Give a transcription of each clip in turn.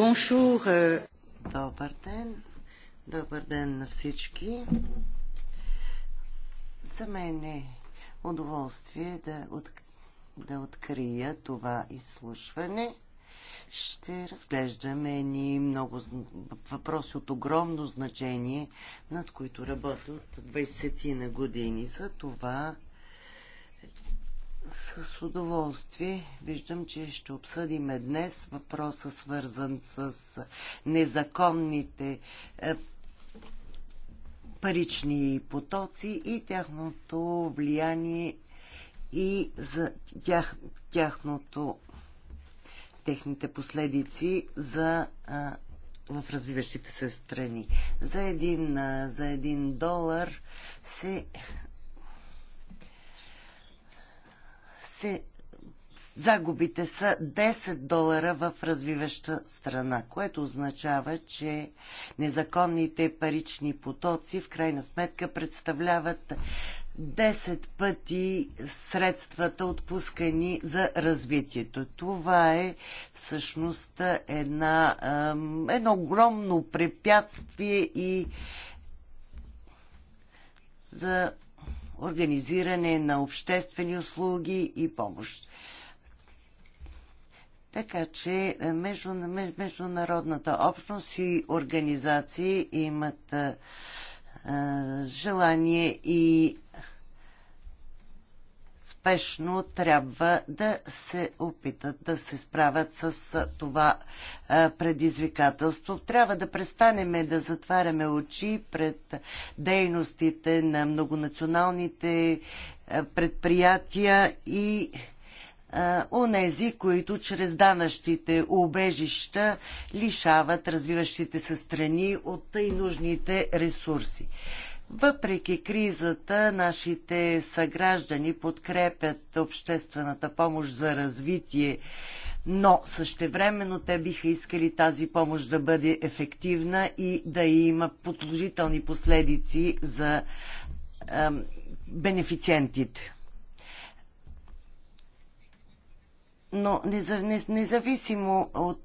Euh. Добър ден. Добър ден на всички. За мен е удоволствие да, от, да открия това изслушване. Ще разглеждаме ни много въпроси от огромно значение, над които работя от 20 ти на години. За това с удоволствие виждам, че ще обсъдиме днес въпроса свързан с незаконните е, парични потоци и тяхното влияние и за тях, тяхното техните последици за в развиващите се страни. За един, за един долар се се загубите са 10 долара в развиваща страна, което означава, че незаконните парични потоци в крайна сметка представляват 10 пъти средствата отпускани за развитието. Това е всъщност една, едно огромно препятствие и за организиране на обществени услуги и помощ. Така че е, международната общност и организации имат а, е, е, желание и успешно трябва да се опитат да се справят с това предизвикателство. Трябва да престанеме да затваряме очи пред дейностите на многонационалните предприятия и онези, които чрез данъщите убежища лишават развиващите се страни от тъй нужните ресурси. Въпреки кризата, нашите съграждани подкрепят обществената помощ за развитие, но същевременно те биха искали тази помощ да бъде ефективна и да има положителни последици за ем, бенефициентите. Но независимо от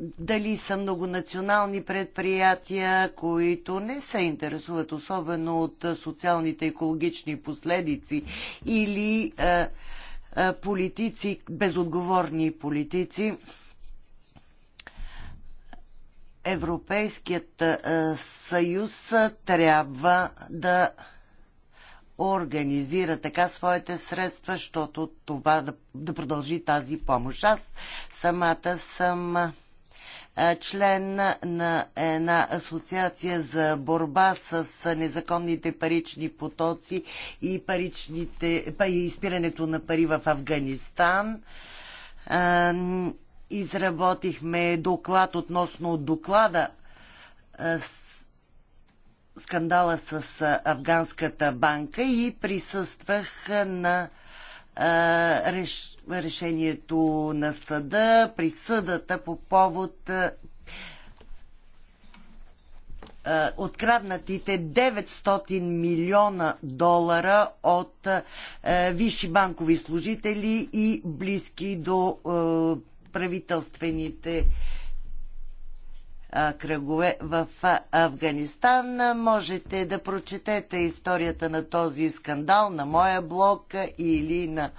дали са многонационални предприятия, които не се интересуват особено от социалните екологични последици или а, а, политици, безотговорни политици. Европейският а, съюз трябва да организира така своите средства, защото това да, да продължи тази помощ. Аз самата съм е, член на една асоциация за борба с незаконните парични потоци и, паричните, и изпирането на пари в Афганистан. Е, изработихме доклад относно доклада е, скандала с Афганската банка и присъствах на реш, решението на съда, присъдата по повод откраднатите 900 милиона долара от висши банкови служители и близки до правителствените кръгове в Афганистан. Можете да прочетете историята на този скандал на моя блог или на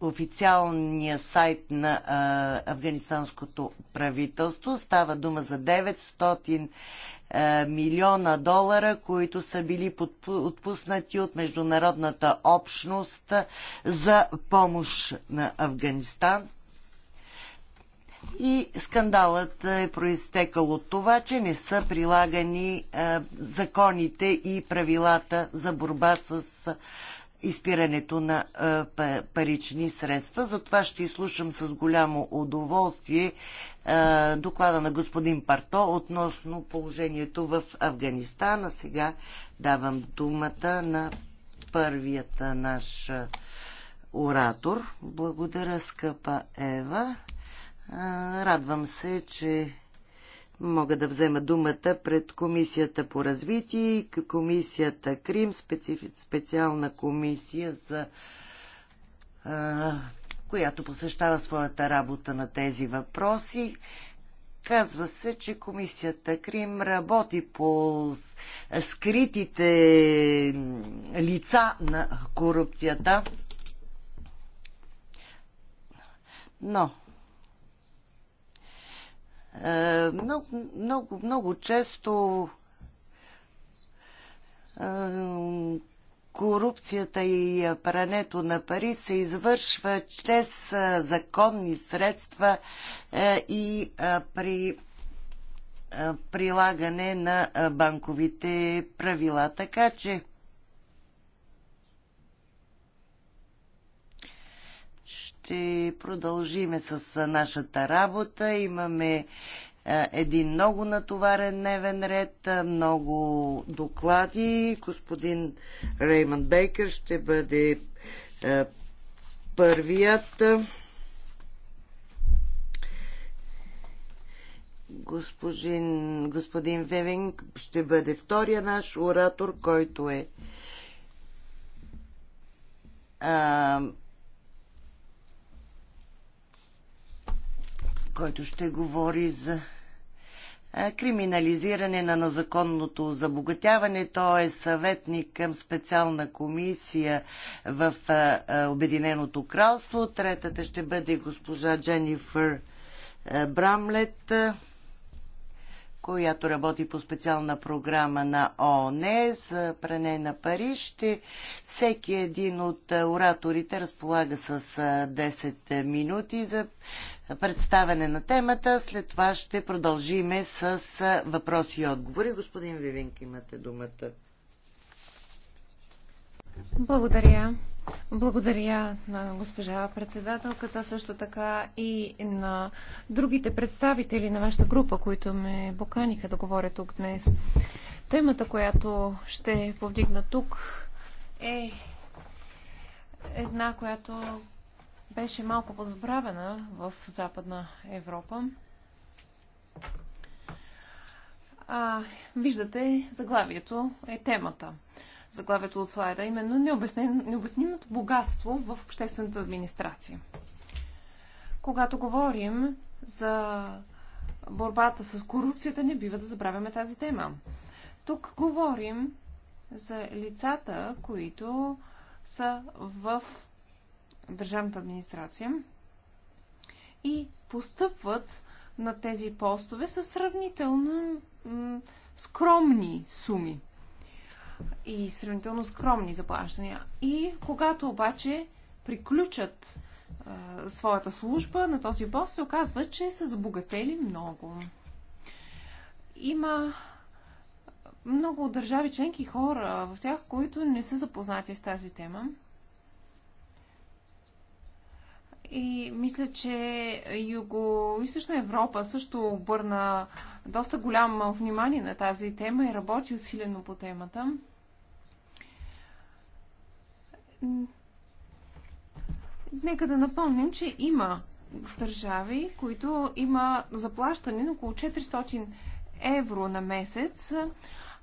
официалния сайт на а, афганистанското правителство. Става дума за 900 а, милиона долара, които са били отпуснати от международната общност за помощ на Афганистан. И скандалът е проистекал от това, че не са прилагани е, законите и правилата за борба с е, изпирането на е, парични средства. Затова ще изслушам с голямо удоволствие доклада на господин Парто относно положението в Афганистан. А сега давам думата на първият наш оратор. Благодаря, скъпа Ева. Радвам се, че мога да взема думата пред Комисията по развитие, и Комисията Крим, специфи... специална комисия за която посвещава своята работа на тези въпроси. Казва се, че комисията Крим работи по скритите лица на корупцията. Но е, много, много, много често е, корупцията и прането на пари се извършва чрез е, законни средства и при прилагане на банковите правила. Така че ще продължиме с нашата работа. Имаме един много натоварен дневен ред, много доклади. Господин Реймонд Бейкър ще бъде първият. Господин, господин Вевинг ще бъде втория наш оратор, който е който ще говори за криминализиране на незаконното забогатяване. Той е съветник към специална комисия в Обединеното кралство. Третата ще бъде госпожа Дженифър Брамлет която работи по специална програма на ООН за пране на пари. Ще всеки един от ораторите разполага с 10 минути за представяне на темата. След това ще продължиме с въпроси и отговори. Господин Вивинк, имате думата. Благодаря. Благодаря на госпожа председателката, също така и на другите представители на вашата група, които ме поканиха да говоря тук днес. Темата, която ще повдигна тук е една, която беше малко позабравена в Западна Европа. А, виждате, заглавието е темата заглавието от слайда, именно необяснимото богатство в обществената администрация. Когато говорим за борбата с корупцията, не бива да забравяме тази тема. Тук говорим за лицата, които са в държавната администрация и постъпват на тези постове с сравнително скромни суми и сравнително скромни заплащания. И когато обаче приключат а, своята служба на този бос, се оказва, че са забогатели много. Има много държави членки хора в тях, които не са запознати с тази тема. И мисля, че Юго-Источна Европа също обърна доста голямо внимание на тази тема и работи усилено по темата. Нека да напомним, че има държави, които има заплащане на около 400 евро на месец,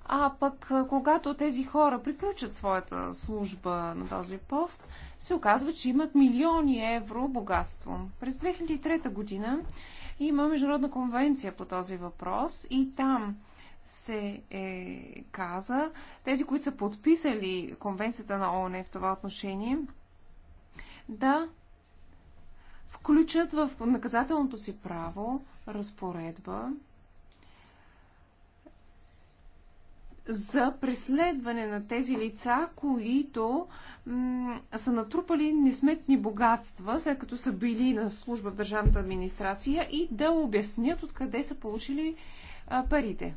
а пък когато тези хора приключат своята служба на този пост, се оказва, че имат милиони евро богатство. През 2003 година има Международна конвенция по този въпрос и там се е, каза, тези, които са подписали конвенцията на ООН в това отношение, да включат в наказателното си право разпоредба за преследване на тези лица, които са натрупали несметни богатства, след като са били на служба в държавната администрация и да обяснят откъде са получили а, парите.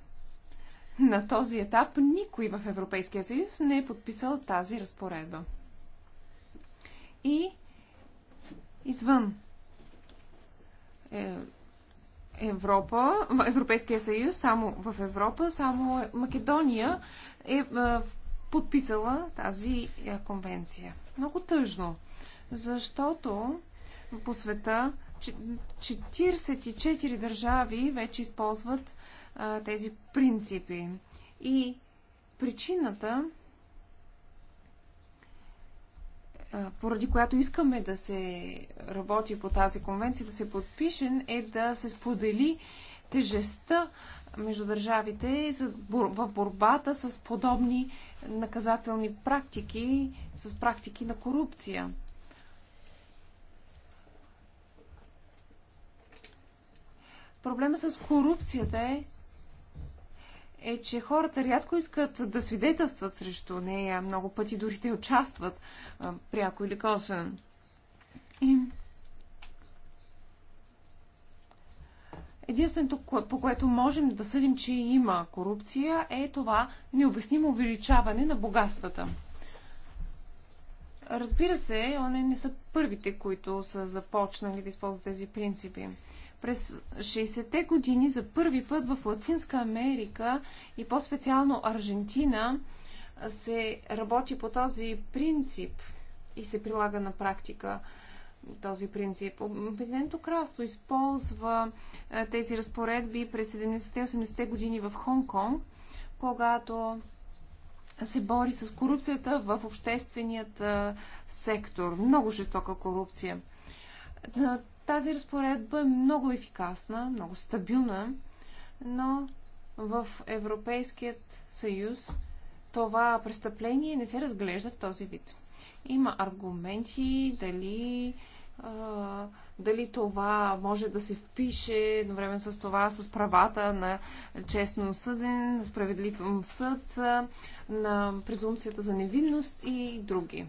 На този етап никой в Европейския съюз не е подписал тази разпоредба. И извън е, Европа, Европейския съюз, само в Европа, само Македония е, е подписала тази е, конвенция. Много тъжно, защото по света 44 държави вече използват а, тези принципи. И причината, поради която искаме да се работи по тази конвенция, да се подпише е да се сподели тежестта между държавите в борбата с подобни наказателни практики, с практики на корупция. Проблема с корупцията е, е, че хората рядко искат да свидетелстват срещу нея. Много пъти дори те участват а, пряко или косвено. И... Единственото, по което можем да съдим, че има корупция, е това необяснимо увеличаване на богатствата. Разбира се, они не са първите, които са започнали да използват тези принципи. През 60-те години за първи път в Латинска Америка и по-специално Аржентина се работи по този принцип и се прилага на практика този принцип. Обединеното кралство използва е, тези разпоредби през 70-80-те години в Хонг-Конг, когато се бори с корупцията в общественият е, сектор. Много жестока корупция. Е, тази разпоредба е много ефикасна, много стабилна, но в Европейският съюз това престъпление не се разглежда в този вид. Има аргументи дали, а, дали това може да се впише едновременно с това с правата на честно съден, на справедлив съд, на презумцията за невинност и други.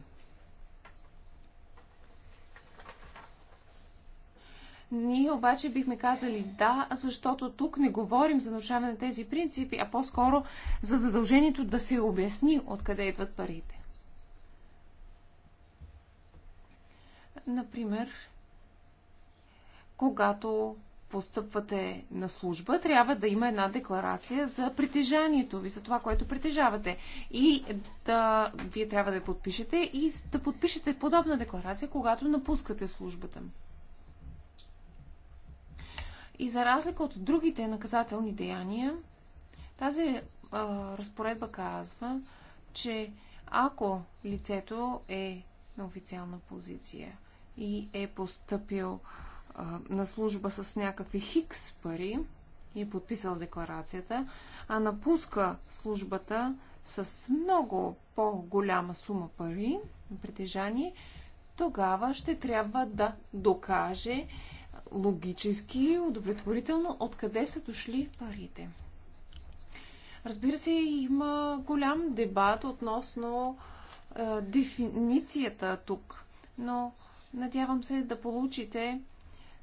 Ние обаче бихме казали да, защото тук не говорим за нарушаване на тези принципи, а по-скоро за задължението да се обясни откъде идват парите. Например, когато постъпвате на служба, трябва да има една декларация за притежанието ви, за това, което притежавате. И да, вие трябва да я подпишете и да подпишете подобна декларация, когато напускате службата. И за разлика от другите наказателни деяния, тази а, разпоредба казва, че ако лицето е на официална позиция и е поступил а, на служба с някакви хикс пари и е подписал декларацията, а напуска службата с много по-голяма сума пари на притежание, тогава ще трябва да докаже, логически, удовлетворително, откъде са дошли парите. Разбира се, има голям дебат относно е, дефиницията тук, но надявам се да получите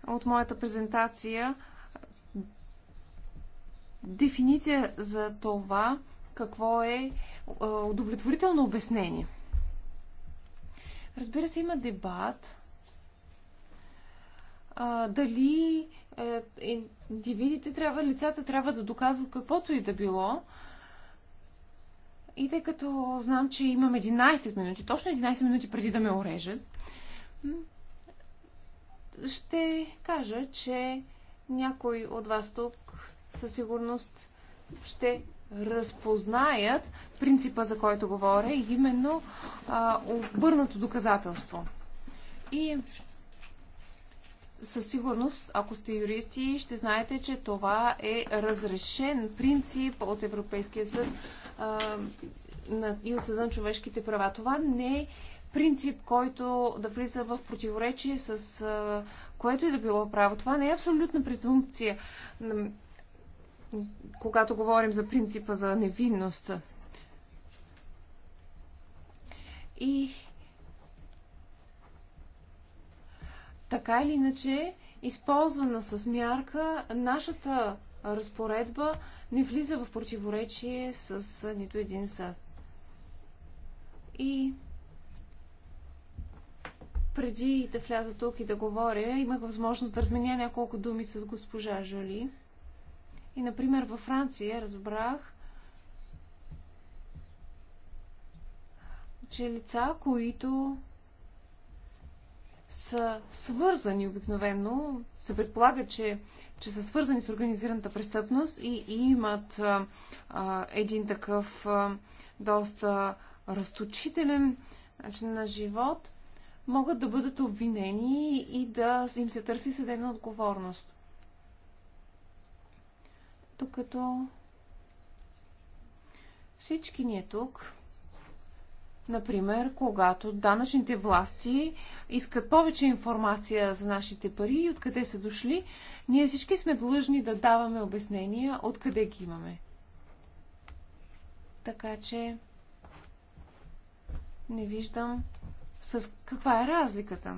от моята презентация дефиниция за това какво е удовлетворително обяснение. Разбира се, има дебат а, дали е, индивидите трябва, лицата трябва да доказват каквото и да било. И тъй като знам, че имам 11 минути, точно 11 минути преди да ме орежат, ще кажа, че някой от вас тук със сигурност ще разпознаят принципа, за който говоря, именно а, обърнато доказателство. И със сигурност, ако сте юристи, ще знаете, че това е разрешен принцип от Европейския съд и от съда на човешките права. Това не е принцип, който да влиза в противоречие с а, което и е да било право. Това не е абсолютна презумпция, когато говорим за принципа за невинност. И Така или иначе, използвана с мярка, нашата разпоредба не влиза в противоречие с нито един съд. И преди да вляза тук и да говоря, имах възможност да разменя няколко думи с госпожа Жоли. И, например, във Франция разбрах, че лица, които са свързани обикновено, се предполага, че, че са свързани с организираната престъпност и, и имат а, един такъв а, доста разточителен начин на живот, могат да бъдат обвинени и да им се търси съдебна отговорност. Тук като всички ние тук Например, когато данъчните власти искат повече информация за нашите пари и откъде са дошли, ние всички сме длъжни да даваме обяснения откъде ги имаме. Така че не виждам с каква е разликата.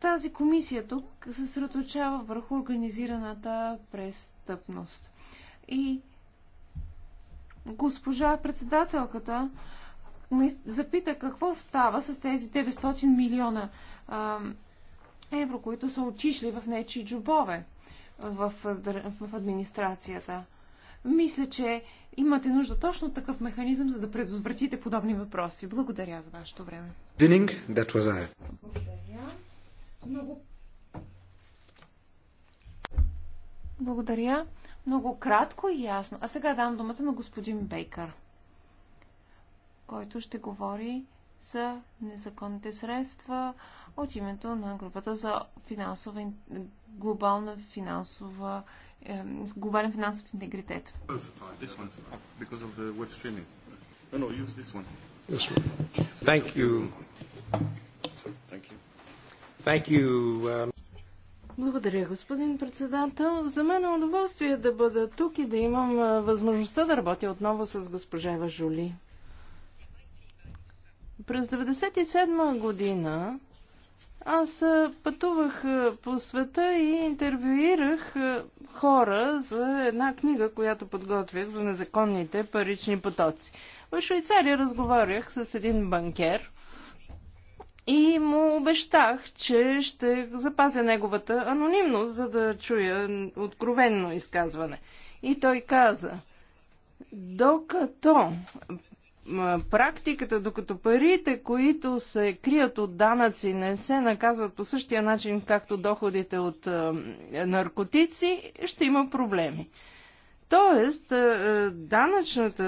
Тази комисия тук се съсредоточава върху организираната престъпност. И госпожа председателката ме запита какво става с тези 900 милиона а, евро, които са отишли в нечи джобове в, в администрацията. Мисля, че имате нужда точно такъв механизъм, за да предотвратите подобни въпроси. Благодаря за вашето време. Вининг, that was I. Благодаря. Много... Благодаря. Много кратко и ясно. А сега дам думата на господин Бейкър който ще говори за незаконните средства от името на групата за финансова, глобална финансова, е, глобален финансов интегритет. Um, Благодаря, господин председател. За мен е удоволствие да бъда тук и да имам възможността да работя отново с госпожа Важули. През 1997 година аз пътувах по света и интервюирах хора за една книга, която подготвях за незаконните парични потоци. В Швейцария разговарях с един банкер и му обещах, че ще запазя неговата анонимност, за да чуя откровенно изказване. И той каза, докато практиката, докато парите, които се крият от данъци, не се наказват по същия начин, както доходите от наркотици, ще има проблеми. Тоест, е, е, данъчната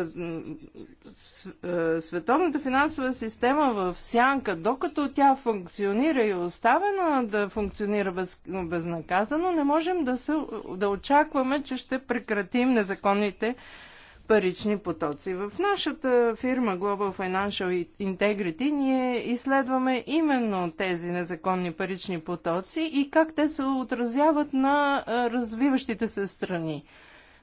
е, световната финансова система в сянка, докато тя функционира и оставена да функционира без, безнаказано, не можем да, се, да очакваме, че ще прекратим незаконните парични потоци. В нашата фирма Global Financial Integrity ние изследваме именно тези незаконни парични потоци и как те се отразяват на развиващите се страни.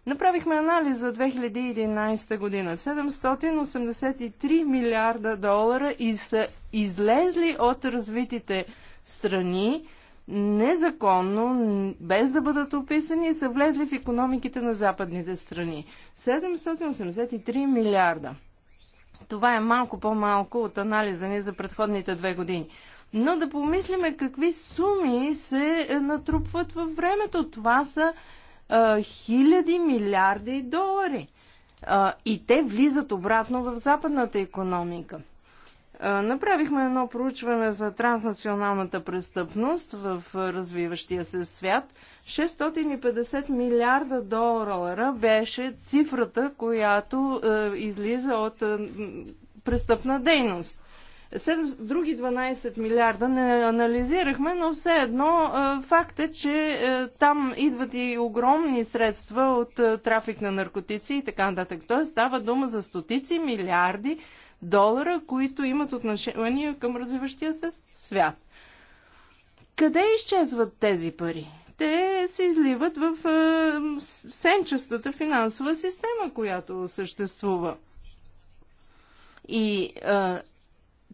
Направихме анализ за 2011 година. 783 милиарда долара и са излезли от развитите страни незаконно, без да бъдат описани, са влезли в економиките на западните страни. 783 милиарда. Това е малко по-малко от анализа ни за предходните две години. Но да помислиме какви суми се е, натрупват във времето. Това са а, е, хиляди милиарди долари. А, е, и те влизат обратно в западната економика. Направихме едно проучване за транснационалната престъпност в развиващия се свят. 650 милиарда долара беше цифрата, която е, излиза от е, престъпна дейност. 7, други 12 милиарда не анализирахме, но все едно е, факт е, че е, там идват и огромни средства от е, трафик на наркотици и така нататък. Тоест става дума за стотици милиарди, долара, които имат отношение към развиващия се свят. Къде изчезват тези пари? Те се изливат в е, сенчестата финансова система, която съществува. И е,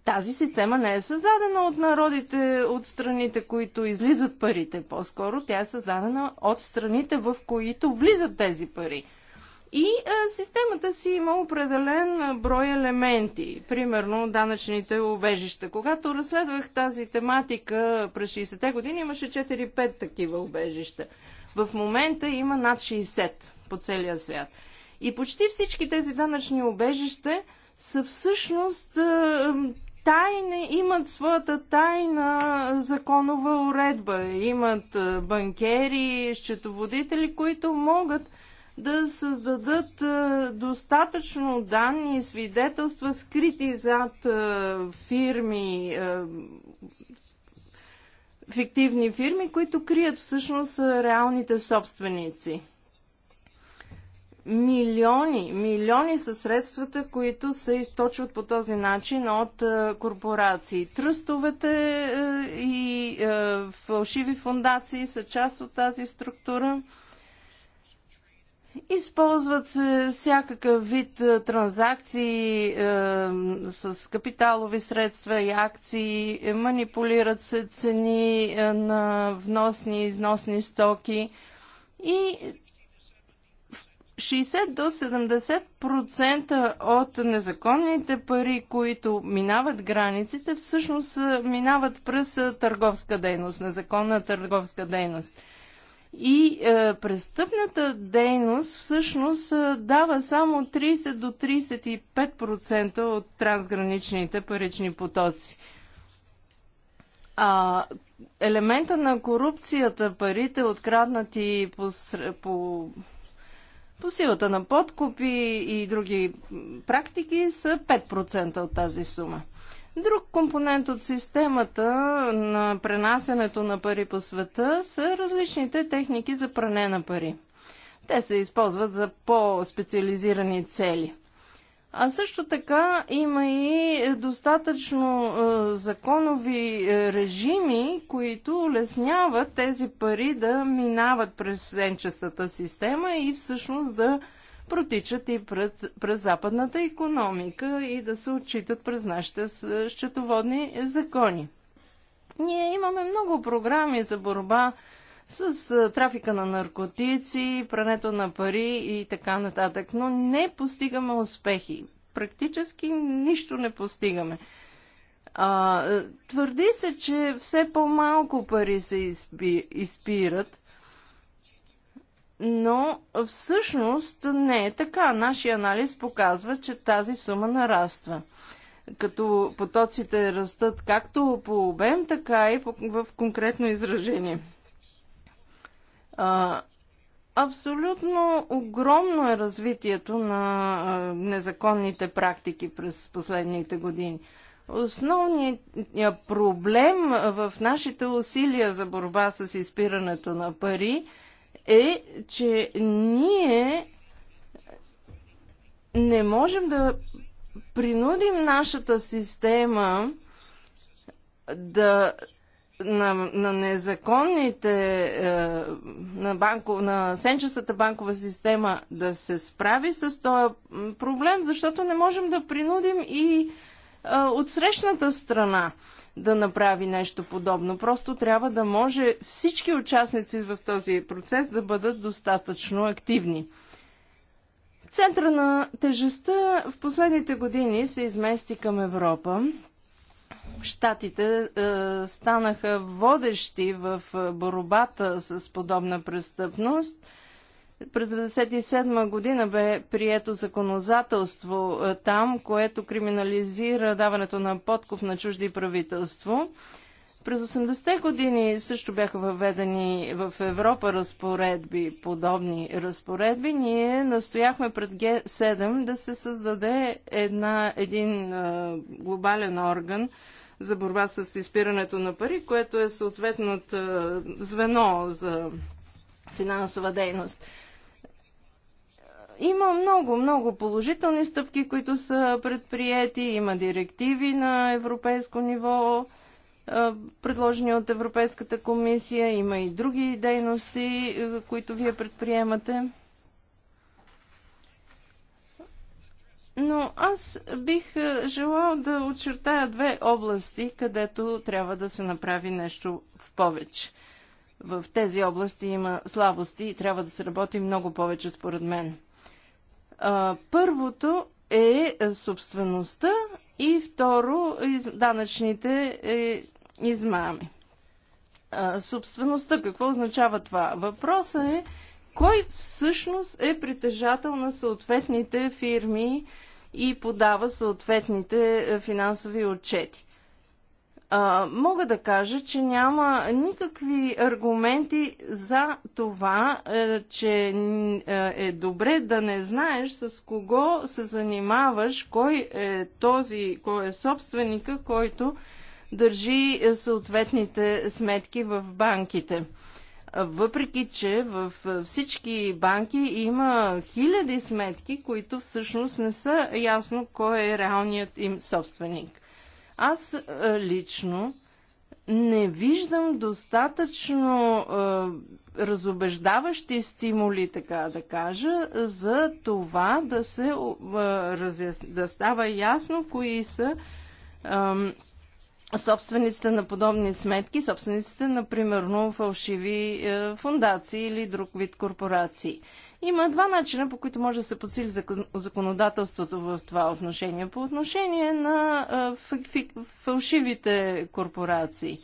тази система не е създадена от народите, от страните, които излизат парите. По-скоро тя е създадена от страните, в които влизат тези пари. И а, системата си има определен брой елементи, примерно данъчните убежища. Когато разследвах тази тематика през 60-те години, имаше 4-5 такива убежища. В момента има над 60 по целия свят. И почти всички тези данъчни убежища са всъщност тайни, имат своята тайна законова уредба. Имат банкери, счетоводители, които могат да създадат е, достатъчно данни и свидетелства, скрити зад е, фирми, е, фиктивни фирми, които крият всъщност реалните собственици. Милиони, милиони са средствата, които се източват по този начин от корпорации. Тръстовете и фалшиви фундации са част от тази структура. Използват се всякакъв вид е, транзакции е, с капиталови средства и акции, е, манипулират се цени е, на вносни и износни стоки и 60 до 70% от незаконните пари, които минават границите, всъщност минават през търговска дейност, незаконна търговска дейност. И е, престъпната дейност всъщност е, дава само 30 до 35% от трансграничните парични потоци. А елемента на корупцията, парите откраднати по, по, по силата на подкупи и други практики са 5% от тази сума. Друг компонент от системата на пренасенето на пари по света са различните техники за пране на пари. Те се използват за по-специализирани цели. А също така има и достатъчно е, законови е, режими, които улесняват тези пари да минават през сенчестата система и всъщност да протичат и през, през западната економика и да се отчитат през нашите счетоводни закони. Ние имаме много програми за борба с трафика на наркотици, прането на пари и така нататък, но не постигаме успехи. Практически нищо не постигаме. А, е, твърди се, че все по-малко пари се изпи, изпират, но всъщност не е така. Нашия анализ показва, че тази сума нараства. Като потоците растат както по обем, така и в конкретно изражение. А, абсолютно огромно е развитието на незаконните практики през последните години. Основният проблем в нашите усилия за борба с изпирането на пари – е, че ние не можем да принудим нашата система да на, на незаконните, е, на, банко, на сенчестата банкова система да се справи с този проблем, защото не можем да принудим и е, от срещната страна да направи нещо подобно. Просто трябва да може всички участници в този процес да бъдат достатъчно активни. Центъра на тежестта в последните години се измести към Европа. Штатите е, станаха водещи в борбата с подобна престъпност – през 1997 година бе прието законодателство е, там, което криминализира даването на подкуп на чужди правителство. През 80-те години също бяха въведени в Европа разпоредби, подобни разпоредби. Ние настояхме пред Г7 да се създаде една, един а, е, глобален орган за борба с изпирането на пари, което е съответното е, звено за финансова дейност. Има много, много положителни стъпки, които са предприяти. Има директиви на европейско ниво, предложени от Европейската комисия. Има и други дейности, които вие предприемате. Но аз бих желал да очертая две области, където трябва да се направи нещо в повече. В тези области има слабости и трябва да се работи много повече, според мен. Първото е собствеността и второ данъчните е, измами. Собствеността, какво означава това? Въпросът е кой всъщност е притежател на съответните фирми и подава съответните е, финансови отчети а, мога да кажа, че няма никакви аргументи за това, а, е, че е, е добре да не знаеш с кого се занимаваш, кой е този, кой е собственика, който държи е, съответните сметки в банките. Въпреки, че в всички банки има хиляди сметки, които всъщност не са ясно кой е реалният им собственик. Аз е, лично не виждам достатъчно е, разобеждаващи стимули, така да кажа, за това да се е, разяс... да става ясно кои са е, собствениците на подобни сметки, собствениците на примерно фалшиви е, фундации или друг вид корпорации. Е, има два начина, по които може да се подсили законодателството в това отношение. По отношение на фалшивите корпорации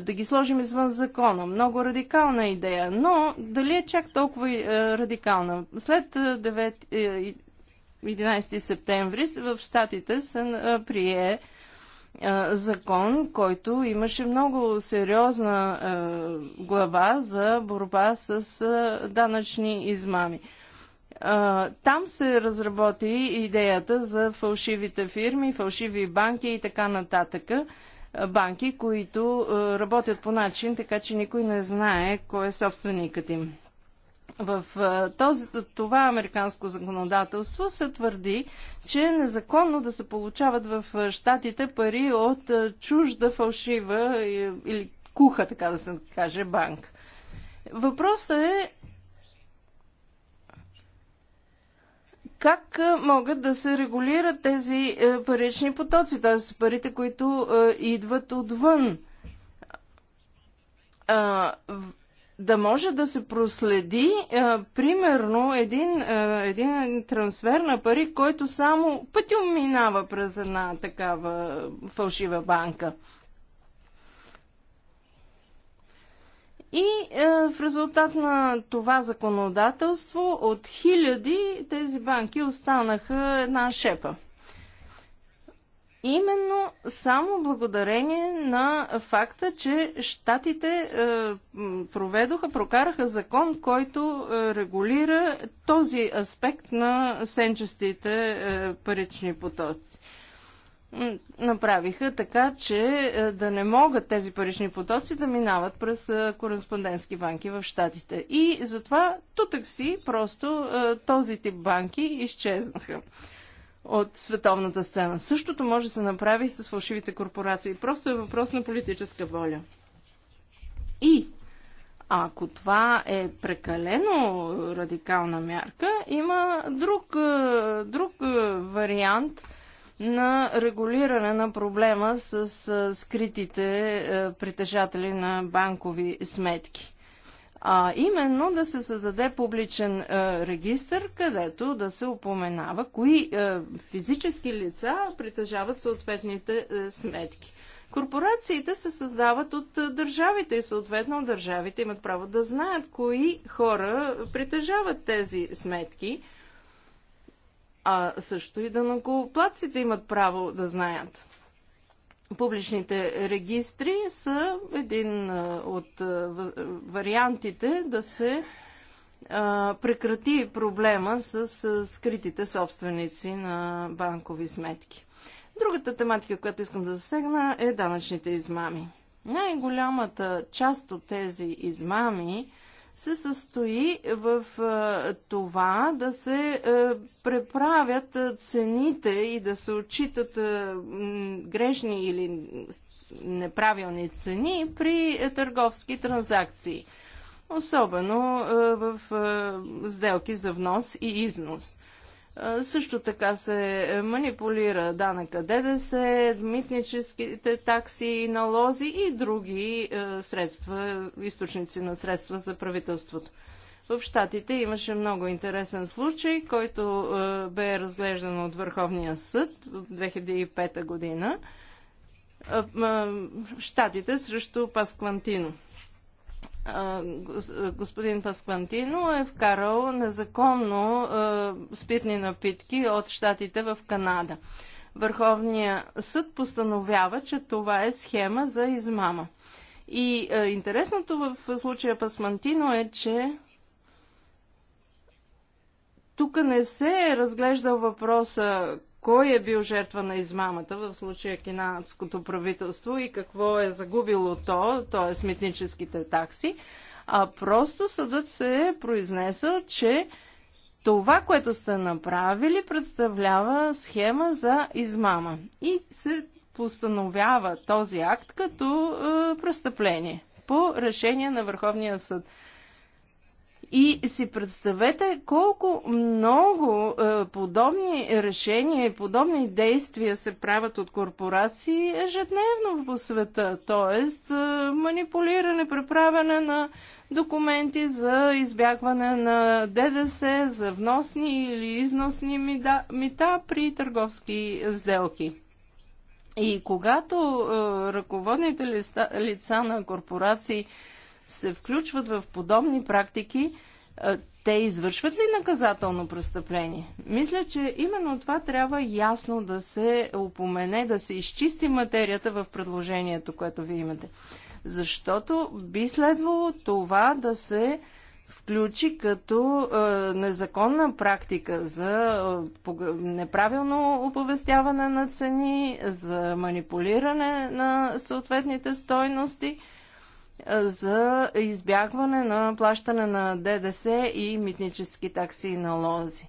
да ги сложим извън закона. Много радикална идея, но дали е чак толкова радикална? След 9, 11 септември в Штатите се прие закон, който имаше много сериозна глава за борба с данъчни измами. Там се разработи идеята за фалшивите фирми, фалшиви банки и така нататък. Банки, които работят по начин, така че никой не знае кой е собственикът им. В този, това американско законодателство се твърди, че е незаконно да се получават в щатите пари от чужда фалшива е, или куха, така да се каже, банк. Въпросът е как могат да се регулират тези е, парични потоци, т.е. парите, които е, идват отвън да може да се проследи, а, е, примерно, един, а, е, един трансфер на пари, който само пътю минава през една такава фалшива банка. И е, в резултат на това законодателство от хиляди тези банки останаха една шепа. Именно само благодарение на факта, че щатите е, проведоха, прокараха закон, който е, регулира този аспект на сенчестите е, парични потоци направиха така, че да не могат тези парични потоци да минават през кореспондентски банки в Штатите. И затова тутък си просто този тип банки изчезнаха от световната сцена. Същото може да се направи и с фалшивите корпорации. Просто е въпрос на политическа воля. И ако това е прекалено радикална мярка, има друг, е, друг е, вариант на регулиране на проблема с е, скритите притежатели на банкови сметки а именно да се създаде публичен а, е, регистр, където да се упоменава кои а, е, физически лица притежават съответните а, е, сметки. Корпорациите се създават от държавите и съответно държавите имат право да знаят кои хора притежават тези сметки, а също и да данокоплаците имат право да знаят публичните регистри са един от вариантите да се прекрати проблема с скритите собственици на банкови сметки. Другата тематика, която искам да засегна е данъчните измами. Най-голямата част от тези измами се състои в това да се преправят цените и да се отчитат грешни или неправилни цени при е, търговски транзакции, особено в сделки за внос и износ. Също така се манипулира данъка ДДС, митническите такси, налози и други средства, източници на средства за правителството. В Штатите имаше много интересен случай, който бе разглеждан от Върховния съд в 2005 година. Штатите срещу Пасквантино господин Пасквантино е вкарал незаконно спиртни напитки от щатите в Канада. Върховният съд постановява, че това е схема за измама. И е, интересното в случая Пасмантино е, че тук не се е разглеждал въпроса кой е бил жертва на измамата, в случая кинадското правителство и какво е загубило то, т.е. митническите такси, а просто съдът се е произнесъл, че това, което сте направили, представлява схема за измама и се постановява този акт като е, престъпление по решение на Върховния съд. И си представете колко много е, подобни решения и подобни действия се правят от корпорации ежедневно по света. Тоест е, манипулиране, преправяне на документи за избягване на ДДС, за вносни или износни мита, мита при търговски сделки. И когато е, ръководните лица, лица на корпорации се включват в подобни практики, те извършват ли наказателно престъпление? Мисля, че именно това трябва ясно да се упомене, да се изчисти материята в предложението, което вие имате. Защото би следвало това да се включи като е, незаконна практика за е, неправилно оповестяване на цени, за манипулиране на съответните стойности – за избягване на плащане на ДДС и митнически такси и налози.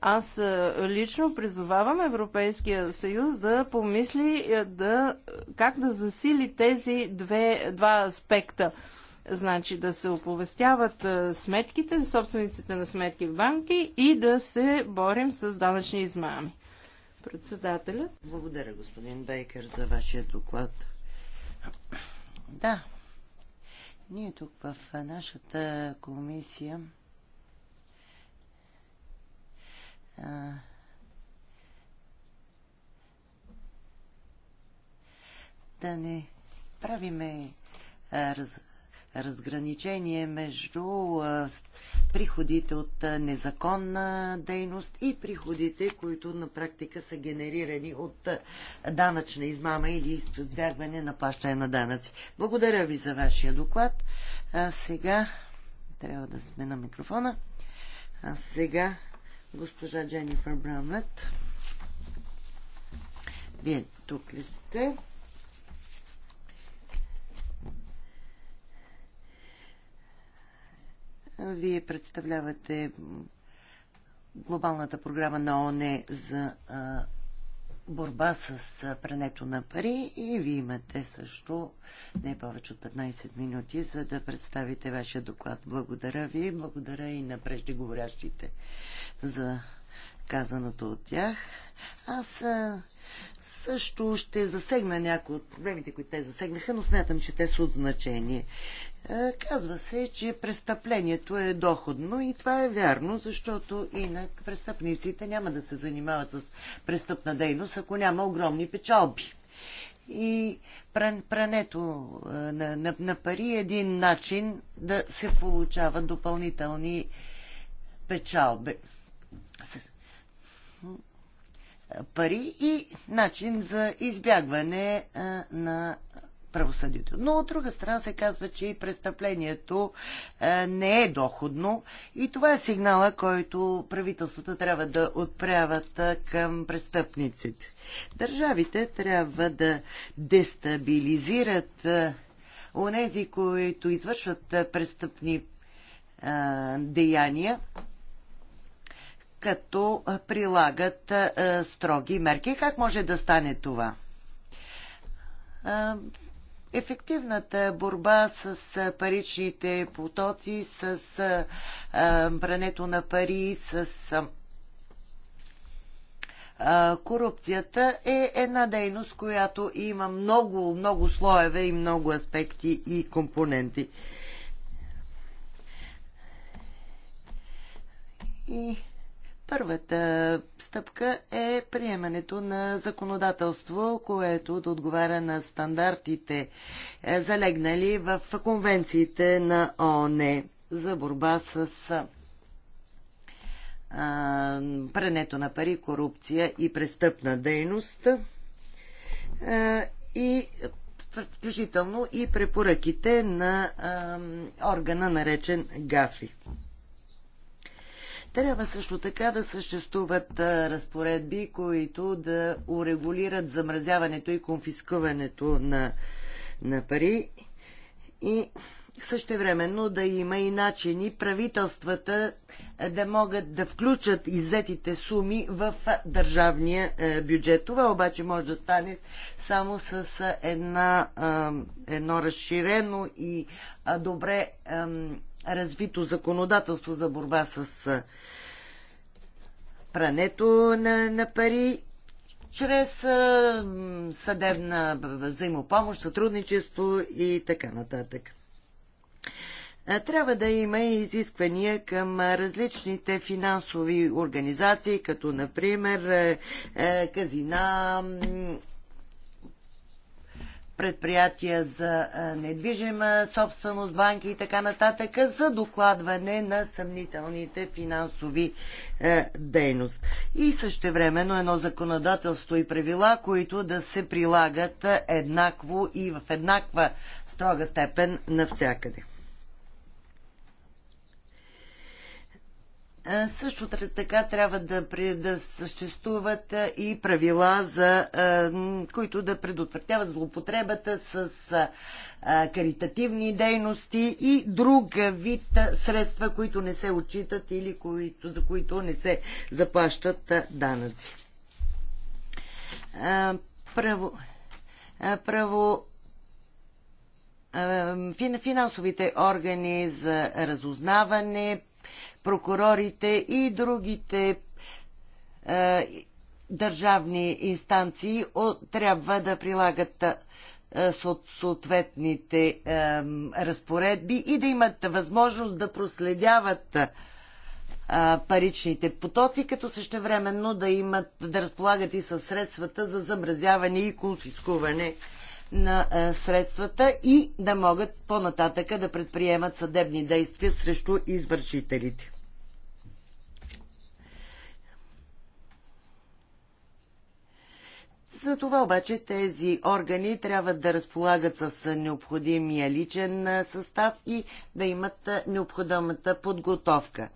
Аз е, лично призовавам Европейския съюз да помисли е, да, как да засили тези две, два аспекта. Значи да се оповестяват е, сметките, собствениците на сметки в банки и да се борим с данъчни измами. Председателят. Благодаря, господин Бейкер, за вашия доклад. Да, ние тук в нашата комисия а, да не правиме раз, разграничение между приходите от незаконна дейност и приходите, които на практика са генерирани от данъчна измама или избягване на плащане на данъци. Благодаря ви за вашия доклад. А сега трябва да сме на микрофона. А сега госпожа Дженнифър Брамлет. Вие тук ли сте? Вие представлявате глобалната програма на ОНЕ за а, борба с прането на пари и вие имате също не повече от 15 минути, за да представите вашия доклад. Благодаря ви, благодаря и на преждеговорящите за казаното от тях. Аз а, също ще засегна някои от проблемите, които те засегнаха, но смятам, че те са от значение. Е, казва се, че престъплението е доходно и това е вярно, защото инак престъпниците няма да се занимават с престъпна дейност, ако няма огромни печалби. И прането е, на, на, на пари е един начин да се получават допълнителни печалби. Пари и начин за избягване е, на правосъдието. Но от друга страна се казва, че и престъплението е, не е доходно и това е сигнала, който правителствата трябва да отправят е, към престъпниците. Държавите трябва да дестабилизират у е, онези, които извършват е, престъпни е, деяния, като прилагат строги мерки. Как може да стане това? ефективната борба с паричните потоци, с прането на пари, с корупцията е една дейност, която има много, много слоеве и много аспекти и компоненти. И Първата стъпка е приемането на законодателство, което да отговаря на стандартите, е, залегнали в конвенциите на ООН за борба с а, прането на пари, корупция и престъпна дейност а, и включително и препоръките на а, органа наречен ГАФИ. Трябва също така да съществуват разпоредби, които да урегулират замразяването и конфискуването на, на пари и същевременно да има и начини правителствата да могат да включат иззетите суми в държавния е, бюджет. Това обаче може да стане само с една, едно разширено и добре развито законодателство за борба с прането на, на пари чрез съдебна взаимопомощ, сътрудничество и така нататък. Трябва да има и изисквания към различните финансови организации, като например е, е, казина, предприятия за недвижима собственост, банки и така нататък, за докладване на съмнителните финансови е, дейност. И също времено едно законодателство и правила, които да се прилагат е, еднакво и в еднаква строга степен навсякъде. Също така трябва да, да съществуват и правила, за, които да предотвратяват злоупотребата с каритативни дейности и друг вид средства, които не се отчитат или които, за които не се заплащат данъци. Право, право финансовите органи за разузнаване, прокурорите и другите е, държавни инстанции трябва да прилагат е, съответните е, разпоредби и да имат възможност да проследяват е, паричните потоци, като същевременно да имат, да разполагат и със средствата за замразяване и конфискуване на е, средствата и да могат по-нататъка да предприемат съдебни действия срещу извършителите. За това обаче тези органи трябва да разполагат с необходимия личен състав и да имат необходимата подготовка.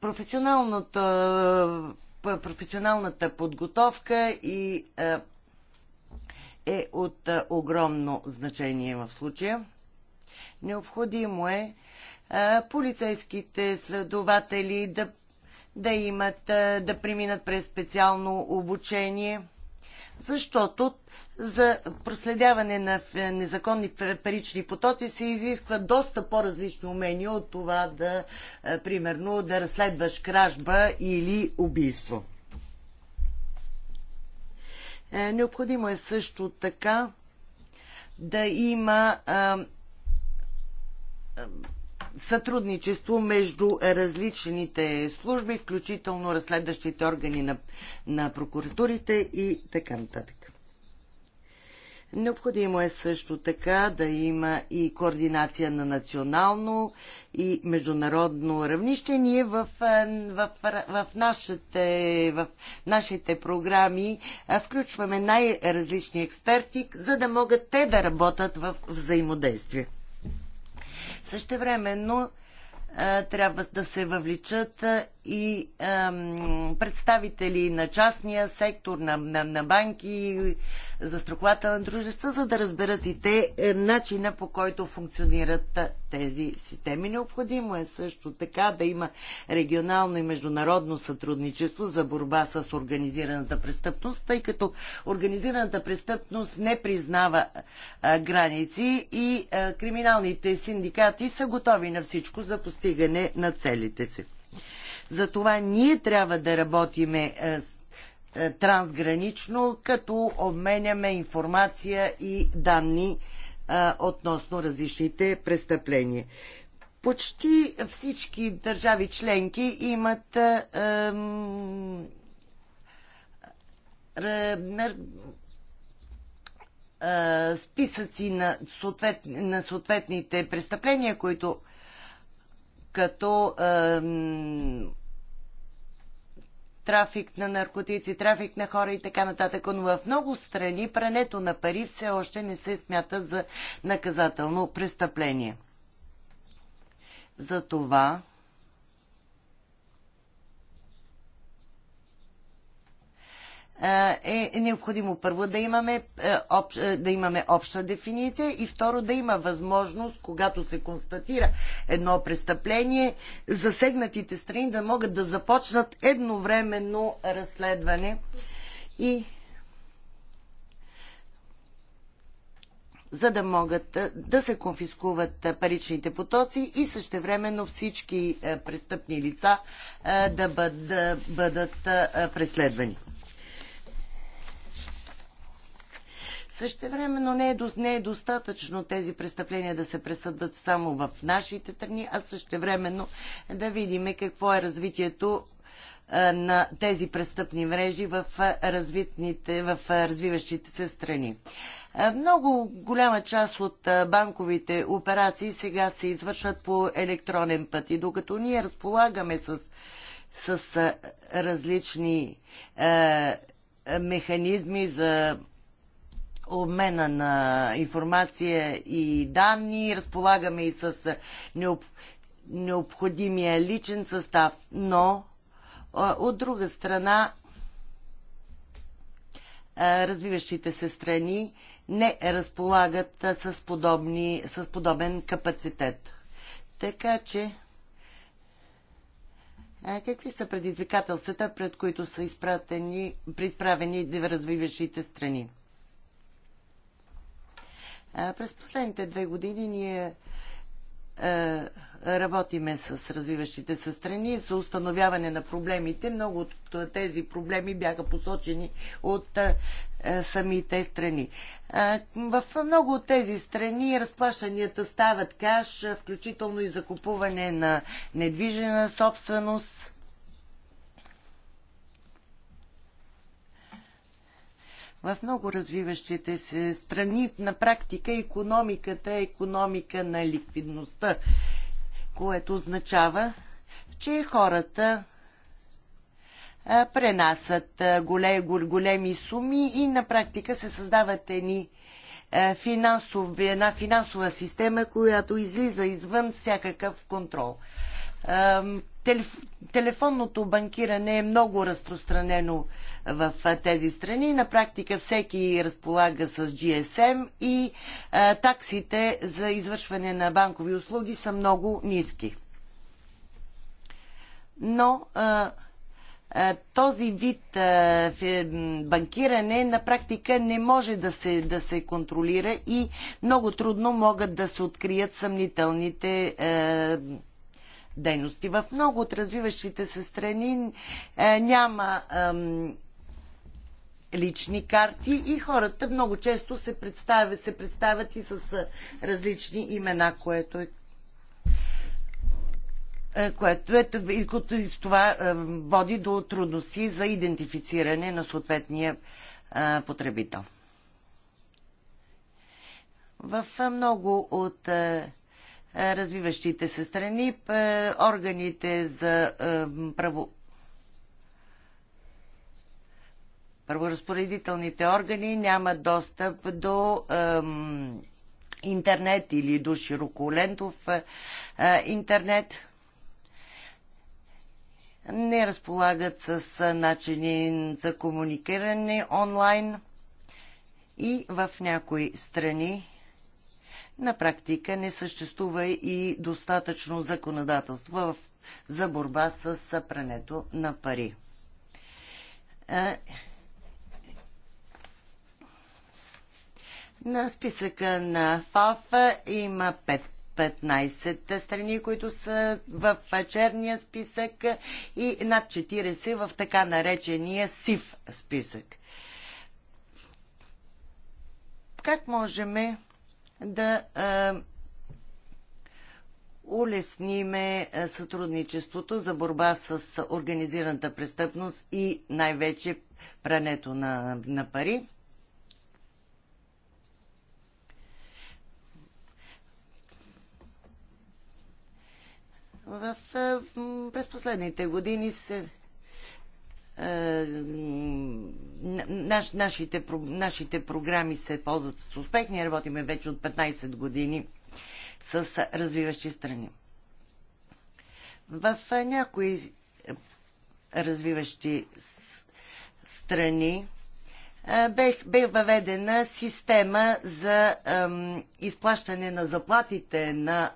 Професионалната, професионалната подготовка и е от огромно значение в случая. Необходимо е полицейските следователи да да имат, да преминат през специално обучение, защото за проследяване на незаконни парични потоци се изисква доста по-различни умения от това да, примерно, да разследваш кражба или убийство. Е, необходимо е също така да има сътрудничество между различните служби, включително разследващите органи на, на прокуратурите и така нататък. Необходимо е също така да има и координация на национално и международно равнище. Ние в, в, в, нашите, в нашите програми включваме най-различни експерти, за да могат те да работят в взаимодействие. Същевременно трябва да се въвличат и ам, представители на частния сектор, на, на, на банки, застрахователни дружества, за да разберат и те е, начина по който функционират тези системи. Необходимо е също така да има регионално и международно сътрудничество за борба с организираната престъпност, тъй като организираната престъпност не признава а, граници и а, криминалните синдикати са готови на всичко за постигане на целите си. Затова ние трябва да работиме е, е, трансгранично, като обменяме информация и данни е, относно различните престъпления. Почти всички държави членки имат списъци на, съответ, на съответните престъпления, които като трафик на наркотици, трафик на хора и така нататък. Но в много страни прането на пари все още не се смята за наказателно престъпление. Затова е необходимо първо да имаме, е, е, да имаме обща дефиниция и второ да има възможност, когато се констатира едно престъпление, засегнатите страни да могат да започнат едновременно разследване и за да могат е, да се конфискуват паричните потоци и същевременно всички престъпни лица да бъдат преследвани. но не е, до, не е достатъчно тези престъпления да се пресъдат само в нашите страни, а също времено да видим какво е развитието на тези престъпни мрежи в, в развиващите се страни. Много голяма част от банковите операции сега се извършват по електронен път и докато ние разполагаме с, с различни е, механизми за обмена на информация и данни. Разполагаме и с необ... необходимия личен състав, но от друга страна развиващите се страни не разполагат с, подобни, с подобен капацитет. Така че, какви са предизвикателствата, пред които са изправени, изправени развиващите страни? През последните две години ние работиме с развиващите се страни за установяване на проблемите. Много от тези проблеми бяха посочени от самите страни. В много от тези страни разплащанията стават каш, включително и закупуване на недвижена собственост. В много развиващите се страни на практика економиката е економика на ликвидността, което означава, че хората пренасят големи суми и на практика се създават едни финансови, една финансова система, която излиза извън всякакъв контрол. Телефонното банкиране е много разпространено в тези страни. На практика всеки разполага с GSM и таксите за извършване на банкови услуги са много ниски. Но този вид е, банкиране на практика не може да се, да се контролира и много трудно могат да се открият съмнителните дейности. В много от развиващите се страни е, няма е, лични карти и хората много често се представят, се представят и с е, различни имена, което е, е което е, и това е, води до трудности за идентифициране на съответния потребител. В много от е, развиващите се страни, е, органите за е, право праворазпоредителните органи няма достъп до ем, интернет или до широколентов е, интернет. Не разполагат с начини за комуникиране онлайн и в някои страни на практика не съществува и достатъчно законодателство за борба с прането на пари. На списъка на ФАФ има 15 страни, които са в черния списък и над 40 в така наречения сив списък. Как можем да улесниме сътрудничеството за борба с организираната престъпност и най-вече прането на, на пари. В, през последните години се е, наш, нашите, нашите програми се ползват с успех. Ние работиме вече от 15 години с развиващи страни. В някои развиващи страни е, бе, бе въведена система за изплащане на заплатите на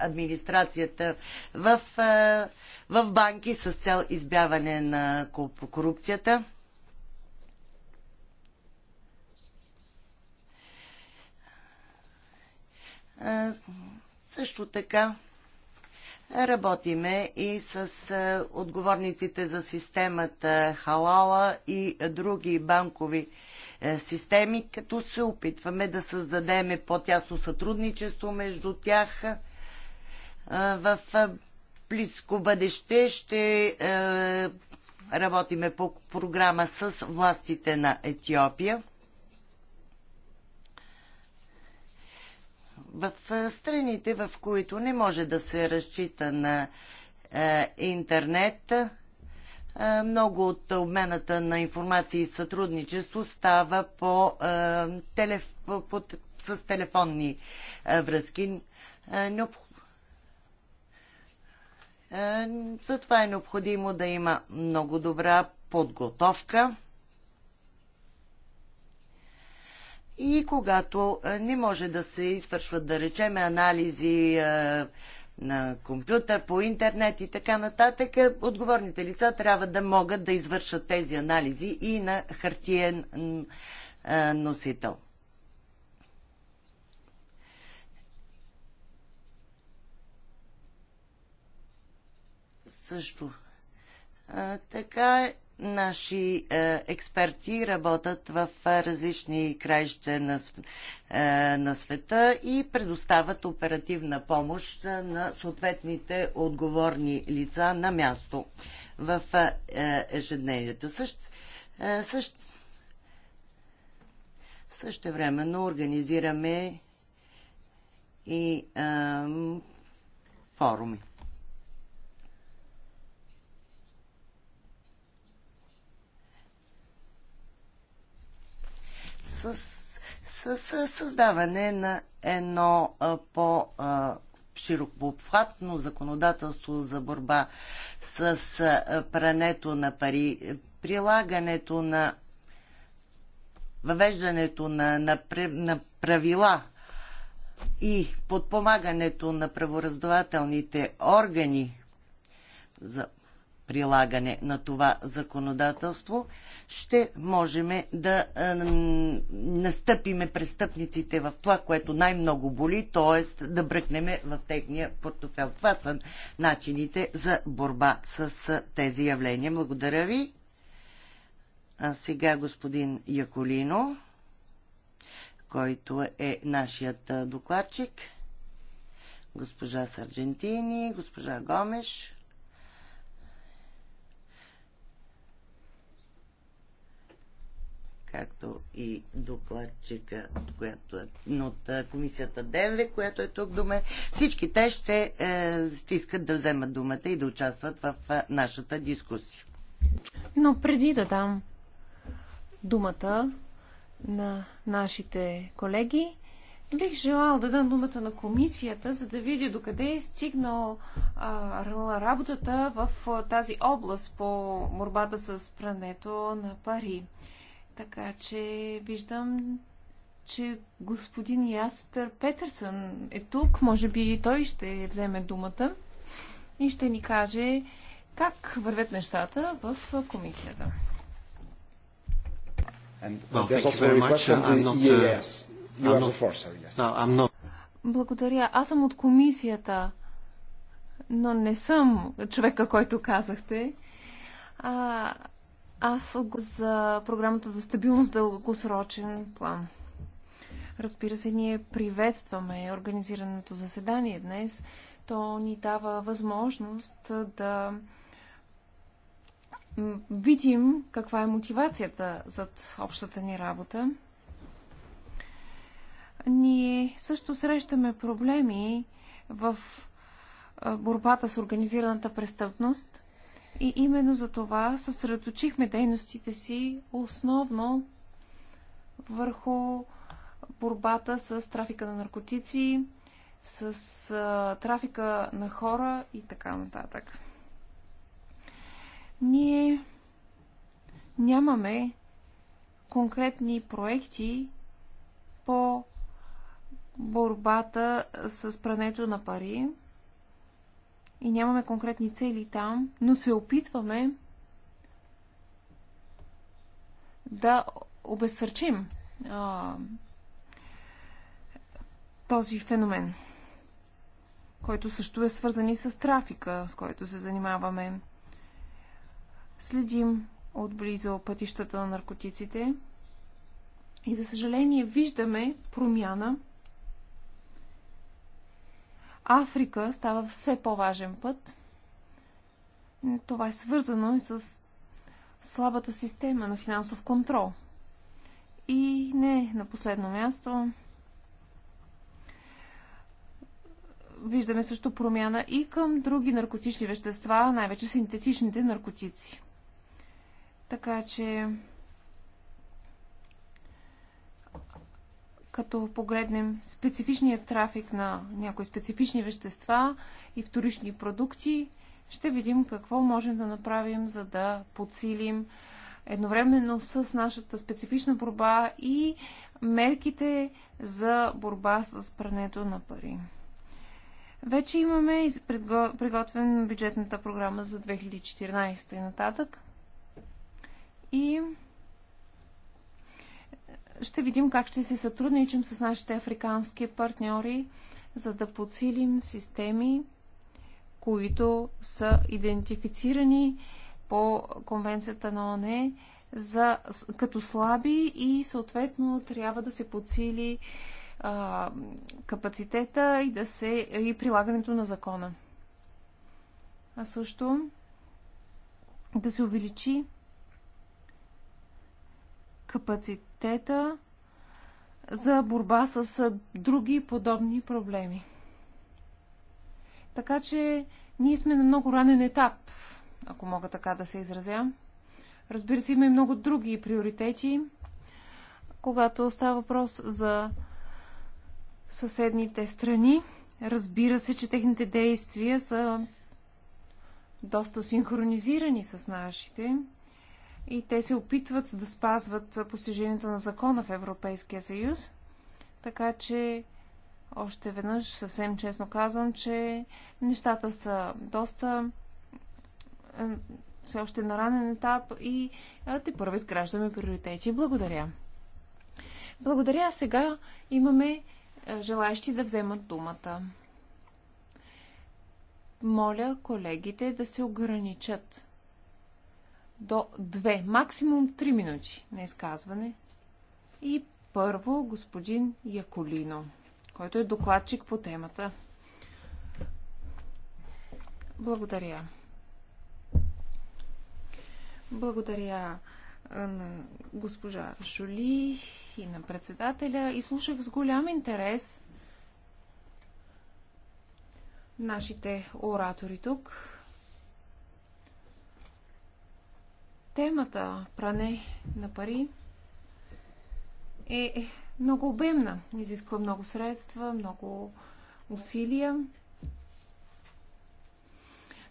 администрацията в, е, в банки с цел избяване на корупцията. Е, също така Работиме и с е, отговорниците за системата Халала и други банкови е, системи, като се опитваме да създадеме по-тясно сътрудничество между тях. Е, в близко бъдеще ще работиме по програма с властите на Етиопия. В страните, в които не може да се разчита на интернет, много от обмената на информация и сътрудничество става по, телеф... по... с телефонни връзки. Необх... Затова е необходимо да има много добра подготовка и когато не може да се извършват, да речеме, анализи на компютър, по интернет и така нататък, отговорните лица трябва да могат да извършат тези анализи и на хартиен носител. Също. А, така е. Наши е, експерти работят в е, различни краища на, е, на света и предоставят оперативна помощ е, на съответните отговорни лица на място в е, е ежедневието. Същ, е, също, също времено организираме и е, форуми. с, с, с създаване на едно по- широкообхватно законодателство за борба с прането на пари, прилагането на въвеждането на, на, на правила и подпомагането на правораздавателните органи за прилагане на това законодателство – ще можем да настъпиме престъпниците в това, което най-много боли, т.е. да бръкнеме в техния портофел. Това са начините за борба с тези явления. Благодаря ви. А сега господин Яколино, който е нашият докладчик, госпожа Сарджентини, госпожа Гомеш. както и докладчика която е, от комисията ДНВ, която е тук до мен. Всички те ще е, стискат да вземат думата и да участват в е, нашата дискусия. Но преди да дам думата на нашите колеги, бих желал да дам думата на комисията, за да видя докъде е стигнал а, работата в тази област по борбата с прането на пари. Така че виждам, че господин Яспер Петърсън е тук. Може би той ще вземе думата и ще ни каже как вървят нещата в комисията. Благодаря. Аз съм от комисията, но не съм човека, който казахте. А, аз за програмата за стабилност дългосрочен план. Разбира се, ние приветстваме организираното заседание днес. То ни дава възможност да видим каква е мотивацията зад общата ни работа. Ние също срещаме проблеми в борбата с организираната престъпност – и именно за това съсредоточихме дейностите си основно върху борбата с трафика на наркотици, с а, трафика на хора и така нататък. Ние нямаме конкретни проекти по борбата с прането на пари и нямаме конкретни цели там, но се опитваме да обезсърчим а, този феномен, който също е свързан и с трафика, с който се занимаваме. Следим отблизо пътищата на наркотиците и, за съжаление, виждаме промяна – Африка става все по-важен път. Това е свързано и с слабата система на финансов контрол. И не на последно място. Виждаме също промяна и към други наркотични вещества, най-вече синтетичните наркотици. Така че като погледнем специфичния трафик на някои специфични вещества и вторични продукти, ще видим какво можем да направим, за да подсилим едновременно с нашата специфична борба и мерките за борба с прането на пари. Вече имаме приготвен бюджетната програма за 2014 и нататък. И ще видим как ще си сътрудничим с нашите африкански партньори, за да подсилим системи, които са идентифицирани по конвенцията на ОНЕ за, като слаби и съответно трябва да се подсили а, капацитета и, да се, и прилагането на закона. А също да се увеличи капацитет комитета за борба с други подобни проблеми. Така че ние сме на много ранен етап, ако мога така да се изразя. Разбира се, има и много други приоритети, когато става въпрос за съседните страни. Разбира се, че техните действия са доста синхронизирани с нашите и те се опитват да спазват постиженията на закона в Европейския съюз. Така че, още веднъж, съвсем честно казвам, че нещата са доста е, все още на ранен етап и е, те първо изграждаме приоритети. Благодаря. Благодаря. Сега имаме е, желаящи да вземат думата. Моля колегите да се ограничат до 2, максимум 3 минути на изказване. И първо господин Яколино, който е докладчик по темата. Благодаря. Благодаря на госпожа Жули и на председателя и слушах с голям интерес нашите оратори тук. Темата пране на пари е много обемна, изисква много средства, много усилия.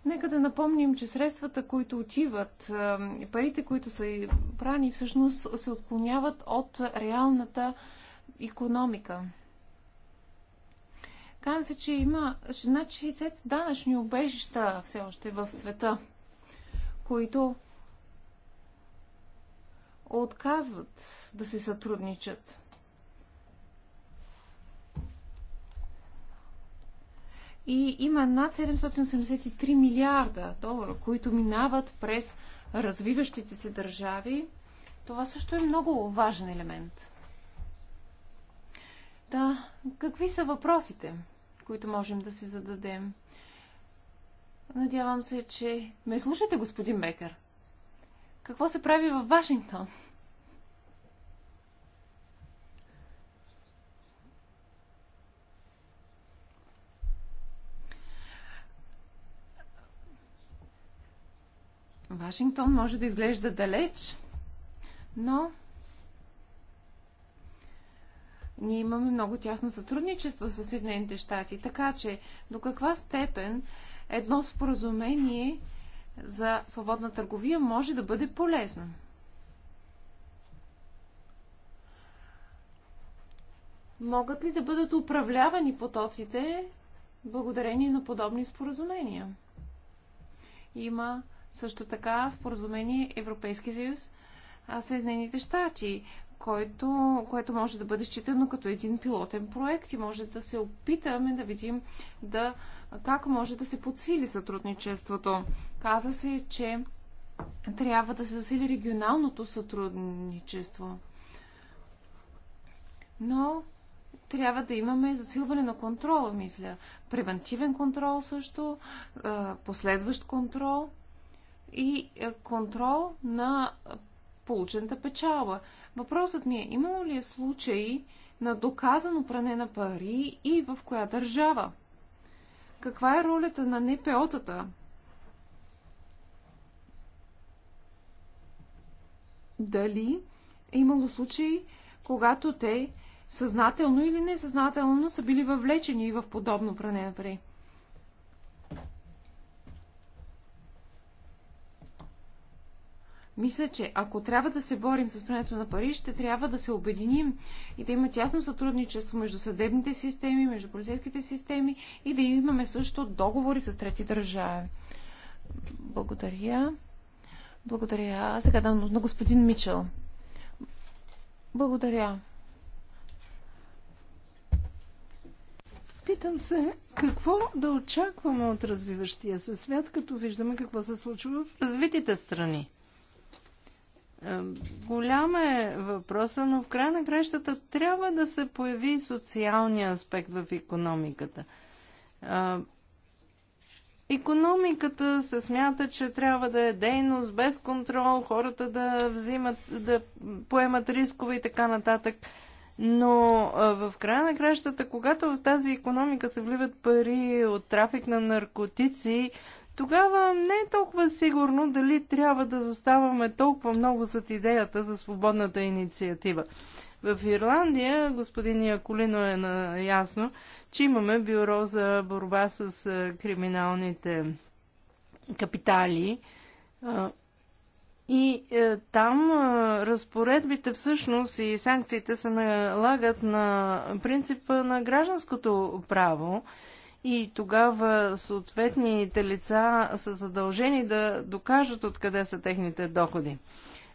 Нека да напомним, че средствата, които отиват, е, парите, които са прани, всъщност се отклоняват от реалната економика. Каза се, че има над 60 данъчни убежища все още в света, които отказват да се сътрудничат. И има над 783 милиарда долара, които минават през развиващите се държави. Това също е много важен елемент. Да, какви са въпросите, които можем да си зададем? Надявам се, че ме слушате, господин Бекър. Какво се прави в Вашингтон? Вашингтон може да изглежда далеч, но ние имаме много тясно сътрудничество с Съединените щати, така че до каква степен едно споразумение за свободна търговия може да бъде полезно. Могат ли да бъдат управлявани потоците благодарение на подобни споразумения? Има също така споразумение Европейски съюз Съединените щати, който, което може да бъде считано като един пилотен проект и може да се опитаме да видим да как може да се подсили сътрудничеството. Каза се, че трябва да се засили регионалното сътрудничество. Но трябва да имаме засилване на контрола, мисля. Превентивен контрол също, последващ контрол и контрол на получената печалба. Въпросът ми е, имало ли е случаи на доказано пране на пари и в коя държава? Каква е ролята на НПО-тата? Дали е имало случаи, когато те съзнателно или несъзнателно са били въвлечени в подобно пране на пари? Мисля, че ако трябва да се борим с прането на пари, ще трябва да се обединим и да има тясно сътрудничество между съдебните системи, между полицейските системи и да имаме също договори с трети държави. Благодаря. Благодаря. Сега дам на господин Мичел. Благодаря. Питам се, какво да очакваме от развиващия се свят, като виждаме какво се случва в развитите страни? Голям е въпроса, но в края на кращата трябва да се появи социалния аспект в економиката. Економиката се смята, че трябва да е дейност без контрол, хората да взимат, да поемат рискове и така нататък. Но в края на кращата, когато в тази економика се вливат пари от трафик на наркотици, тогава не е толкова сигурно дали трябва да заставаме толкова много зад идеята за свободната инициатива. В Ирландия господин Яколино е наясно, че имаме бюро за борба с криминалните капитали. И е, там разпоредбите всъщност и санкциите се налагат на принципа на гражданското право и тогава съответните лица са задължени да докажат откъде са техните доходи.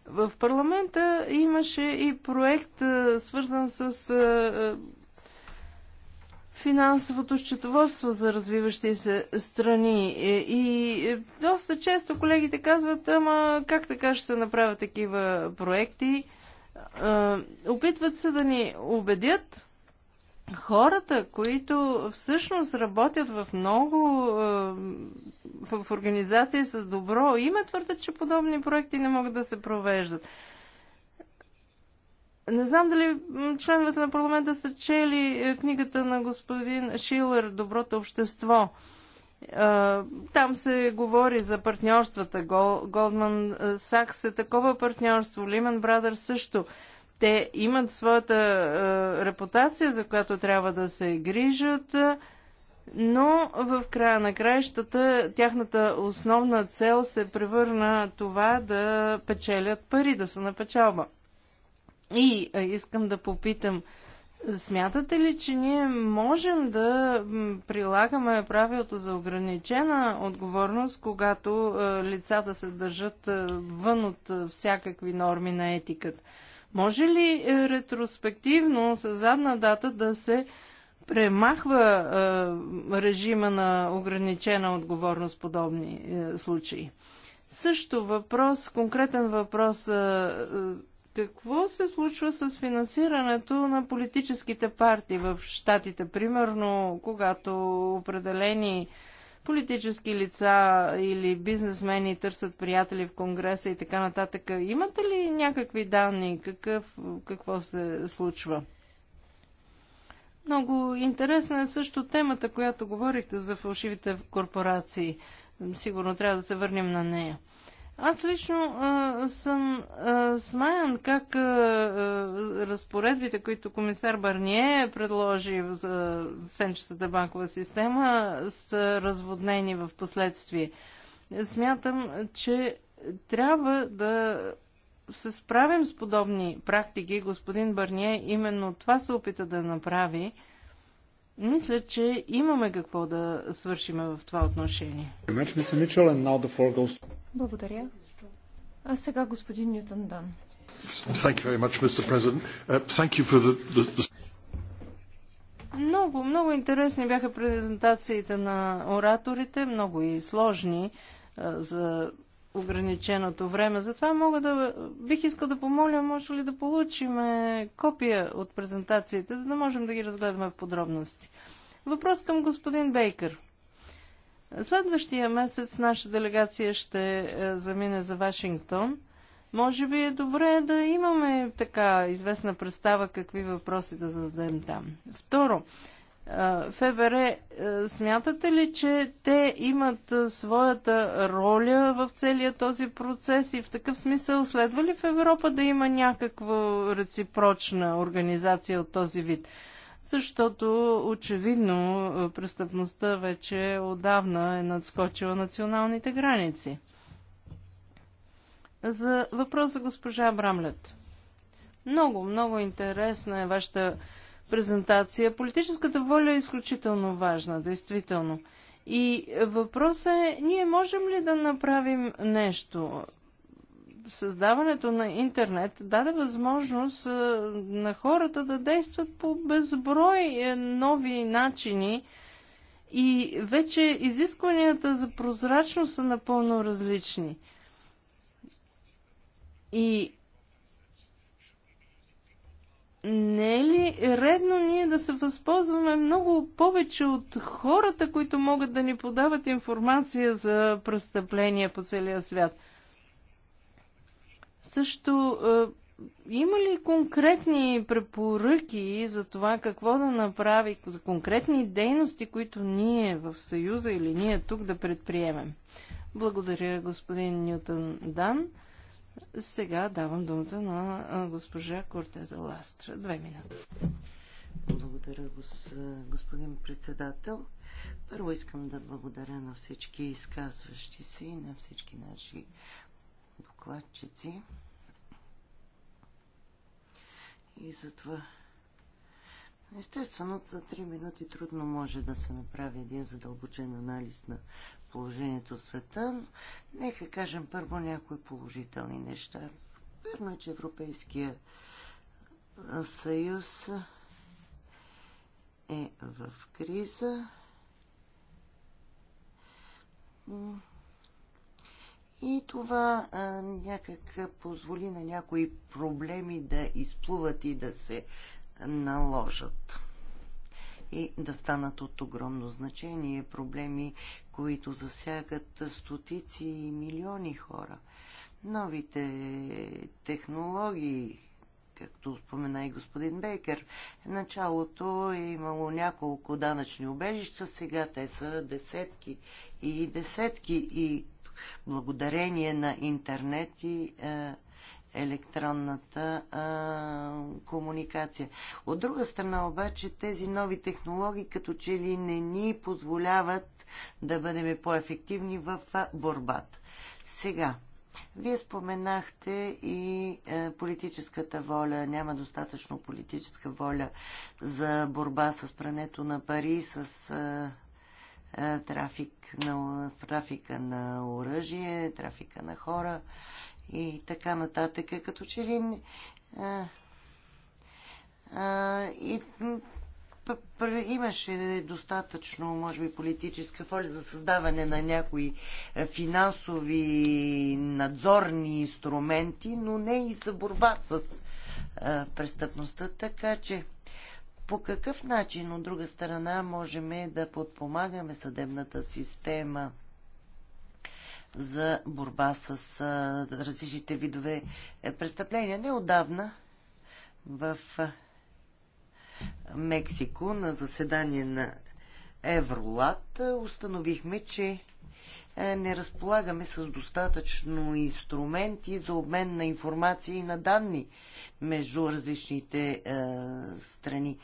В парламента имаше и проект, свързан с финансовото счетоводство за развиващи се страни. Е, и е, доста често колегите казват, ама как така ще се направят такива проекти? Опитват се да ни убедят, хората, които всъщност работят в много е, в организации с добро име, твърдят, че подобни проекти не могат да се провеждат. Не знам дали членовете на парламента са чели е, книгата на господин Шилър Доброто общество. Е, там се говори за партньорствата. Голдман Сакс е такова партньорство, Лимен Брадър също. Те имат своята е, репутация, за която трябва да се грижат, но в края на краищата тяхната основна цел се превърна това да печелят пари, да са на печалба. И е, искам да попитам, Смятате ли, че ние можем да прилагаме правилото за ограничена отговорност, когато лицата се държат вън от всякакви норми на етиката? Може ли е, ретроспективно с задна дата да се премахва е, режима на ограничена отговорност подобни е, случаи? Също въпрос, конкретен въпрос. Е, е, какво се случва с финансирането на политическите партии в Штатите? Примерно, когато определени политически лица или бизнесмени търсят приятели в Конгреса и така нататък. Имате ли някакви данни? Какъв, какво се случва? Много интересна е също темата, която говорихте за фалшивите корпорации. Сигурно трябва да се върнем на нея. Аз лично а, съм а, смаян как а, а, разпоредбите, които комисар Барние предложи за сенчестата банкова система, са разводнени в последствие. Смятам, че трябва да се справим с подобни практики. Господин Барние именно това се опита да направи мисля, че имаме какво да свършим в това отношение. Благодаря. А сега господин Ньютон Дан. Uh, много, много интересни бяха презентациите на ораторите, много и сложни uh, за ограниченото време. Затова мога да... Бих искал да помоля, може ли да получим копия от презентациите, за да можем да ги разгледаме в подробности. Въпрос към господин Бейкър. Следващия месец наша делегация ще е, замине за Вашингтон. Може би е добре да имаме така известна представа какви въпроси да зададем там. Второ, ФБР, е, смятате ли, че те имат своята роля в целия този процес и в такъв смисъл следва ли в Европа да има някаква реципрочна организация от този вид? Защото очевидно престъпността вече отдавна е надскочила националните граници. За въпрос за госпожа Брамлет. Много, много интересна е вашата презентация. Политическата воля е изключително важна, действително. И въпросът е, ние можем ли да направим нещо? Създаването на интернет даде възможност на хората да действат по безброй е, нови начини и вече изискванията за прозрачност са напълно различни. И не е ли редно ние да се възползваме много повече от хората, които могат да ни подават информация за престъпления по целия свят? Също, е, има ли конкретни препоръки за това какво да направи, за конкретни дейности, които ние в Съюза или ние тук да предприемем? Благодаря, господин Нютон Дан. Сега давам думата на госпожа Кортеза Ластра. Две минути. Благодаря, господин председател. Първо искам да благодаря на всички изказващи се и на всички наши докладчици. И затова Естествено, за 3 минути трудно може да се направи един задълбочен анализ на положението в света. Нека кажем първо някои положителни неща. Верно е, че Европейския съюз е в криза. И това а, някак позволи на някои проблеми да изплуват и да се наложат и да станат от огромно значение проблеми, които засягат стотици и милиони хора. Новите технологии, както спомена и господин Бейкер, началото е имало няколко данъчни убежища, сега те са десетки и десетки и благодарение на интернет и е, електронната а, комуникация. От друга страна обаче тези нови технологии като че ли не ни позволяват да бъдем по-ефективни в борбата. Сега, вие споменахте и е, политическата воля. Няма достатъчно политическа воля за борба с прането на пари, с е, е, трафик на, трафика на оръжие, трафика на хора и така нататък. Като че ли и, имаше достатъчно, може би, политическа воля за създаване на някои е, финансови надзорни инструменти, но не и за борба с а, е, престъпността. Така че, по какъв начин, от друга страна, можем да подпомагаме съдебната система? за борба с а, различните видове е, престъпления. Неодавна в а, Мексико на заседание на Евролат установихме, че е, не разполагаме с достатъчно инструменти за обмен на информация и на данни между различните е, страни.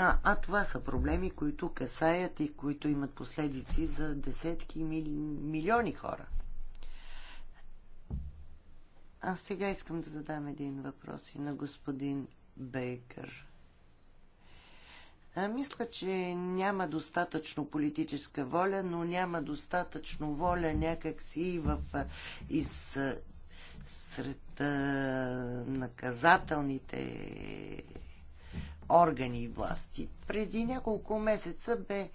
А, а това са проблеми, които касаят и които имат последици за десетки мили, милиони хора. А сега искам да задам един въпрос и на господин Бейкър. А, мисля, че няма достатъчно политическа воля, но няма достатъчно воля някакси и в из, сред а, наказателните органи и власти. Преди няколко месеца бе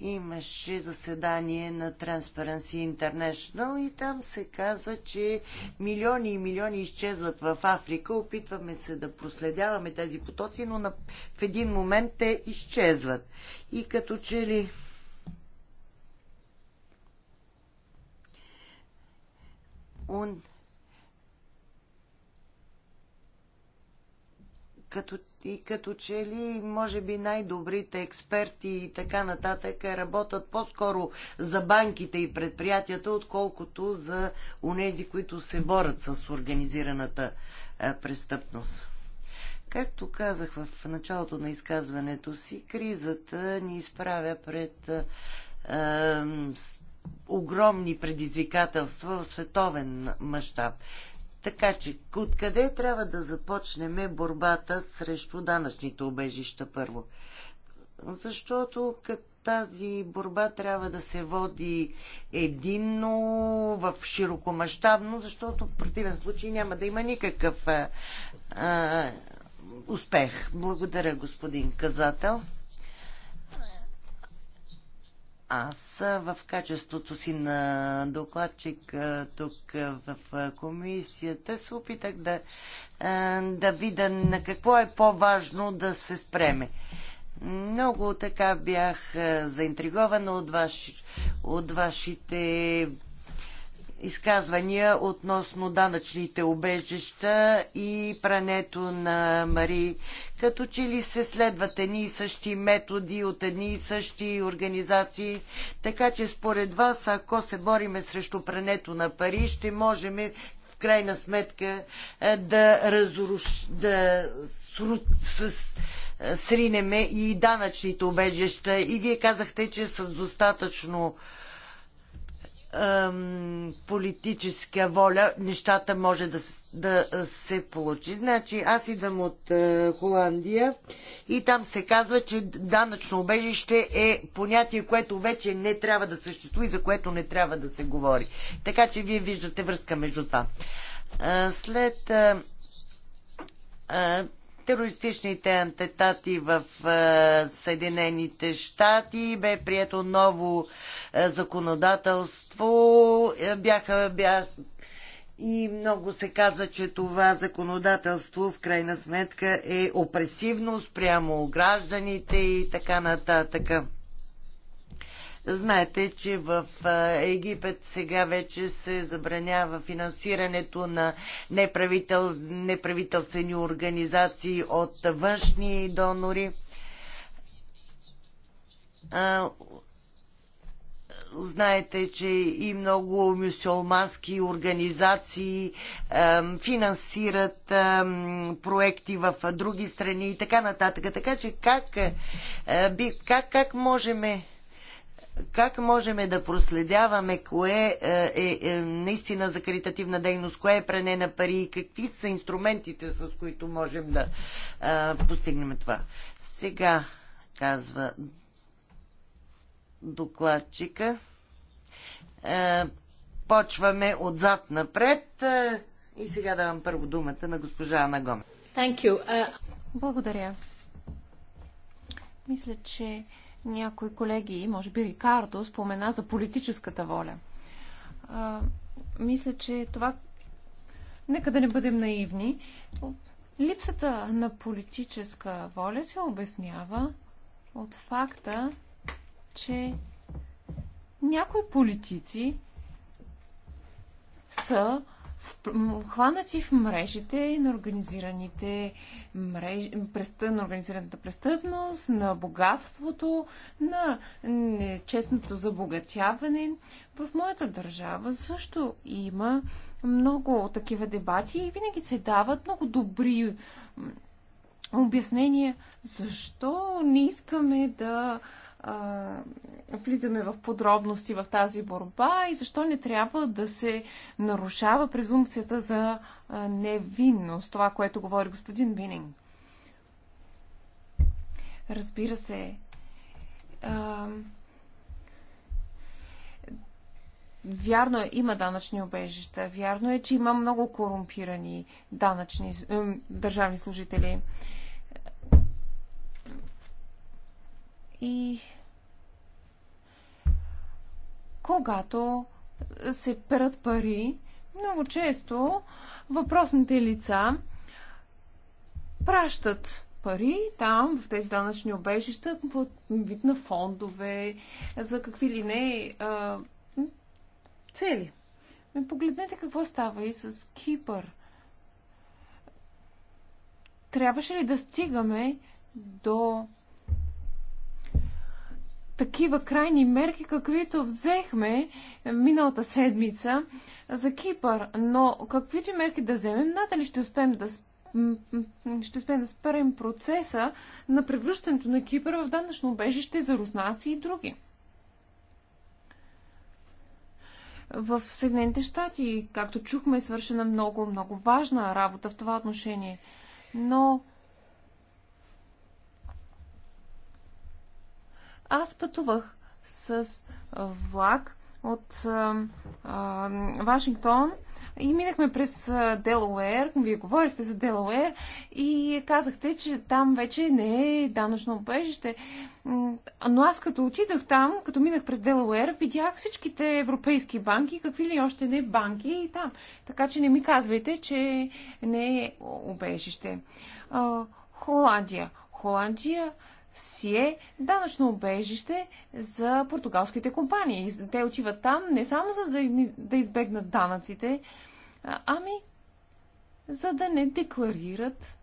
имаше заседание на Transparency International и там се каза, че милиони и милиони изчезват в Африка. Опитваме се да проследяваме тези потоци, но на... в един момент те изчезват. И като че ли он като и като че ли, може би, най-добрите експерти и така нататък работят по-скоро за банките и предприятията, отколкото за унези, които се борят с организираната е, престъпност. Както казах в началото на изказването си, кризата ни изправя пред е, е огромни предизвикателства в световен мащаб. Така че, откъде трябва да започнем борбата срещу данъчните обежища първо? Защото като тази борба трябва да се води единно, в широкомащабно, защото в противен случай няма да има никакъв а, а, успех. Благодаря, господин Казател. Аз в качеството си на докладчик тук в комисията се опитах да, да видя на какво е по-важно да се спреме. Много така бях заинтригована от, ваш, от вашите изказвания относно данъчните обежища и прането на мари. Като че ли се следват едни и същи методи от едни и същи организации, така че според вас, ако се бориме срещу прането на пари, ще можем в крайна сметка е, да, разруш... да сринеме и данъчните обежища. И вие казахте, че с достатъчно политическа воля нещата може да, да се получи. Значи аз идвам от е, Холандия и там се казва, че данъчно обежище е понятие, което вече не трябва да съществува и за което не трябва да се говори. Така че вие виждате връзка между това. А, след а, а, терористичните антетати в е, Съединените щати. Бе прието ново е, законодателство. Е, бяха, бях, и много се каза, че това законодателство в крайна сметка е опресивно спрямо гражданите и така нататък. Знаете, че в Египет сега вече се забранява финансирането на неправител, неправителствени организации от външни донори. Знаете, че и много мюсюлмански организации е, финансират е, проекти в други страни и така нататък. Така че как, е, би, как, как можем как можем да проследяваме кое е, е, е наистина за каритативна дейност, кое е пране на пари и какви са инструментите, с които можем да е, постигнем това. Сега, казва докладчика, е, почваме отзад напред е, и сега давам първо думата на госпожа Ана Гоме. Uh... Е, Благодаря. Мисля, че някои колеги, може би Рикардо, спомена за политическата воля. А, мисля, че това. Нека да не бъдем наивни. Липсата на политическа воля се обяснява от факта, че някои политици са хванати в мрежите на организираните мреж, преста, на организираната престъпност, на богатството, на честното забогатяване. В моята държава също има много такива дебати и винаги се дават много добри обяснения защо не искаме да а, влизаме в подробности в тази борба и защо не трябва да се нарушава презумпцията за а, невинност, това, което говори господин Бининг. Разбира се, а, Вярно е, има данъчни обежища. Вярно е, че има много корумпирани данъчни, държавни служители. и когато се перат пари, много често въпросните лица пращат пари там, в тези данъчни обежища, под вид на фондове, за какви ли не а, цели. Погледнете какво става и с Кипър. Трябваше ли да стигаме до такива крайни мерки, каквито взехме е, миналата седмица за Кипър. Но каквито мерки да вземем, надали ще успеем да ще успеем да спрем процеса на превръщането на Кипър в данъчно убежище за руснаци и други. В Съединените щати, както чухме, е свършена много, много важна работа в това отношение. Но Аз пътувах с влак от а, а, Вашингтон и минахме през Делауер. Вие говорихте за Делауер и казахте, че там вече не е данъчно обежище. Но аз като отидах там, като минах през Делауер, видях всичките европейски банки, какви ли още не банки и там. Така че не ми казвайте, че не е обежище. Холандия. Холандия СИЕ данъчно убежище за португалските компании. Те отиват там не само за да, да избегнат данъците, ами за да не декларират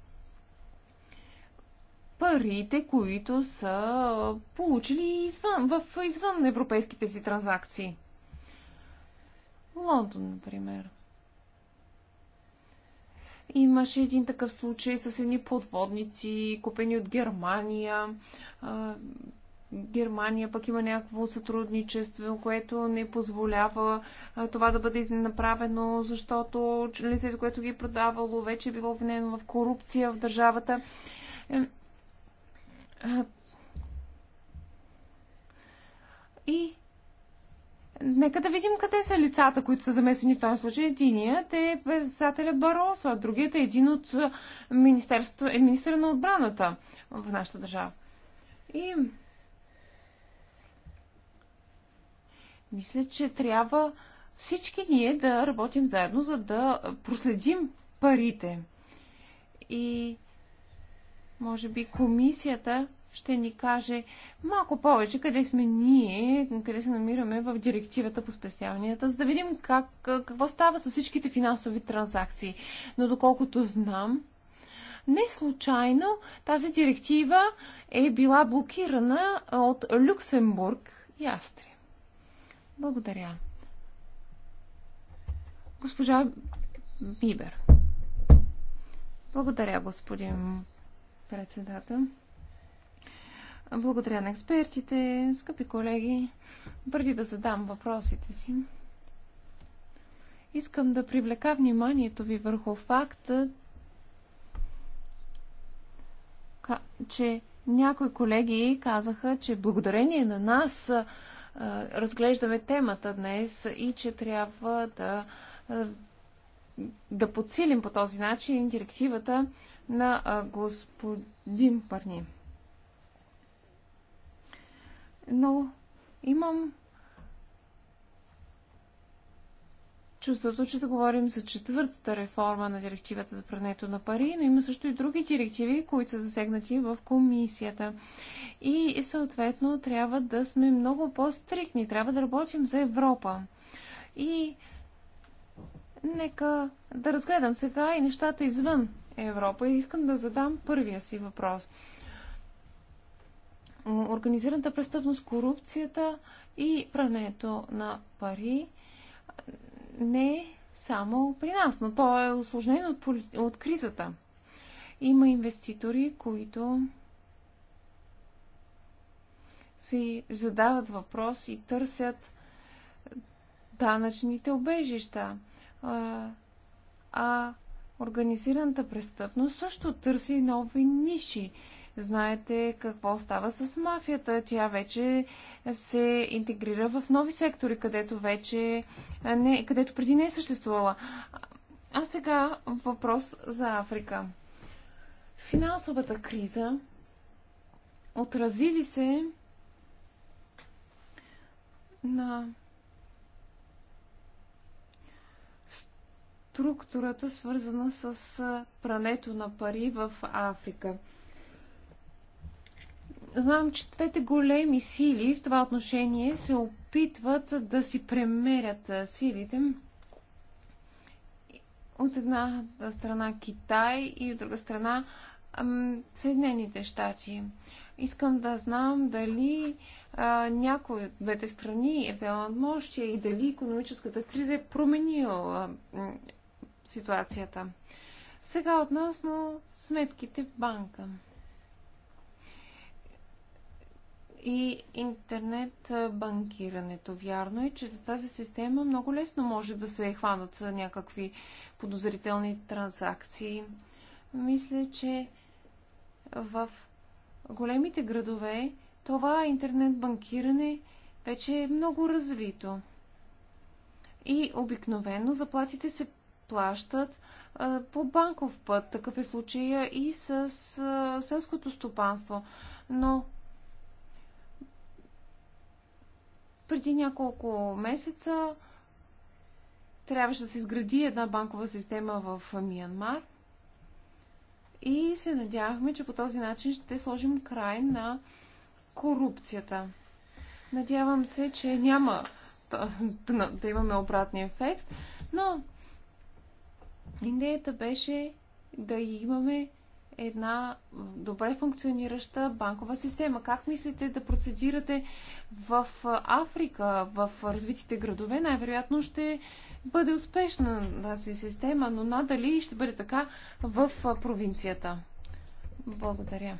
парите, които са получили извън, в, извън европейските си транзакции. Лондон, например. Имаше един такъв случай с едни подводници, купени от Германия. Германия пък има някакво сътрудничество, което не позволява това да бъде направено, защото лицето, което ги е продавало, вече е било обвинено в корупция в държавата. И Нека да видим къде са лицата, които са замесени в този случай. Единият е председателя Баросо, а другият е един от министерство, е министър на отбраната в нашата държава. И мисля, че трябва всички ние да работим заедно, за да проследим парите. И може би комисията ще ни каже малко повече къде сме ние, къде се намираме в директивата по спестяванията, за да видим как, какво става с всичките финансови транзакции. Но доколкото знам, не случайно тази директива е била блокирана от Люксембург и Австрия. Благодаря. Госпожа Бибер. Благодаря, господин председател. Благодаря на експертите, скъпи колеги. Преди да задам въпросите си, искам да привлека вниманието ви върху факта, че някои колеги казаха, че благодарение на нас разглеждаме темата днес и че трябва да, да подсилим по този начин директивата на господин Парни но имам чувството, че да говорим за четвъртата реформа на директивата за прането на пари, но има също и други директиви, които са засегнати в комисията. И съответно трябва да сме много по-стрикни, трябва да работим за Европа. И нека да разгледам сега и нещата извън Европа. И искам да задам първия си въпрос организираната престъпност, корупцията и прането на пари не е само при нас, но то е осложнено от, поли... от кризата. Има инвеститори, които си задават въпрос и търсят данъчните обежища. А, а организираната престъпност също търси нови ниши Знаете какво става с мафията. Тя вече се интегрира в нови сектори, където вече не, където преди не е съществувала. А сега въпрос за Африка. Финансовата криза отрази ли се на структурата, свързана с прането на пари в Африка? знам, че двете големи сили в това отношение се опитват да си премерят силите. От една страна Китай и от друга страна Съединените щати. Искам да знам дали а, някой от двете страни е взела надмощие и дали економическата криза е променила а, ситуацията. Сега относно сметките в банка. и интернет банкирането. Вярно е, че за тази система много лесно може да се хванат някакви подозрителни транзакции. Мисля, че в големите градове това интернет банкиране вече е много развито. И обикновено заплатите се плащат по банков път. Такъв е случая и с селското стопанство. Но Преди няколко месеца трябваше да се изгради една банкова система в Миянмар и се надявахме, че по този начин ще сложим край на корупцията. Надявам се, че няма да, да имаме обратния ефект, но идеята беше да имаме една добре функционираща банкова система. Как мислите да процедирате в Африка, в развитите градове? Най-вероятно ще бъде успешна тази система, но надали ще бъде така в провинцията. Благодаря.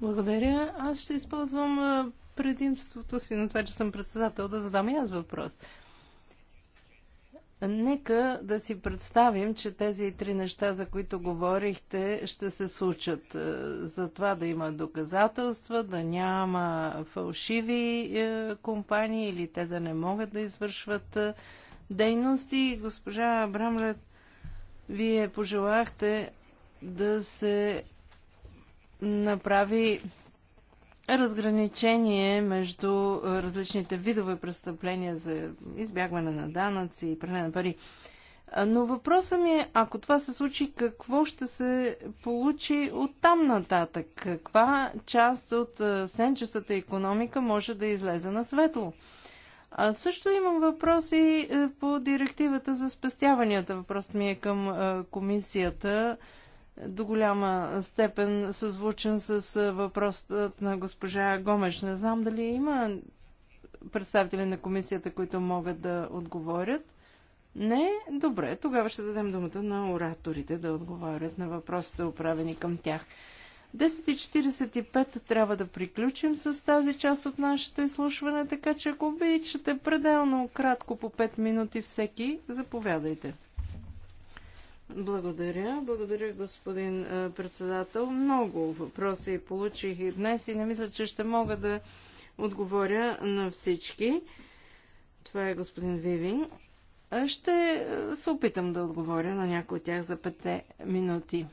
Благодаря. Аз ще използвам предимството си на това, че съм председател да задам и аз въпрос. Нека да си представим, че тези три неща, за които говорихте, ще се случат. Е, за това да има доказателства, да няма фалшиви е, компании или те да не могат да извършват е, дейности. Госпожа Брамлет, вие пожелахте да се направи разграничение между различните видове престъпления за избягване на данъци и пране на пари. Но въпросът ми е, ако това се случи, какво ще се получи от там нататък? Каква част от сенчестата економика може да излезе на светло? А също имам въпроси е, по директивата за спестяванията. Въпросът ми е към комисията до голяма степен съзвучен с въпросът на госпожа Гомеш. Не знам дали има представители на комисията, които могат да отговорят. Не? Добре, тогава ще дадем думата на ораторите да отговарят на въпросите, оправени към тях. 10.45 трябва да приключим с тази част от нашето изслушване, така че ако обичате пределно кратко по 5 минути всеки, заповядайте. Благодаря. Благодаря, господин председател. Много въпроси получих и днес и не мисля, че ще мога да отговоря на всички. Това е господин Вивин. Ще се опитам да отговоря на някои от тях за пете минути.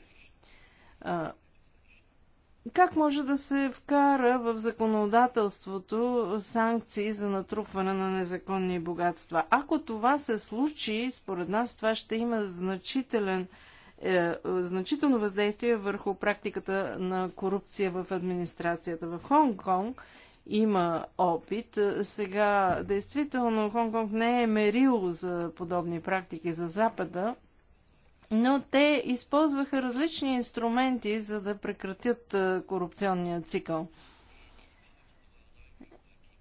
Как може да се вкара в законодателството санкции за натрупване на незаконни богатства? Ако това се случи, според нас това ще има значителен, е, значително въздействие върху практиката на корупция в администрацията. В Хонг-Конг има опит. Сега, действително, Хонг-Конг не е мерило за подобни практики за Запада, но те използваха различни инструменти, за да прекратят корупционния цикъл.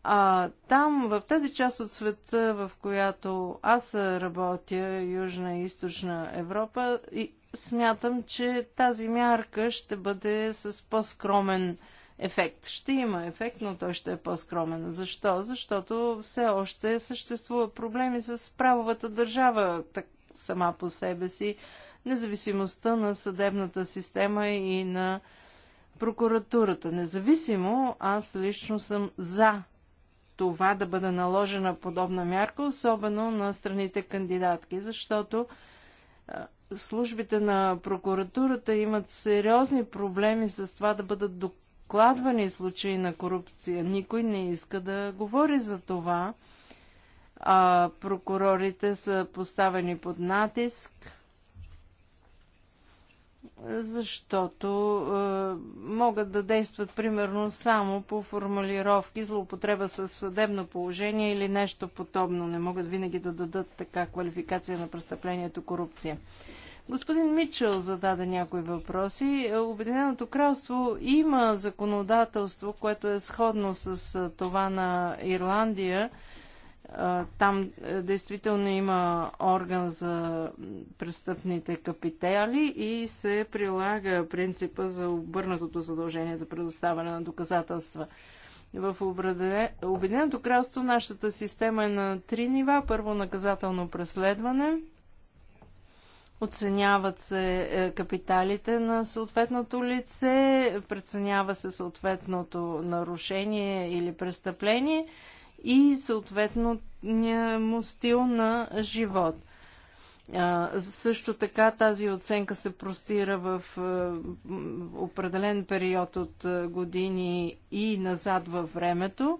А там, в тази част от света, в която аз работя, Южна и Източна Европа, и смятам, че тази мярка ще бъде с по-скромен ефект. Ще има ефект, но той ще е по-скромен. Защо? Защото все още съществуват проблеми с правовата държава. Так, сама по себе си независимостта на съдебната система и на прокуратурата. Независимо, аз лично съм за това да бъде наложена подобна мярка, особено на страните кандидатки, защото службите на прокуратурата имат сериозни проблеми с това да бъдат докладвани случаи на корупция. Никой не иска да говори за това а, прокурорите са поставени под натиск, защото а, могат да действат примерно само по формулировки, злоупотреба с съдебно положение или нещо подобно. Не могат винаги да дадат така квалификация на престъплението корупция. Господин Мичел зададе някои въпроси. Обединеното кралство има законодателство, което е сходно с това на Ирландия там е, действително има орган за престъпните капитали и се прилага принципа за обърнатото задължение за предоставяне на доказателства. В Обединеното кралство нашата система е на три нива. Първо наказателно преследване. Оценяват се е, капиталите на съответното лице, преценява се съответното нарушение или престъпление – и съответно му стил на живот. А, също така тази оценка се простира в а, определен период от а, години и назад във времето.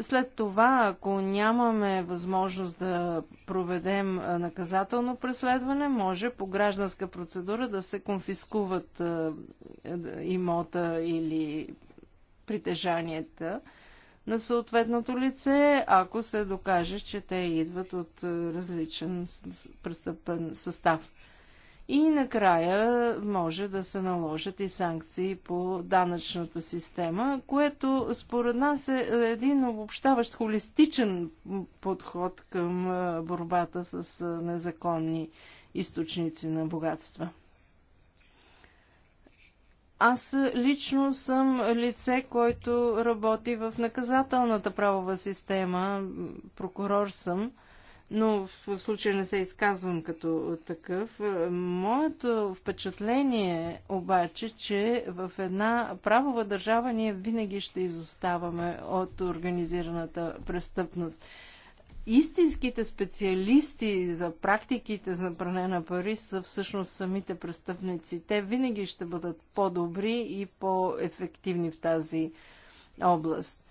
След това, ако нямаме възможност да проведем наказателно преследване, може по гражданска процедура да се конфискуват имота или притежанията на съответното лице, ако се докаже, че те идват от е, различен престъпен състав. И накрая може да се наложат и санкции по данъчната система, което според нас е, е един обобщаващ холистичен подход към е, борбата с незаконни източници на богатства. Аз лично съм лице, който работи в наказателната правова система, прокурор съм, но в случая не се изказвам като такъв. Моето впечатление обаче, че в една правова държава ние винаги ще изоставаме от организираната престъпност истинските специалисти за практиките за пране на пари са всъщност самите престъпници. Те винаги ще бъдат по-добри и по-ефективни в тази област.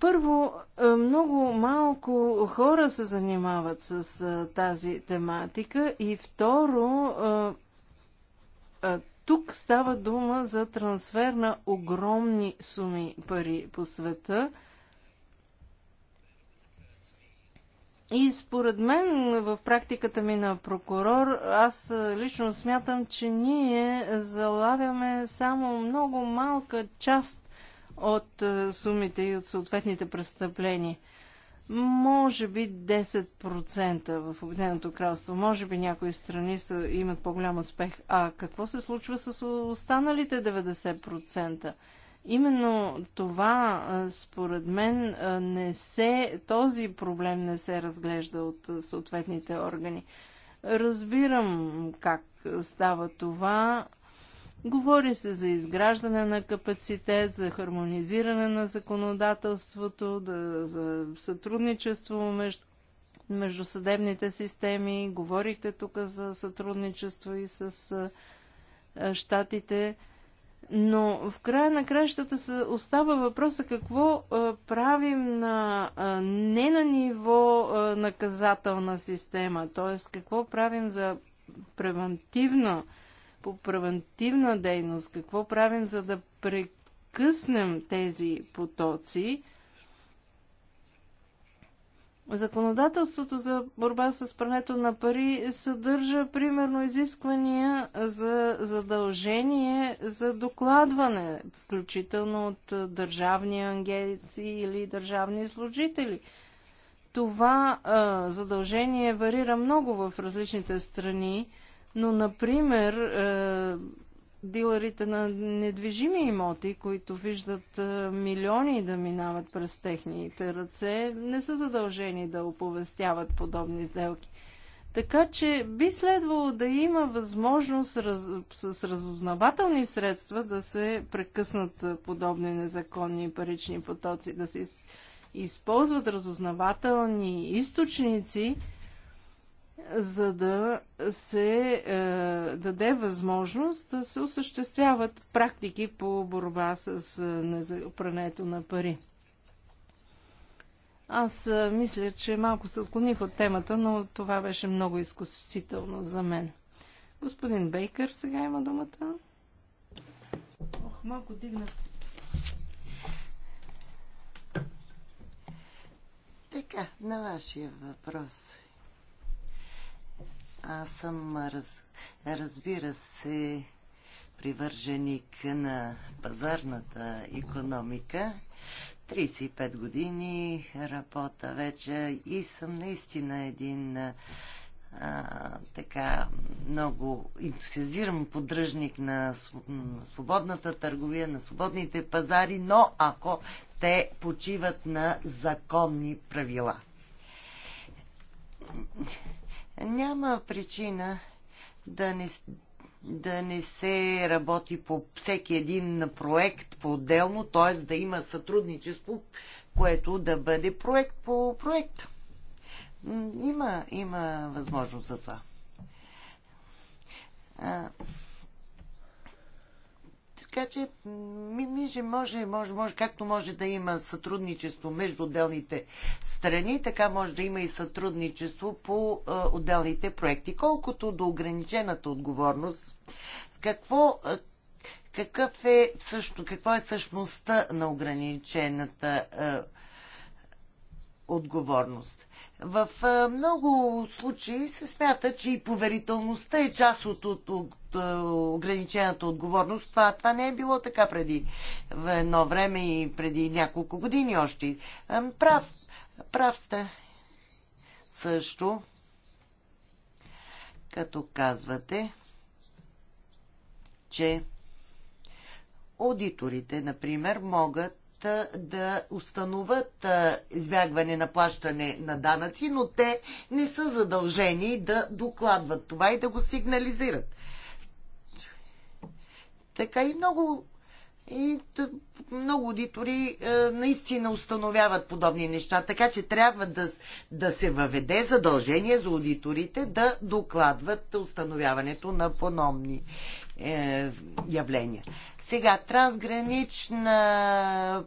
Първо, много малко хора се занимават с тази тематика и второ, тук става дума за трансфер на огромни суми пари по света – И според мен в практиката ми на прокурор, аз лично смятам, че ние залавяме само много малка част от сумите и от съответните престъпления. Може би 10% в Обединеното кралство, може би някои страни са, имат по-голям успех. А какво се случва с останалите 90%? Именно това, според мен, не се, този проблем не се разглежда от съответните органи. Разбирам как става това. Говори се за изграждане на капацитет, за хармонизиране на законодателството, да, за сътрудничество между между съдебните системи. Говорихте тук за сътрудничество и с щатите. Но в края на кращата се остава въпроса какво а, правим на, а, не на ниво а, наказателна система, т.е. какво правим за превентивна, по превентивна дейност, какво правим за да прекъснем тези потоци, Законодателството за борба с прането на пари съдържа примерно изисквания за задължение за докладване, включително от държавни агенции или държавни служители. Това а, задължение варира много в различните страни, но, например, а, дилерите на недвижими имоти, които виждат е, милиони да минават през техните ръце, не са задължени да оповестяват подобни сделки. Така че би следвало да има възможност раз... с разузнавателни средства да се прекъснат е, подобни незаконни парични потоци, да се из... използват разузнавателни източници, за да се е, даде възможност да се осъществяват практики по борба с е, прането на пари. Аз е, мисля, че малко се отклоних от темата, но това беше много изкусително за мен. Господин Бейкър сега има думата. Ох, малко дигнат. Така, на вашия въпрос. Аз съм, раз, разбира се, привърженик на пазарната економика. 35 години работа вече и съм наистина един а, така много ентусиазиран поддръжник на свободната търговия, на свободните пазари, но ако те почиват на законни правила. Няма причина да не, да не се работи по всеки един проект по-отделно, т.е. да има сътрудничество, което да бъде проект по проект. Има, има възможност за това. Така че, може, може, може, както може да има сътрудничество между отделните страни, така може да има и сътрудничество по а, отделните проекти. Колкото до ограничената отговорност, какво, а, какъв е, всъщност, какво е същността на ограничената а, отговорност. В много случаи се смята, че и поверителността е част от, от, от, ограничената отговорност. Това, това не е било така преди в едно време и преди няколко години още. Прав, прав сте също, като казвате, че аудиторите, например, могат да установят избягване на плащане на данъци, но те не са задължени да докладват това и да го сигнализират. Така и много и много аудитори наистина установяват подобни неща, така че трябва да, да се въведе задължение за аудиторите да докладват установяването на пономни е, явления. Сега, трансгранична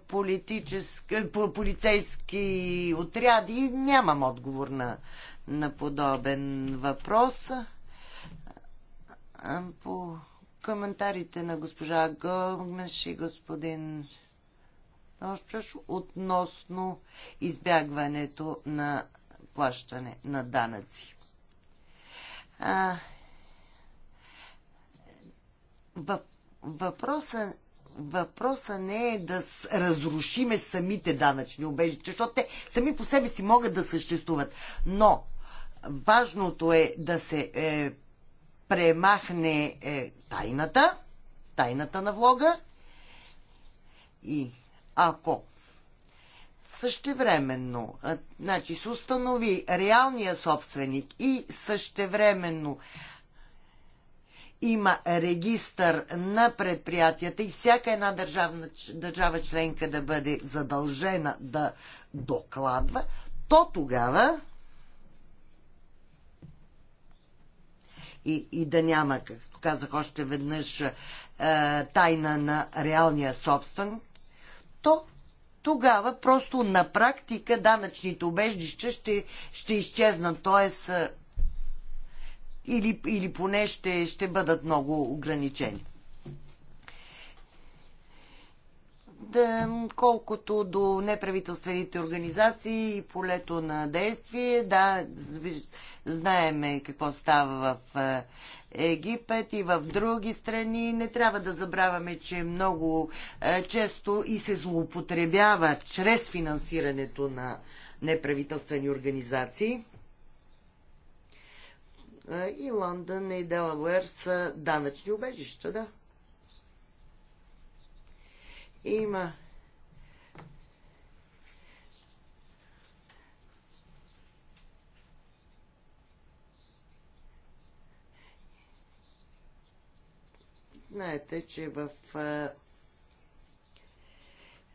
полицейски отряди, нямам отговор на, на подобен въпрос. По коментарите на госпожа Гомеш и господин Рощаш относно избягването на плащане на данъци. А, в Въпросът въпроса не е да разрушиме самите данъчни обежища, защото те сами по себе си могат да съществуват. Но важното е да се е, премахне е, тайната, тайната на влога и ако същевременно, е, значи се установи реалния собственик и същевременно е, има регистър на предприятията и всяка една държавна, държава членка да бъде задължена да докладва, то тогава и, и да няма, както казах още веднъж, е, тайна на реалния собственик, то тогава просто на практика данъчните убеждища ще, ще изчезнат. Тоест, е, или, или поне ще, ще бъдат много ограничени. Да, колкото до неправителствените организации и полето на действие, да, знаеме какво става в е, Египет и в други страни. Не трябва да забравяме, че много е, често и се злоупотребява чрез финансирането на неправителствени организации. И Лондон и Делавер са данъчни убежища, да. Има Знаете, че в а,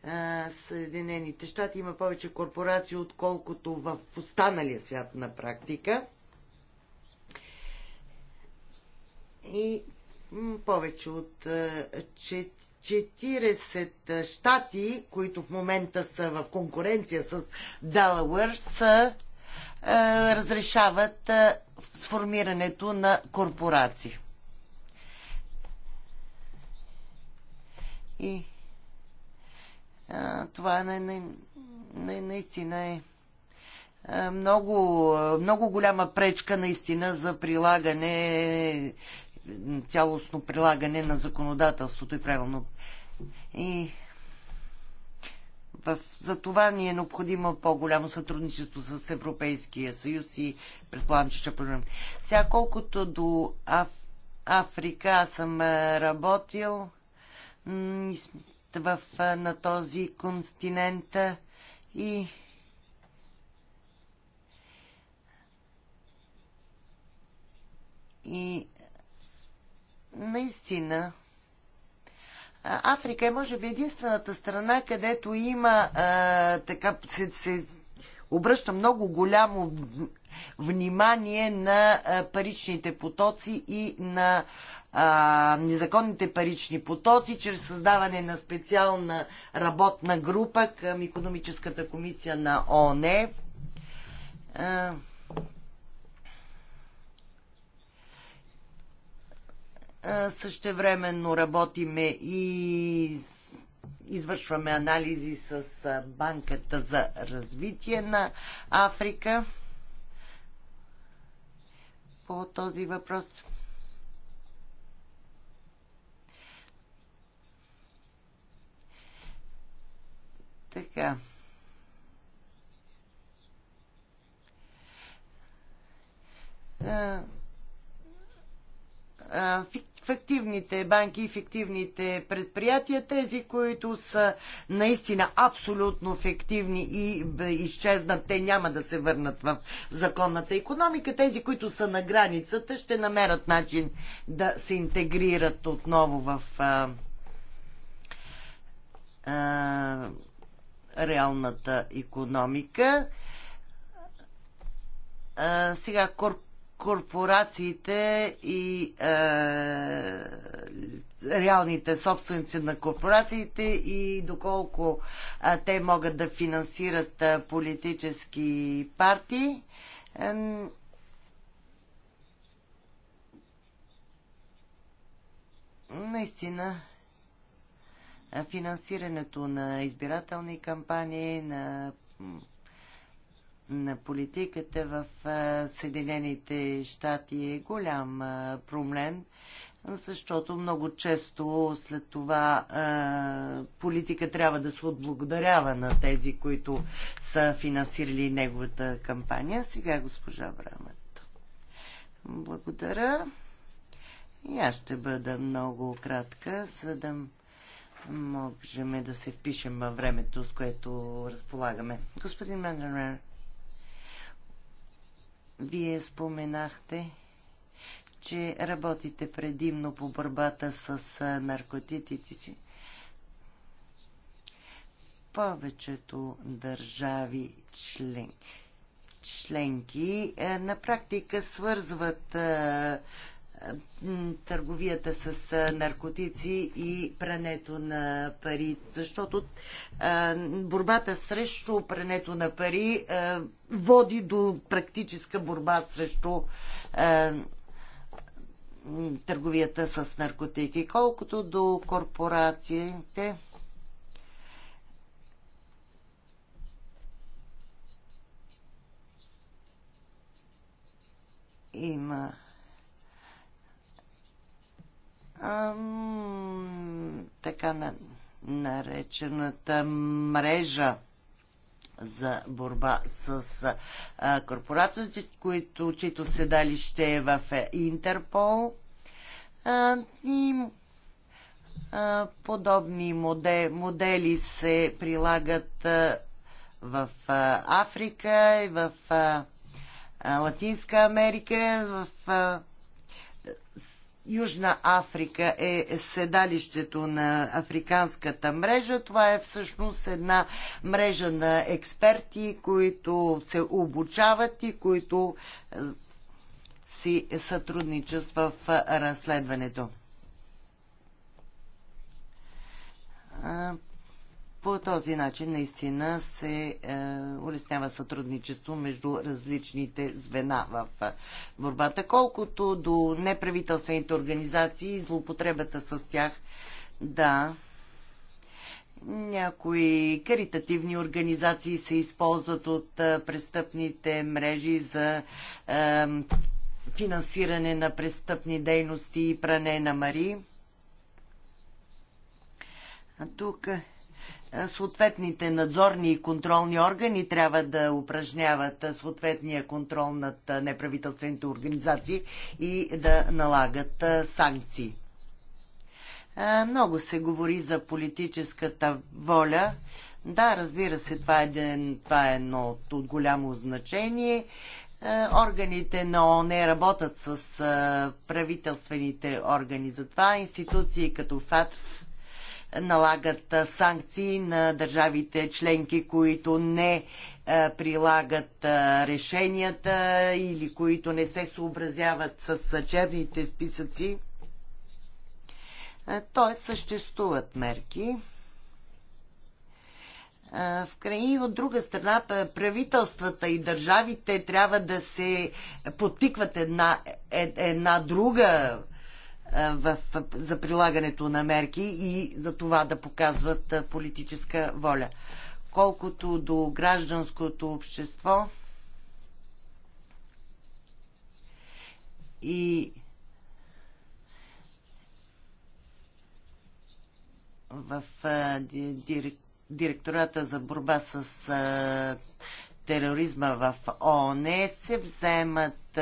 а, Съединените щати има повече корпорации, отколкото в останалия свят на практика. и повече от 40 е, щати, които в момента са в конкуренция с Делавър, са е, разрешават е, сформирането на корпорации. И а, това на, на, на, наистина е много, много голяма пречка наистина за прилагане цялостно прилагане на законодателството и правилно. И в, за това ни е необходимо по-голямо сътрудничество с Европейския съюз и предполагам, че ще проблем. Сега колкото до Аф, Африка, аз съм е, работил в, е, на този континент е, и и наистина Африка е може би единствената страна, където има а, така се, се обръща много голямо внимание на а, паричните потоци и на а, незаконните парични потоци, чрез създаване на специална работна група към економическата комисия на ОНЕ. Е, същевременно работиме и извършваме анализи с е, Банката за развитие на Африка по този въпрос. Така. А, е, а, фик, фиктивните банки и фиктивните предприятия, тези, които са наистина абсолютно фиктивни и изчезнат, те няма да се върнат в законната економика, тези, които са на границата, ще намерят начин да се интегрират отново в а, а, реалната економика. А, сега корпорацията корпорациите и е, реалните собственици на корпорациите и доколко е, те могат да финансират е, политически партии. Е, наистина финансирането на избирателни кампании, на на политиката в Съединените щати е голям проблем, защото много често след това политика трябва да се отблагодарява на тези, които са финансирали неговата кампания. Сега госпожа Брамет. Благодаря. И аз ще бъда много кратка, за да можем да се впишем във времето, с което разполагаме. Господин Мендрер, вие споменахте, че работите предимно по борбата с наркотиците. Повечето държави член, членки е, на практика свързват търговията с наркотици и прането на пари. Защото борбата срещу прането на пари води до практическа борба срещу търговията с наркотики. Колкото до корпорациите, има така на, наречената мрежа за борба с а, корпорациите, които, чието седалище е в е, Интерпол. А, и а, подобни модели, модели се прилагат а, в а, Африка и в а, Латинска Америка, в а, Южна Африка е седалището на африканската мрежа. Това е всъщност една мрежа на експерти, които се обучават и които е, си сътрудничат в е, разследването. По този начин наистина се е, улеснява сътрудничество между различните звена в е, борбата. Колкото до неправителствените организации и злоупотребата с тях, да, някои каритативни организации се използват от е, престъпните мрежи за е, финансиране на престъпни дейности и пране на мари. А тук съответните надзорни и контролни органи трябва да упражняват съответния контрол над неправителствените организации и да налагат санкции. Много се говори за политическата воля. Да, разбира се, това е, това е едно от, от голямо значение. Органите на ООН работят с правителствените органи. Затова институции като ФАТФ налагат санкции на държавите членки, които не прилагат решенията или които не се съобразяват с черните списъци. Тоест съществуват мерки. В край от друга страна правителствата и държавите трябва да се потикват една, е, една друга в, за прилагането на мерки и за това да показват политическа воля. Колкото до гражданското общество и в директората за борба с тероризма в ООН се вземат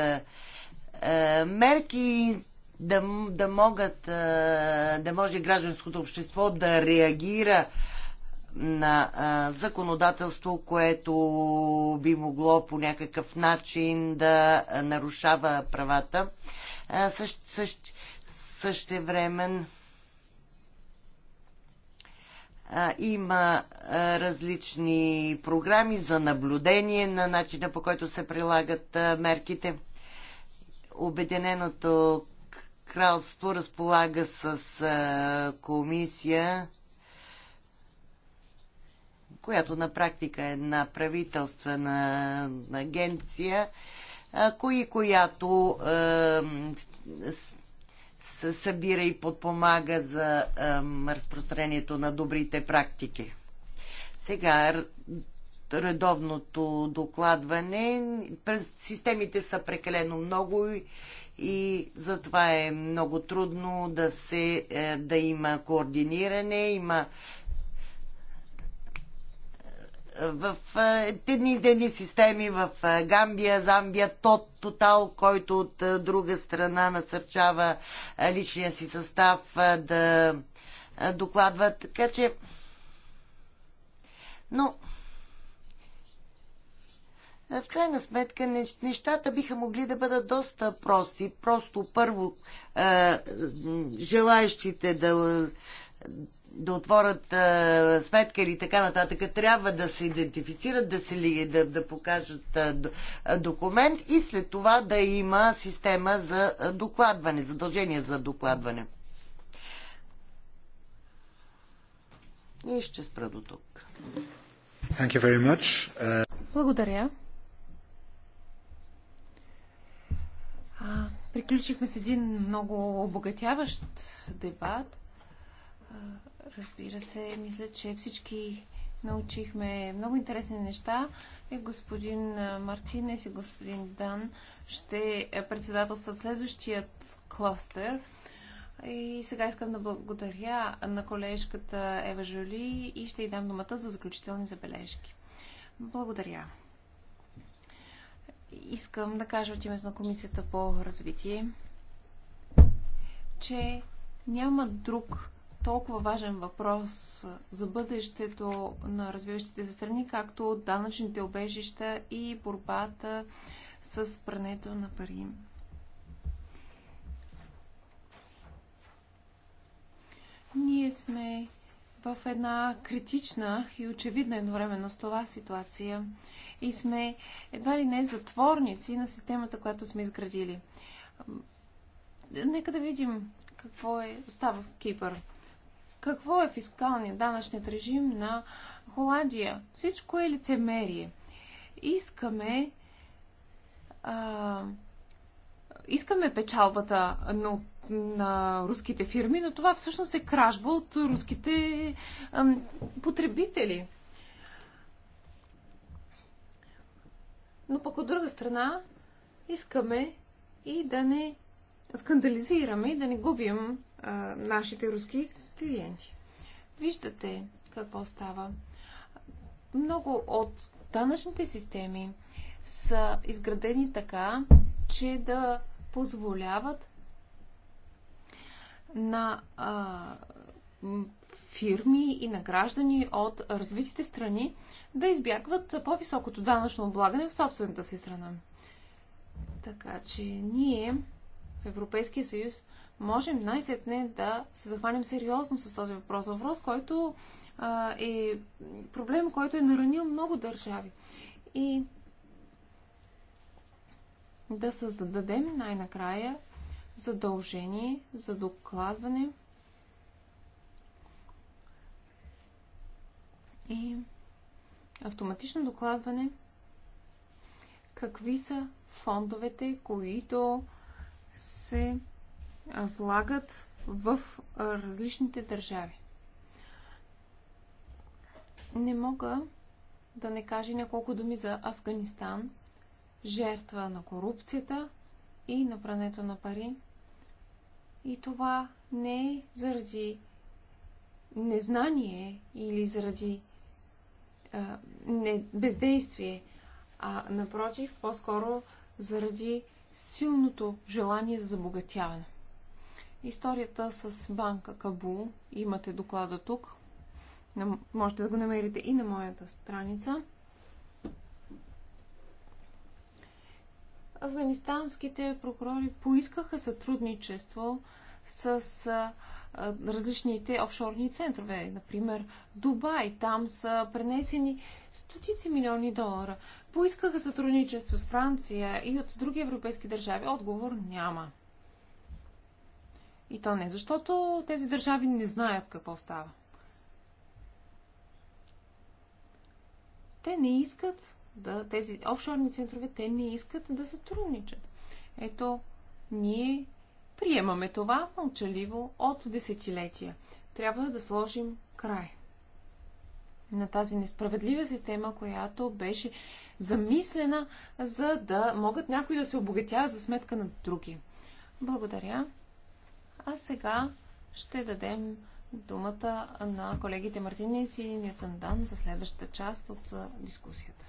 мерки да, да могат, да може гражданското общество да реагира на а, законодателство, което би могло по някакъв начин да нарушава правата. А, същ, същ, същевремен а, има а, различни програми за наблюдение на начина по който се прилагат а, мерките. Обединеното кралство разполага с а, комисия, която на практика е една правителствена агенция, а, кои, която а, събира и подпомага за а, разпространението на добрите практики. Сега редовното докладване. Системите са прекалено много и, и затова е много трудно да, се, е, да има координиране, има е, в е, едни, дени системи в Гамбия, Замбия, Тот, Тотал, който от друга страна насърчава личния си състав да докладва. Така че... Но... No. В крайна сметка нещата биха могли да бъдат доста прости. Просто първо е, желаящите да, да отворят е, сметка или така нататък трябва да се идентифицират, да, се, да, да покажат документ и след това да има система за докладване, задължение за докладване. И ще спра до тук. Благодаря. А, приключихме с един много обогатяващ дебат. А, разбира се, мисля, че всички научихме много интересни неща и господин Мартинес и господин Дан ще председателстват следващият кластер. И сега искам да благодаря на колежката Ева Жоли и ще й дам думата за заключителни забележки. Благодаря искам да кажа от името на Комисията по развитие, че няма друг толкова важен въпрос за бъдещето на развиващите се страни, както данъчните обежища и борбата с прането на пари. Ние сме в една критична и очевидна едновременно с това ситуация и сме едва ли не затворници на системата, която сме изградили. Нека да видим какво е, става в Кипър. Какво е фискалният данъчният режим на Холандия? Всичко е лицемерие. Искаме а, искаме печалбата на, на руските фирми, но това всъщност е кражба от руските а, потребители. но пък от друга страна искаме и да не скандализираме и да не губим а, нашите руски клиенти. Виждате какво става. Много от данъчните системи са изградени така, че да позволяват на а, фирми и на граждани от развитите страни да избягват по-високото данъчно облагане в собствената си страна. Така че ние в Европейския съюз можем най-сетне да се захванем сериозно с този въпрос. Въпрос, който а, е проблем, който е наранил много държави. И да създадем най-накрая задължение за докладване – и автоматично докладване какви са фондовете, които се влагат в различните държави. Не мога да не кажа няколко думи за Афганистан, жертва на корупцията и на прането на пари. И това не е заради незнание или заради а, не бездействие, а напротив, по-скоро заради силното желание за забогатяване. Историята с банка Кабул, имате доклада тук, можете да го намерите и на моята страница. Афганистанските прокурори поискаха сътрудничество с различните офшорни центрове. Например, Дубай. Там са пренесени стотици милиони долара. Поискаха сътрудничество с Франция и от други европейски държави. Отговор няма. И то не, защото тези държави не знаят какво става. Те не искат да, тези офшорни центрове, те не искат да сътрудничат. Ето, ние Приемаме това мълчаливо от десетилетия. Трябва да сложим край на тази несправедлива система, която беше замислена, за да могат някои да се обогатяват за сметка на други. Благодаря. А сега ще дадем думата на колегите Мартинец и Нютън за следващата част от дискусията.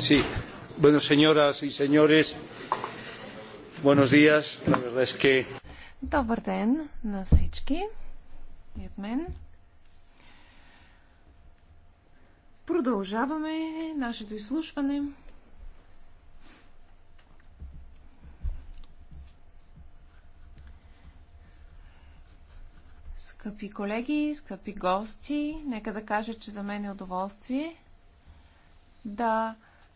Sí. Bueno, señoras y señores, buenos días. La verdad es que... Добър ден на всички и от мен. Продължаваме нашето изслушване. скъпи колеги, скъпи гости, нека да кажа, че за мен е удоволствие да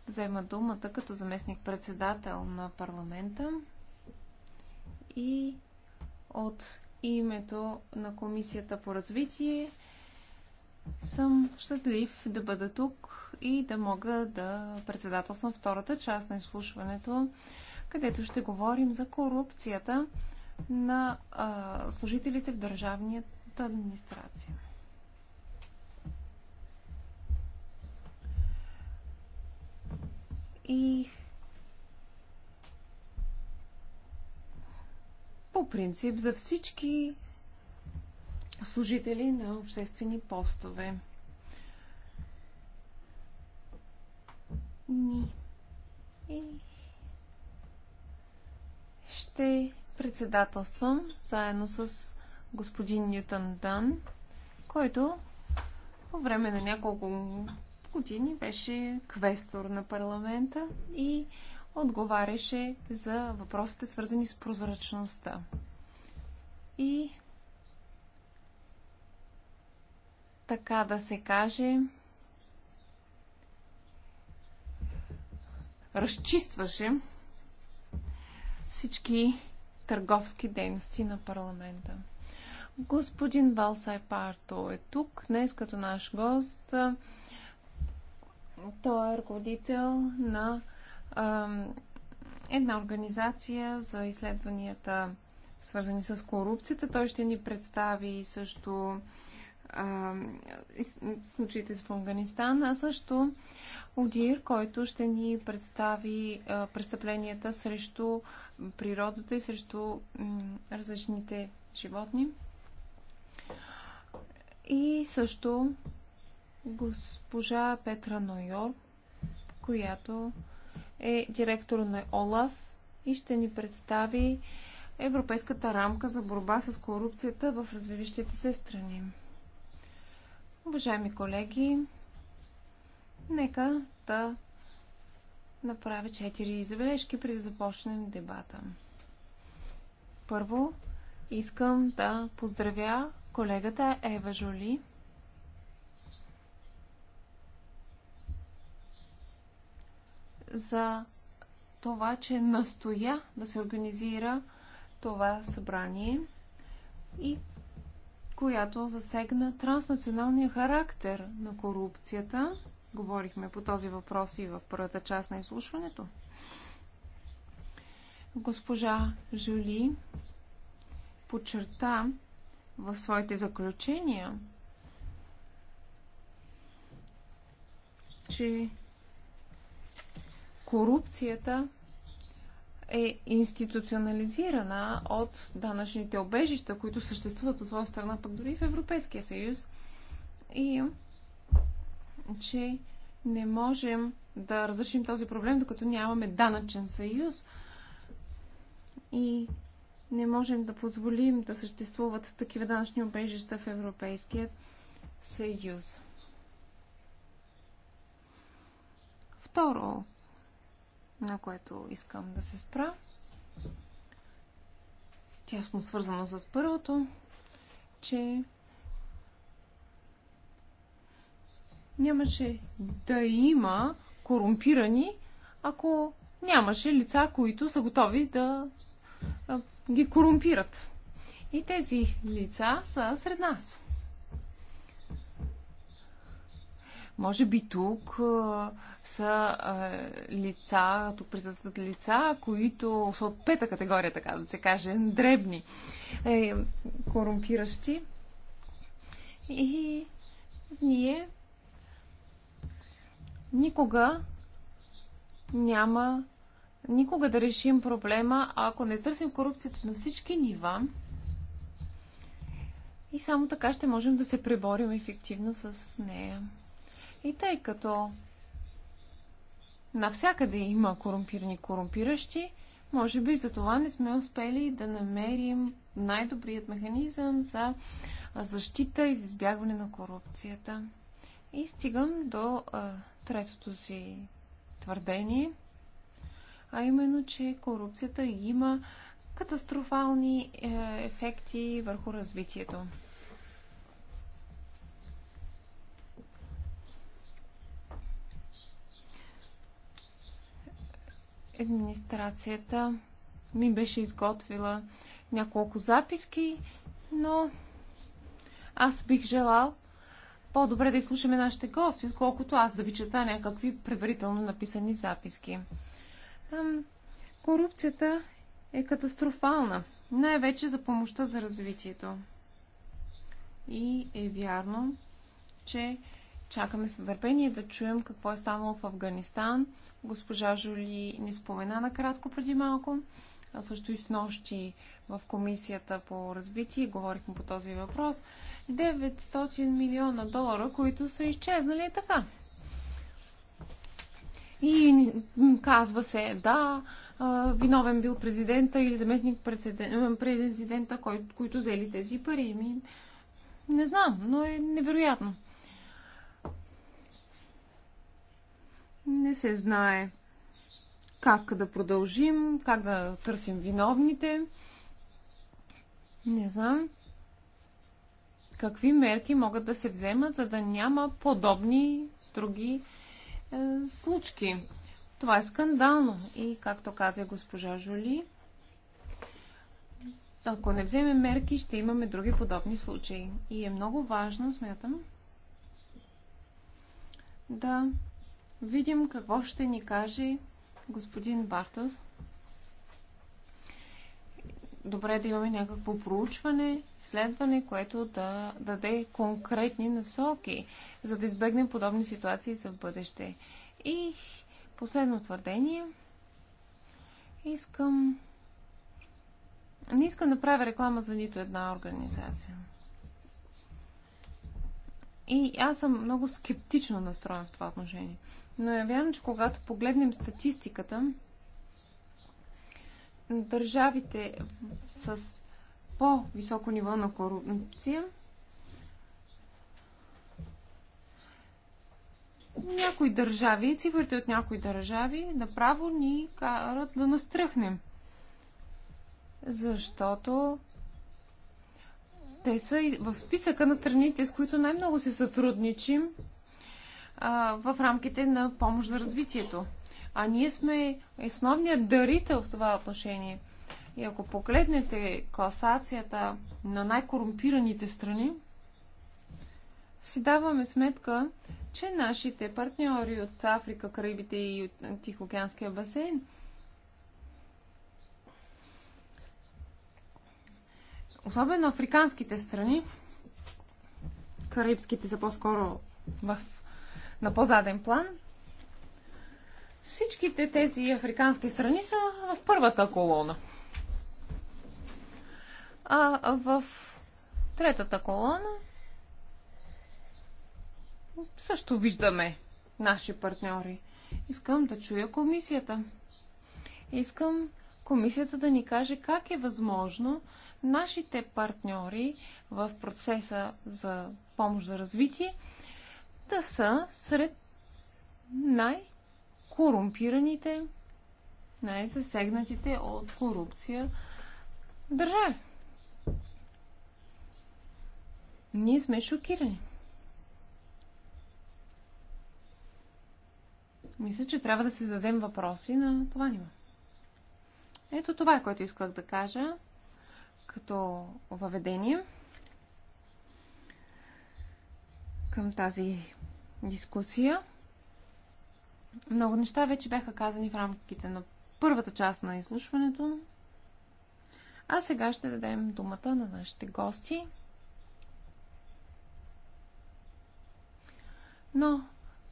взема думата като заместник-председател на парламента и от името на Комисията по развитие съм щастлив да бъда тук и да мога да председателствам втората част на изслушването, където ще говорим за корупцията на а, служителите в държавният държавната администрация. И по принцип за всички служители на обществени постове. Ни. И ще председателствам заедно с господин Нютан Дан, който по време на няколко години беше квестор на парламента и отговаряше за въпросите свързани с прозрачността. И така да се каже, разчистваше всички търговски дейности на парламента. Господин Балсай Парто е тук днес като наш гост. Той е ръководител на една организация за изследванията, свързани с корупцията. Той ще ни представи също а, случаите в Афганистан, а също Одир, който ще ни представи а, престъпленията срещу природата и срещу м, различните животни. И също госпожа Петра Нойор, която е директор на ОЛАФ и ще ни представи Европейската рамка за борба с корупцията в развиващите се страни. Уважаеми колеги, нека да направя четири забележки преди да започнем дебата. Първо, искам да поздравя Колегата Ева Жоли. За това, че настоя да се организира това събрание и която засегна транснационалния характер на корупцията. Говорихме по този въпрос и в първата част на изслушването. Госпожа Жоли подчерта, в своите заключения, че корупцията е институционализирана от данъчните обежища, които съществуват от своя страна, пък дори в Европейския съюз. И че не можем да разрешим този проблем, докато нямаме данъчен съюз. И не можем да позволим да съществуват такива данъчни обежища в Европейския съюз. Второ, на което искам да се спра, тясно свързано с първото, че нямаше да има корумпирани, ако нямаше лица, които са готови да ги корумпират. И тези лица са сред нас. Може би тук а, са а, лица, тук присъстват лица, които са от пета категория, така да се каже, дребни, е, корумпиращи. И ние никога няма никога да решим проблема, ако не търсим корупцията на всички нива. И само така ще можем да се преборим ефективно с нея. И тъй като навсякъде има корумпирани корумпиращи, може би за това не сме успели да намерим най-добрият механизъм за защита и избягване на корупцията. И стигам до а, третото си твърдение – а именно, че корупцията има катастрофални е, ефекти върху развитието. Администрацията ми беше изготвила няколко записки, но аз бих желал по-добре да изслушаме нашите гости, отколкото аз да ви чета някакви предварително написани записки. Там корупцията е катастрофална, най-вече за помощта за развитието. И е вярно, че чакаме с нетърпение да чуем какво е станало в Афганистан. Госпожа Жули не спомена накратко преди малко, а също и с нощи в комисията по развитие говорихме по този въпрос. 900 милиона долара, които са изчезнали така и казва се, да, виновен бил президента или заместник президента, които взели тези пари. Ми, не знам, но е невероятно. Не се знае как да продължим, как да търсим виновните. Не знам какви мерки могат да се вземат, за да няма подобни други е, случки. Това е скандално. И както каза госпожа Жули, ако не вземем мерки, ще имаме други подобни случаи. И е много важно, смятам, да видим какво ще ни каже господин Бартов добре да имаме някакво проучване, следване, което да даде конкретни насоки, за да избегнем подобни ситуации за бъдеще. И последно твърдение. Искам. Не искам да правя реклама за нито една организация. И аз съм много скептично настроен в това отношение. Но я вярвам, че когато погледнем статистиката, държавите с по-високо ниво на корупция някои държави, цифрите от някои държави направо ни карат да настръхнем. Защото те са в списъка на страните, с които най-много се сътрудничим а, в рамките на помощ за развитието. А ние сме основният дарител в това отношение. И ако погледнете класацията на най-корумпираните страни, си даваме сметка, че нашите партньори от Африка, Карибите и от Тихоокеанския басейн особено африканските страни, карибските са по-скоро в, на по-заден план – Всичките тези африкански страни са в първата колона. А в третата колона също виждаме наши партньори. Искам да чуя комисията. Искам комисията да ни каже как е възможно нашите партньори в процеса за помощ за развитие да са сред най- корумпираните, най-засегнатите от корупция държави. Ние сме шокирани. Мисля, че трябва да си зададем въпроси на това ниво. Ето това е, което исках да кажа като въведение към тази дискусия. Много неща вече бяха казани в рамките на първата част на изслушването. А сега ще дадем думата на нашите гости. Но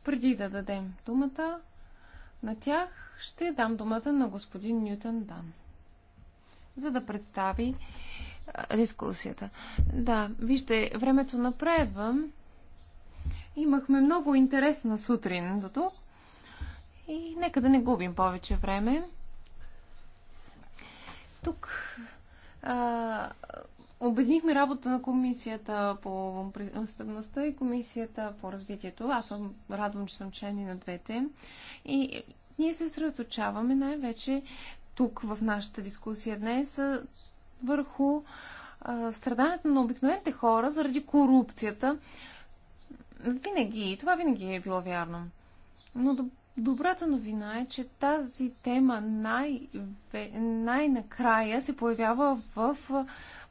преди да дадем думата на тях, ще дам думата на господин Нютон Дан, за да представи дискусията. Да, вижте, времето напредва. Имахме много интересна сутрин до тук. И нека да не губим повече време. Тук а, обединихме работа на комисията по престъпността и комисията по развитието. Аз съм радвам, че съм член и на двете. И ние се средоточаваме най-вече тук в нашата дискусия днес върху а, страданията на обикновените хора заради корупцията. Винаги, това винаги е било вярно. Но Добрата новина е, че тази тема най- най-накрая се появява в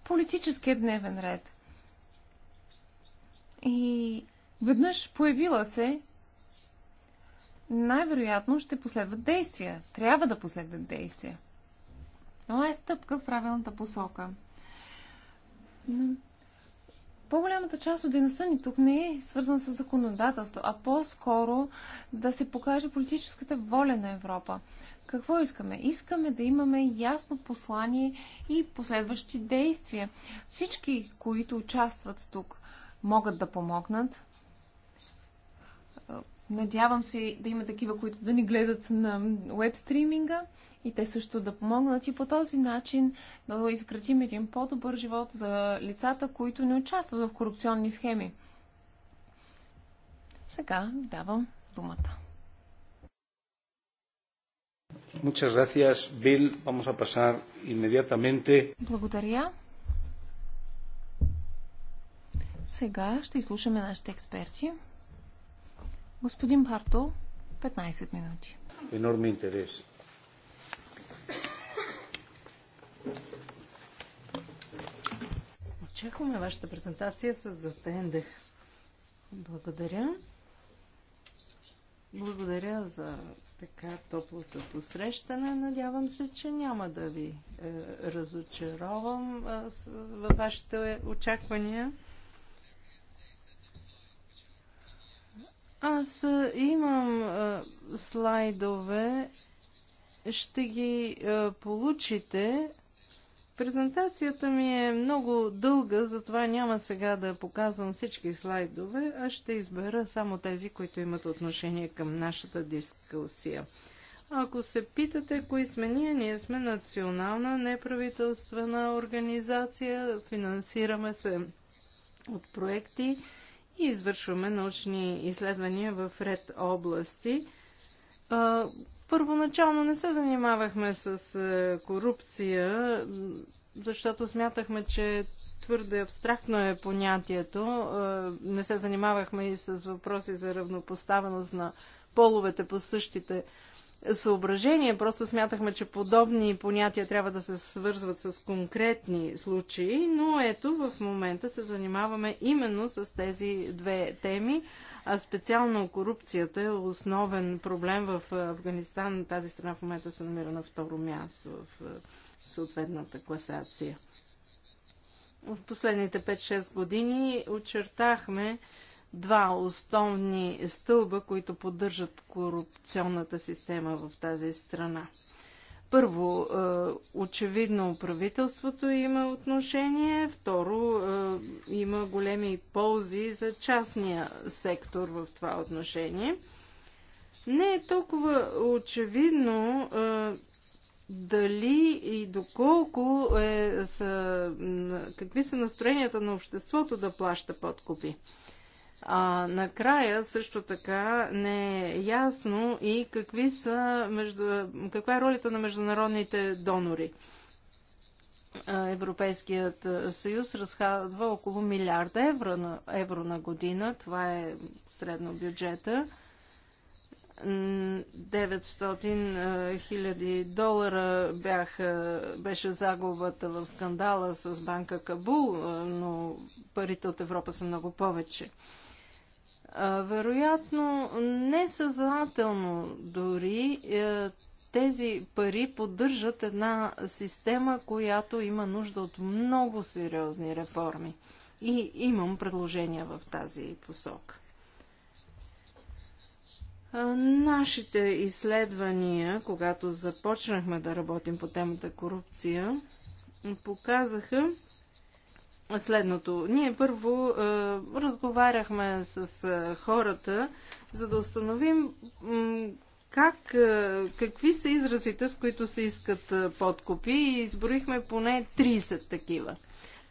политическия дневен ред. И веднъж появила се, най-вероятно ще последват действия. Трябва да последват действия. Това е стъпка в правилната посока. По-голямата част от дейността ни тук не е свързана с законодателство, а по-скоро да се покаже политическата воля на Европа. Какво искаме? Искаме да имаме ясно послание и последващи действия. Всички, които участват тук, могат да помогнат, Надявам се да има такива, които да ни гледат на веб стриминга и те също да помогнат и по този начин да изградим един по-добър живот за лицата, които не участват в корупционни схеми. Сега ви давам думата. Muchas gracias, Bill. Vamos a pasar inmediatamente. Благодаря. Сега ще изслушаме нашите експерти. Господин Барто, 15 минути. Енорми интерес. Очакваме вашата презентация с затендех. Благодаря. Благодаря за така топлото посрещане. Надявам се, че няма да ви е, разочаровам е, във вашите очаквания. Аз имам а, слайдове, ще ги а, получите. Презентацията ми е много дълга, затова няма сега да показвам всички слайдове, а ще избера само тези, които имат отношение към нашата дискусия. Ако се питате кои сме ние, ние сме национална неправителствена организация, финансираме се от проекти, и извършваме научни изследвания в ред области. Първоначално не се занимавахме с корупция, защото смятахме, че твърде абстрактно е понятието. Не се занимавахме и с въпроси за равнопоставеност на половете по същите съображение. Просто смятахме, че подобни понятия трябва да се свързват с конкретни случаи, но ето в момента се занимаваме именно с тези две теми, а специално корупцията е основен проблем в Афганистан. Тази страна в момента се намира на второ място в е, съответната класация. В последните 5-6 години очертахме два основни стълба, които поддържат корупционната система в тази страна. Първо, е, очевидно правителството има отношение, второ, е, има големи ползи за частния сектор в това отношение. Не е толкова очевидно е, дали и доколко е, са, какви са настроенията на обществото да плаща подкупи. А накрая също така не е ясно и какви са между... каква е ролята на международните донори. Европейският съюз разхадва около милиарда евро на, евро на година. Това е средно бюджета. 900 хиляди долара бяха, беше загубата в скандала с банка Кабул, но парите от Европа са много повече. Вероятно, несъзнателно дори е, тези пари поддържат една система, която има нужда от много сериозни реформи. И имам предложения в тази посока. Нашите изследвания, когато започнахме да работим по темата корупция, показаха, следното. Ние първо е, разговаряхме с е, хората, за да установим как, е, какви са изразите, с които се искат е, подкупи и изброихме поне 30 такива.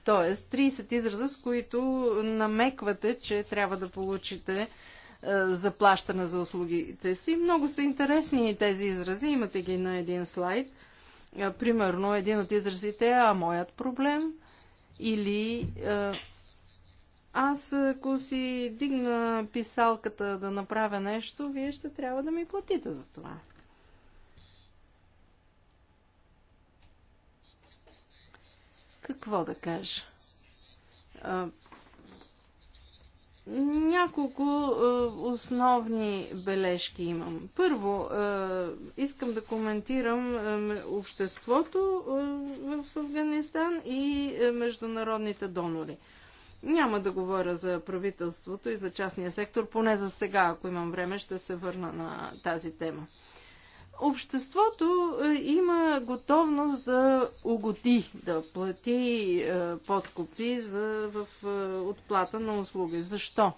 Тоест 30 израза, с които намеквате, че трябва да получите е, заплащане за услугите си. Много са интересни тези изрази, имате ги на един слайд. Е, примерно един от изразите е «А моят проблем», или е, аз ако си дигна писалката да направя нещо, вие ще трябва да ми платите за това. Какво да кажа? Е, няколко е, основни бележки имам. Първо, е, искам да коментирам е, обществото е, в Афганистан и е, международните донори. Няма да говоря за правителството и за частния сектор, поне за сега, ако имам време, ще се върна на тази тема обществото е, има готовност да угоди, да плати е, подкупи за, в е, отплата на услуги. Защо?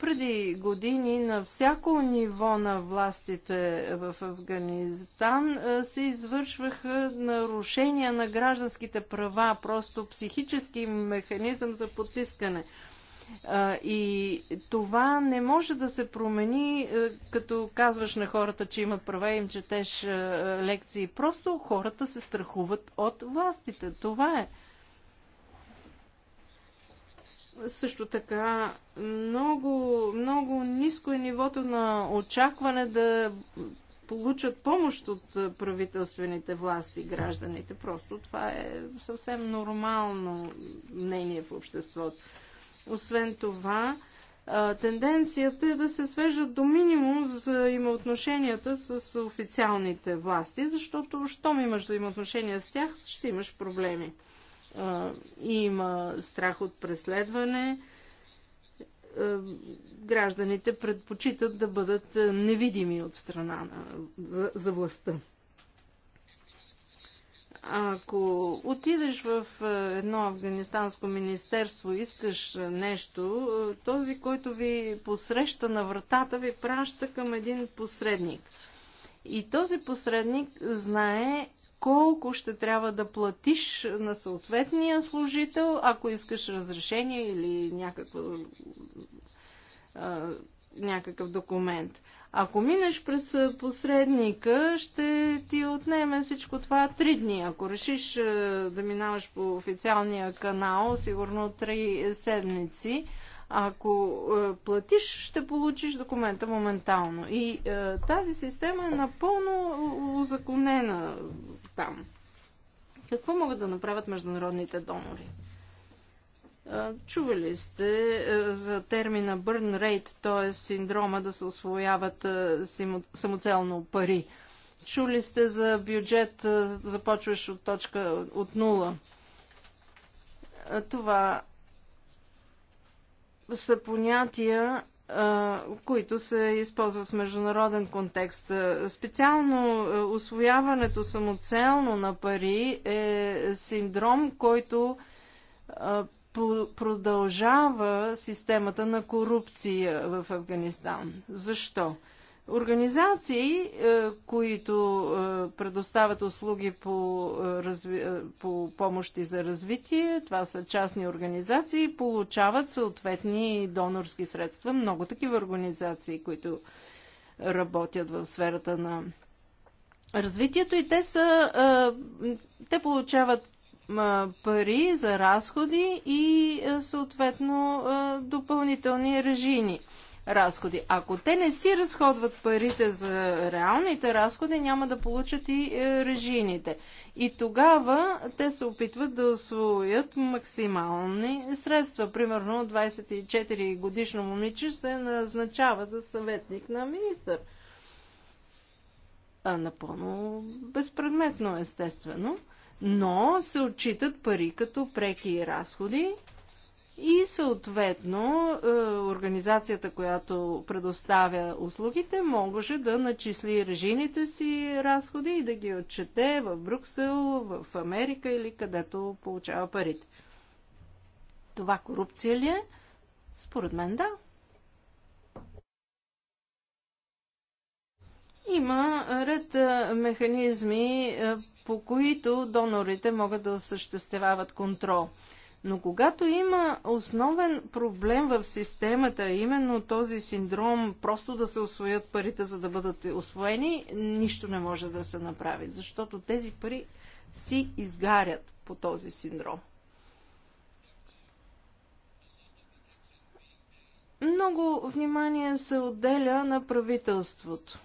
преди години на всяко ниво на властите в Афганистан се извършваха нарушения на гражданските права, просто психически механизъм за потискане. И това не може да се промени, е, като казваш на хората, че имат права и им четеш е, лекции. Просто хората се страхуват от властите. Това е. Също така, много, много ниско е нивото на очакване да получат помощ от е, правителствените власти гражданите. Просто това е съвсем нормално мнение в обществото. Освен това, тенденцията е да се свежат до минимум взаимоотношенията с официалните власти, защото щом имаш взаимоотношения с тях, ще имаш проблеми. Има страх от преследване. Гражданите предпочитат да бъдат невидими от страна на, за, за властта. Ако отидеш в е, едно афганистанско министерство, искаш е, нещо, е, този, който ви посреща на вратата, ви праща към един посредник. И този посредник знае колко ще трябва да платиш на съответния служител, ако искаш разрешение или някаква, а, някакъв документ. Ако минеш през посредника, ще ти отнеме всичко това три дни. Ако решиш да минаваш по официалния канал, сигурно три седмици. Ако платиш, ще получиш документа моментално. И тази система е напълно узаконена там. Какво могат да направят международните донори? Чували сте за термина burn rate, т.е. синдрома да се освояват самоцелно пари. Чули сте за бюджет, започваш от точка от нула. Това са понятия, които се използват в международен контекст. Специално освояването самоцелно на пари е синдром, който продължава системата на корупция в Афганистан. Защо? Организации, е, които е, предоставят услуги по, е, разви... по помощи за развитие, това са частни организации, получават съответни донорски средства. Много такива организации, които работят в сферата на развитието и те са, те получават пари за разходи и съответно допълнителни режими разходи. Ако те не си разходват парите за реалните разходи, няма да получат и е, режините. И тогава те се опитват да освоят максимални средства. Примерно 24 годишно момиче се назначава за съветник на министър. А, напълно безпредметно, естествено но се отчитат пари като преки разходи и съответно е, организацията, която предоставя услугите, може да начисли режимите си разходи и да ги отчете в Брюксел, в Америка или където получава парите. Това корупция ли е? Според мен да. Има ред е, механизми е, по които донорите могат да осъществяват контрол. Но когато има основен проблем в системата, именно този синдром, просто да се освоят парите, за да бъдат освоени, нищо не може да се направи, защото тези пари си изгарят по този синдром. Много внимание се отделя на правителството.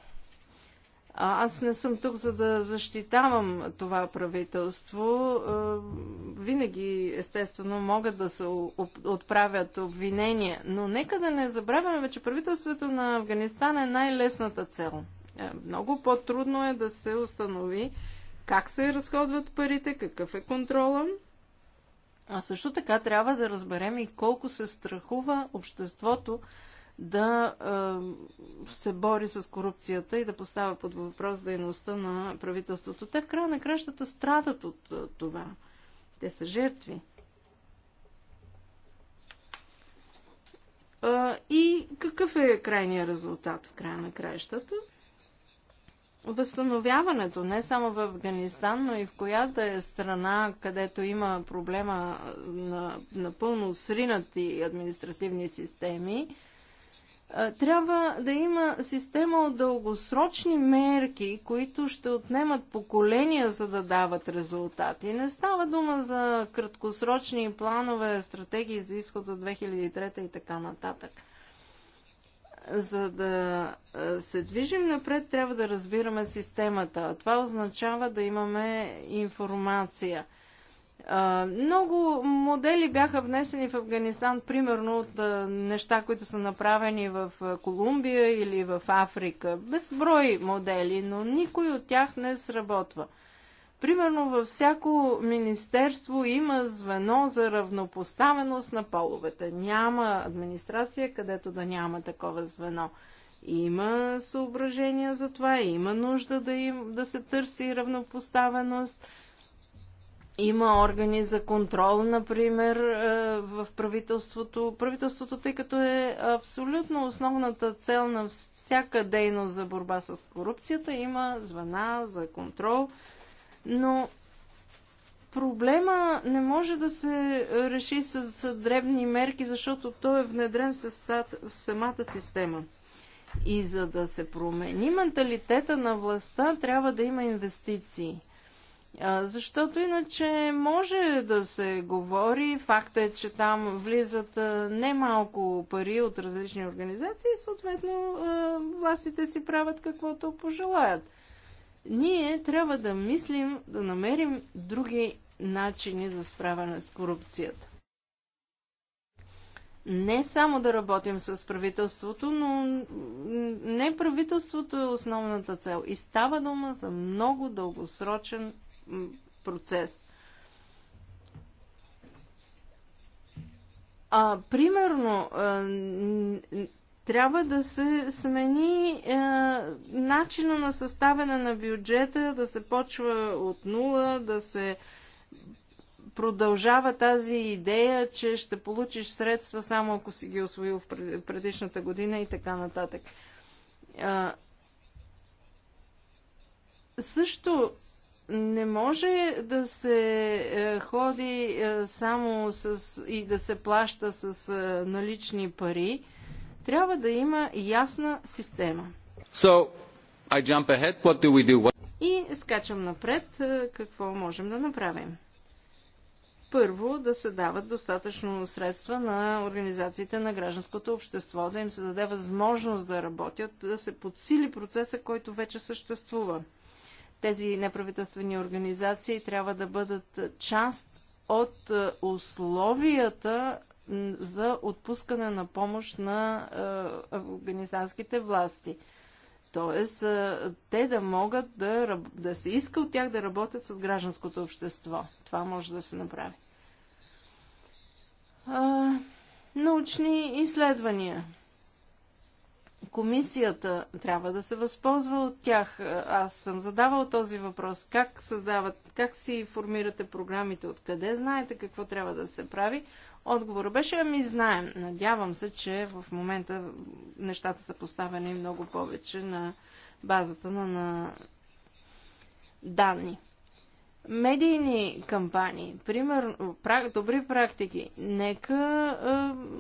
Аз не съм тук, за да защитавам това правителство. Винаги, естествено, могат да се отправят обвинения, но нека да не забравяме, че правителството на Афганистан е най-лесната цел. Е, много по-трудно е да се установи как се разходват парите, какъв е контрола. А също така трябва да разберем и колко се страхува обществото да се бори с корупцията и да поставя под въпрос дейността на правителството. Те в края на кращата страдат от това. Те са жертви. И какъв е крайният резултат в края на кращата? Възстановяването не само в Афганистан, но и в която е страна, където има проблема на напълно сринати административни системи, трябва да има система от дългосрочни мерки, които ще отнемат поколения, за да дават резултати. Не става дума за краткосрочни планове, стратегии за изход от 2003 и така нататък. За да се движим напред, трябва да разбираме системата. Това означава да имаме информация – много модели бяха внесени в Афганистан, примерно от неща, които са направени в Колумбия или в Африка. Безброй модели, но никой от тях не сработва. Примерно във всяко министерство има звено за равнопоставеност на половете. Няма администрация, където да няма такова звено. Има съображения за това, има нужда да, им, да се търси равнопоставеност – има органи за контрол, например, е, в правителството. Правителството, тъй като е абсолютно основната цел на всяка дейност за борба с корупцията, има звена за контрол, но проблема не може да се реши с, дребни мерки, защото той е внедрен в самата система. И за да се промени менталитета на властта, трябва да има инвестиции – защото иначе може да се говори, факта е, че там влизат немалко пари от различни организации и съответно властите си правят каквото пожелаят. Ние трябва да мислим, да намерим други начини за справяне с корупцията. Не само да работим с правителството, но не правителството е основната цел. И става дума за много дългосрочен процес. А, примерно, трябва да се смени а, начина на съставяне на бюджета, да се почва от нула, да се продължава тази идея, че ще получиш средства само ако си ги освоил в предишната година и така нататък. А, също не може да се е, ходи е, само с, и да се плаща с е, налични пари. Трябва да има ясна система. So, I jump ahead. What do we do? What... И скачам напред. Какво можем да направим? Първо, да се дават достатъчно средства на организациите на гражданското общество, да им се даде възможност да работят, да се подсили процеса, който вече съществува тези неправителствени организации трябва да бъдат част от е, условията за отпускане на помощ на е, афганистанските власти. Тоест, е, те да могат да, да се иска от тях да работят с гражданското общество. Това може да се направи. А, научни изследвания комисията трябва да се възползва от тях. Аз съм задавал този въпрос. Как създават, как си формирате програмите, откъде знаете какво трябва да се прави? Отговор беше, ами знаем. Надявам се, че в момента нещата са поставени много повече на базата на, на данни медийни кампании, примерно добри практики. Нека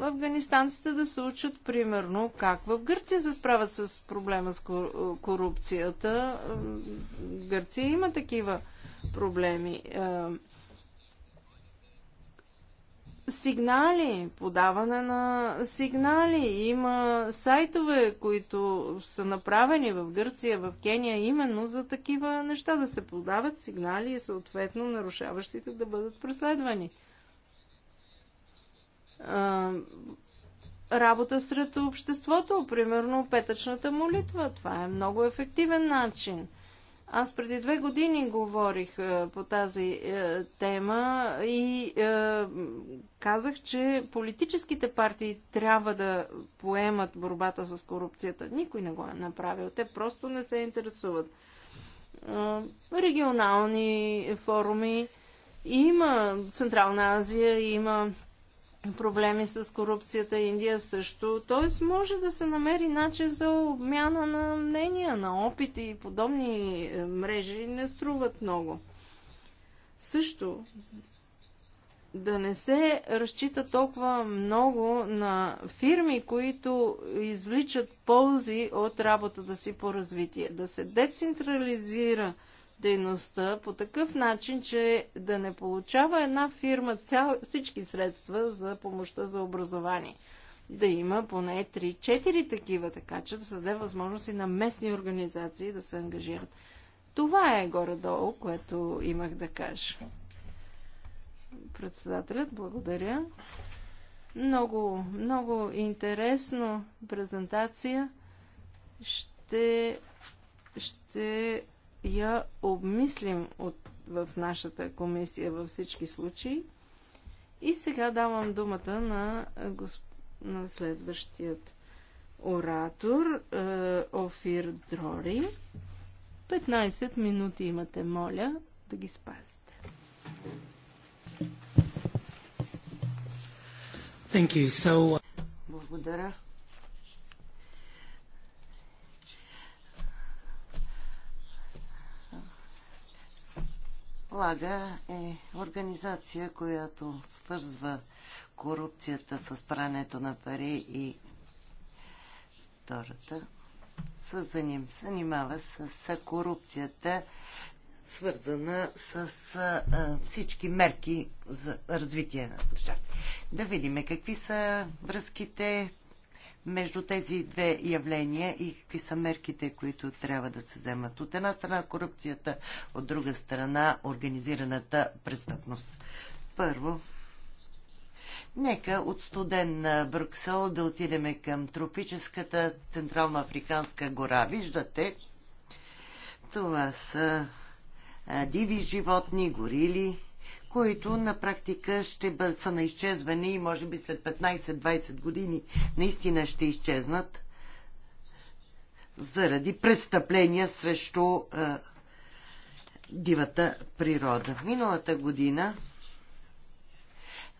афганистанците да се учат примерно как в Гърция се справят с проблема с корупцията. Гърция има такива проблеми сигнали, подаване на сигнали. Има сайтове, които са направени в Гърция, в Кения, именно за такива неща, да се подават сигнали и съответно нарушаващите да бъдат преследвани. работа сред обществото, примерно петъчната молитва, това е много ефективен начин – аз преди две години говорих е, по тази е, тема и е, казах, че политическите партии трябва да поемат борбата с корупцията. Никой не го е направил. Те просто не се интересуват. Регионални форуми има Централна Азия, има проблеми с корупцията, Индия също. Т.е. може да се намери начин за обмяна на мнения, на опити и подобни е, мрежи не струват много. Също да не се разчита толкова много на фирми, които извличат ползи от работата си по развитие. Да се децентрализира дейността по такъв начин, че да не получава една фирма цял, всички средства за помощта за образование. Да има поне 3-4 такива, така че да се даде възможност и на местни организации да се ангажират. Това е горе-долу, което имах да кажа. Председателят, благодаря. Много, много интересно презентация. Ще, ще я обмислим от, в нашата комисия във всички случаи. И сега давам думата на, госп... на следващият оратор, е, Офир Дрори. 15 минути имате, моля, да ги спазите. Thank you. So... Благодаря. Лага е организация, която свързва корупцията с прането на пари и втората се занимава с корупцията, свързана с а, всички мерки за развитие на държавата. Да видим какви са връзките, между тези две явления и какви са мерките, които трябва да се вземат. От една страна корупцията, от друга страна организираната престъпност. Първо, Нека от студен на Брюксел да отидем към тропическата централноафриканска Африканска гора. Виждате, това са диви животни, горили, които на практика ще са на изчезване и може би след 15-20 години наистина ще изчезнат заради престъпления срещу е, дивата природа. Миналата година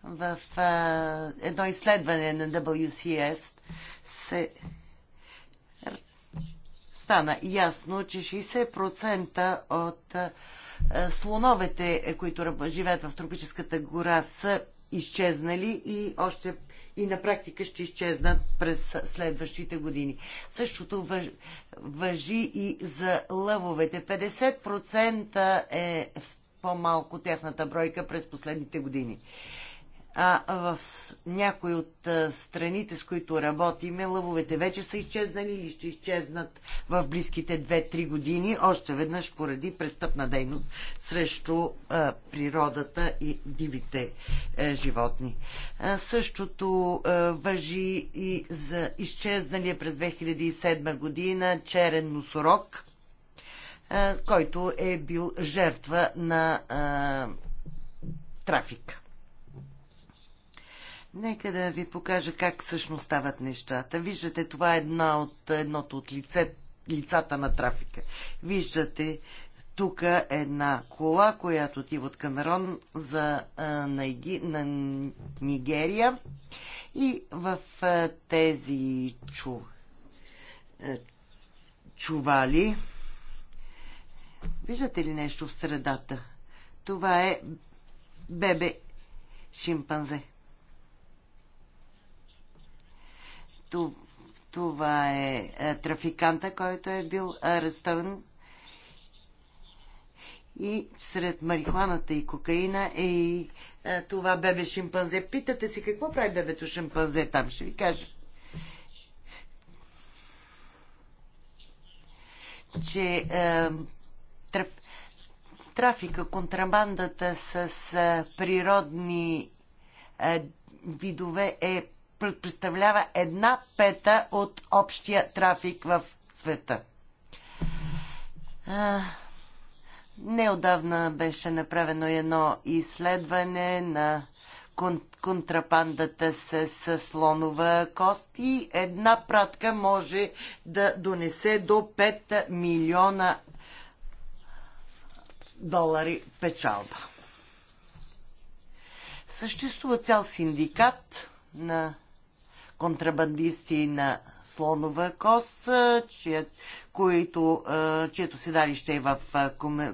в е, едно изследване на WCS се стана ясно, че 60% от е, слоновете, е, които живеят в тропическата гора, са изчезнали и още и на практика ще изчезнат през следващите години. Същото въж, въжи и за лъвовете. 50% е по-малко тяхната бройка през последните години. А в някои от страните, с които работиме, лъвовете вече са изчезнали или ще изчезнат в близките 2-3 години, още веднъж поради престъпна дейност срещу природата и дивите е, животни. същото въжи и за изчезналия през 2007 година черен носорог, който е бил жертва на трафика. Нека да ви покажа как всъщност стават нещата. Виждате, това е една от, едното от лице, лицата на трафика. Виждате тук една кола, която отива от Камерон за а, на, на Нигерия. И в а, тези чу, а, чували. Виждате ли нещо в средата? Това е бебе шимпанзе. Това е, е трафиканта, който е бил арестован и сред марихуаната и кокаина е и е, това бебе шимпанзе. Питате си какво прави бебето шимпанзе там, ще ви кажа. Че е, траф, трафика, контрабандата с е, природни е, видове е представлява една пета от общия трафик в света. Неодавна беше направено едно изследване на контрапандата с, с слонова кост и една пратка може да донесе до 5 милиона долари печалба. Съществува цял синдикат на контрабандисти на слонова кост, чие, които, чието седалище е в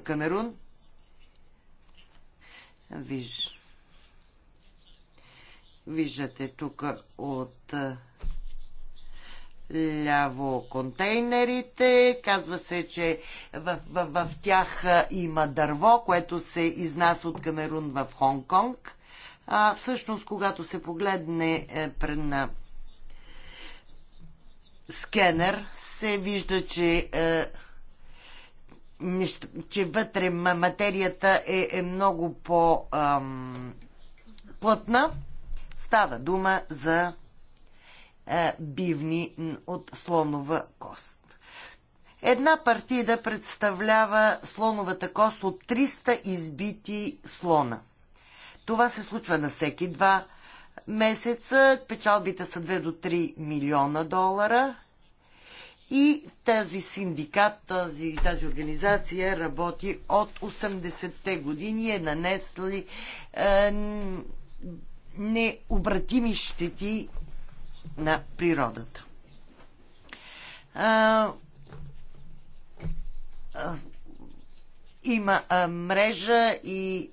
Камерун. Виж. Виждате тук от ляво контейнерите. Казва се, че в, в, в тях има дърво, което се изнася от Камерун в Хонг-Конг. А всъщност, когато се погледне е, пред на скенер се вижда, че, е, че вътре материята е, е много по-плътна. Е, Става дума за е, бивни от слонова кост. Една партида представлява слоновата кост от 300 избити слона. Това се случва на всеки два месеца. Печалбите са 2 до 3 милиона долара. И тази синдикат, тази, тази организация работи от 80-те години, е нанесли е, необратими щети на природата. А, е, а, е, има а, е, мрежа и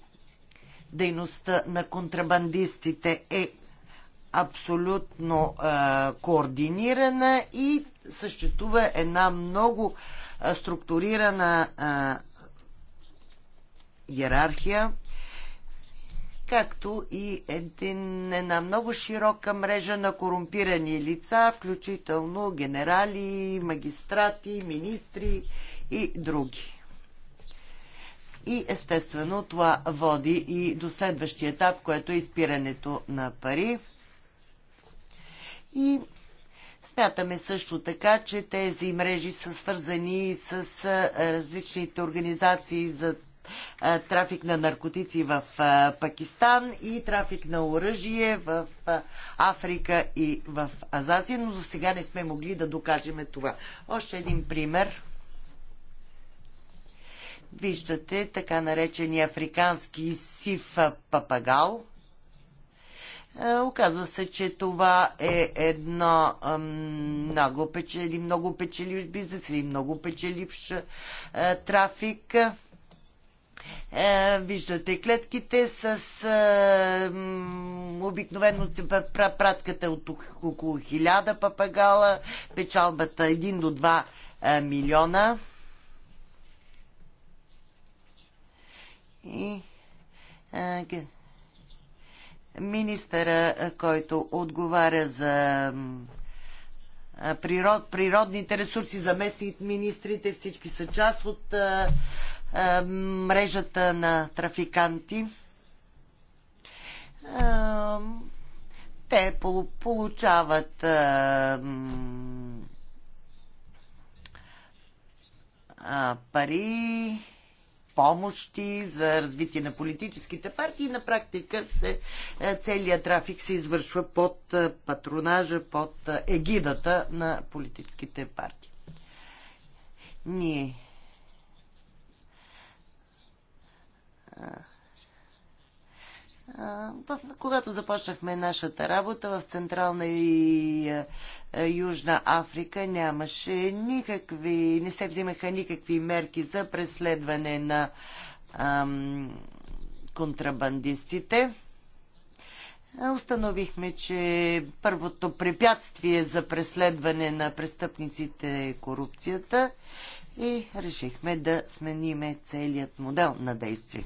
дейността на контрабандистите е абсолютно а, е, координирана и съществува една много а, е, структурирана а, е, иерархия, както и един, една много широка мрежа на корумпирани лица, включително генерали, магистрати, министри и други. И естествено това води и до следващия етап, което е изпирането на пари. И Смятаме също така, че тези мрежи са свързани с различните организации за трафик на наркотици в Пакистан и трафик на оръжие в Африка и в Азазия, но за сега не сме могли да докажем това. Още един пример. Виждате така наречения африкански сив папагал – е, оказва се, че това е едно много, печели, много печеливш бизнес или много печеливш е, трафик. Е, виждате клетките с обикновено пратката от около 1000 папагала, печалбата 1 до 2 милиона. И министъра, който отговаря за природ, природните ресурси, заместник министрите, всички са част от а, а, мрежата на трафиканти. А, те получават а, а, пари помощи за развитие на политическите партии. На практика се, е, целият трафик се извършва под е, патронажа, под е, егидата на политическите партии. Ние когато започнахме нашата работа в Централна и Южна Африка, нямаше никакви, не се взимаха никакви мерки за преследване на ам, контрабандистите. Установихме, че първото препятствие за преследване на престъпниците е корупцията и решихме да смениме целият модел на действие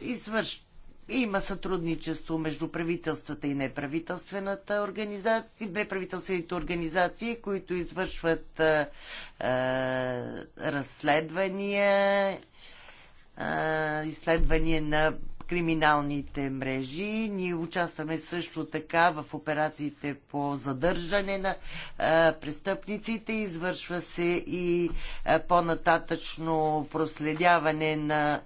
извърш... Има сътрудничество между правителствата и неправителствената организация, неправителствените организации, които извършват а, а, разследвания, а, изследвания на криминалните мрежи. Ние участваме също така в операциите по задържане на престъпниците. Извършва се и по-нататъчно проследяване на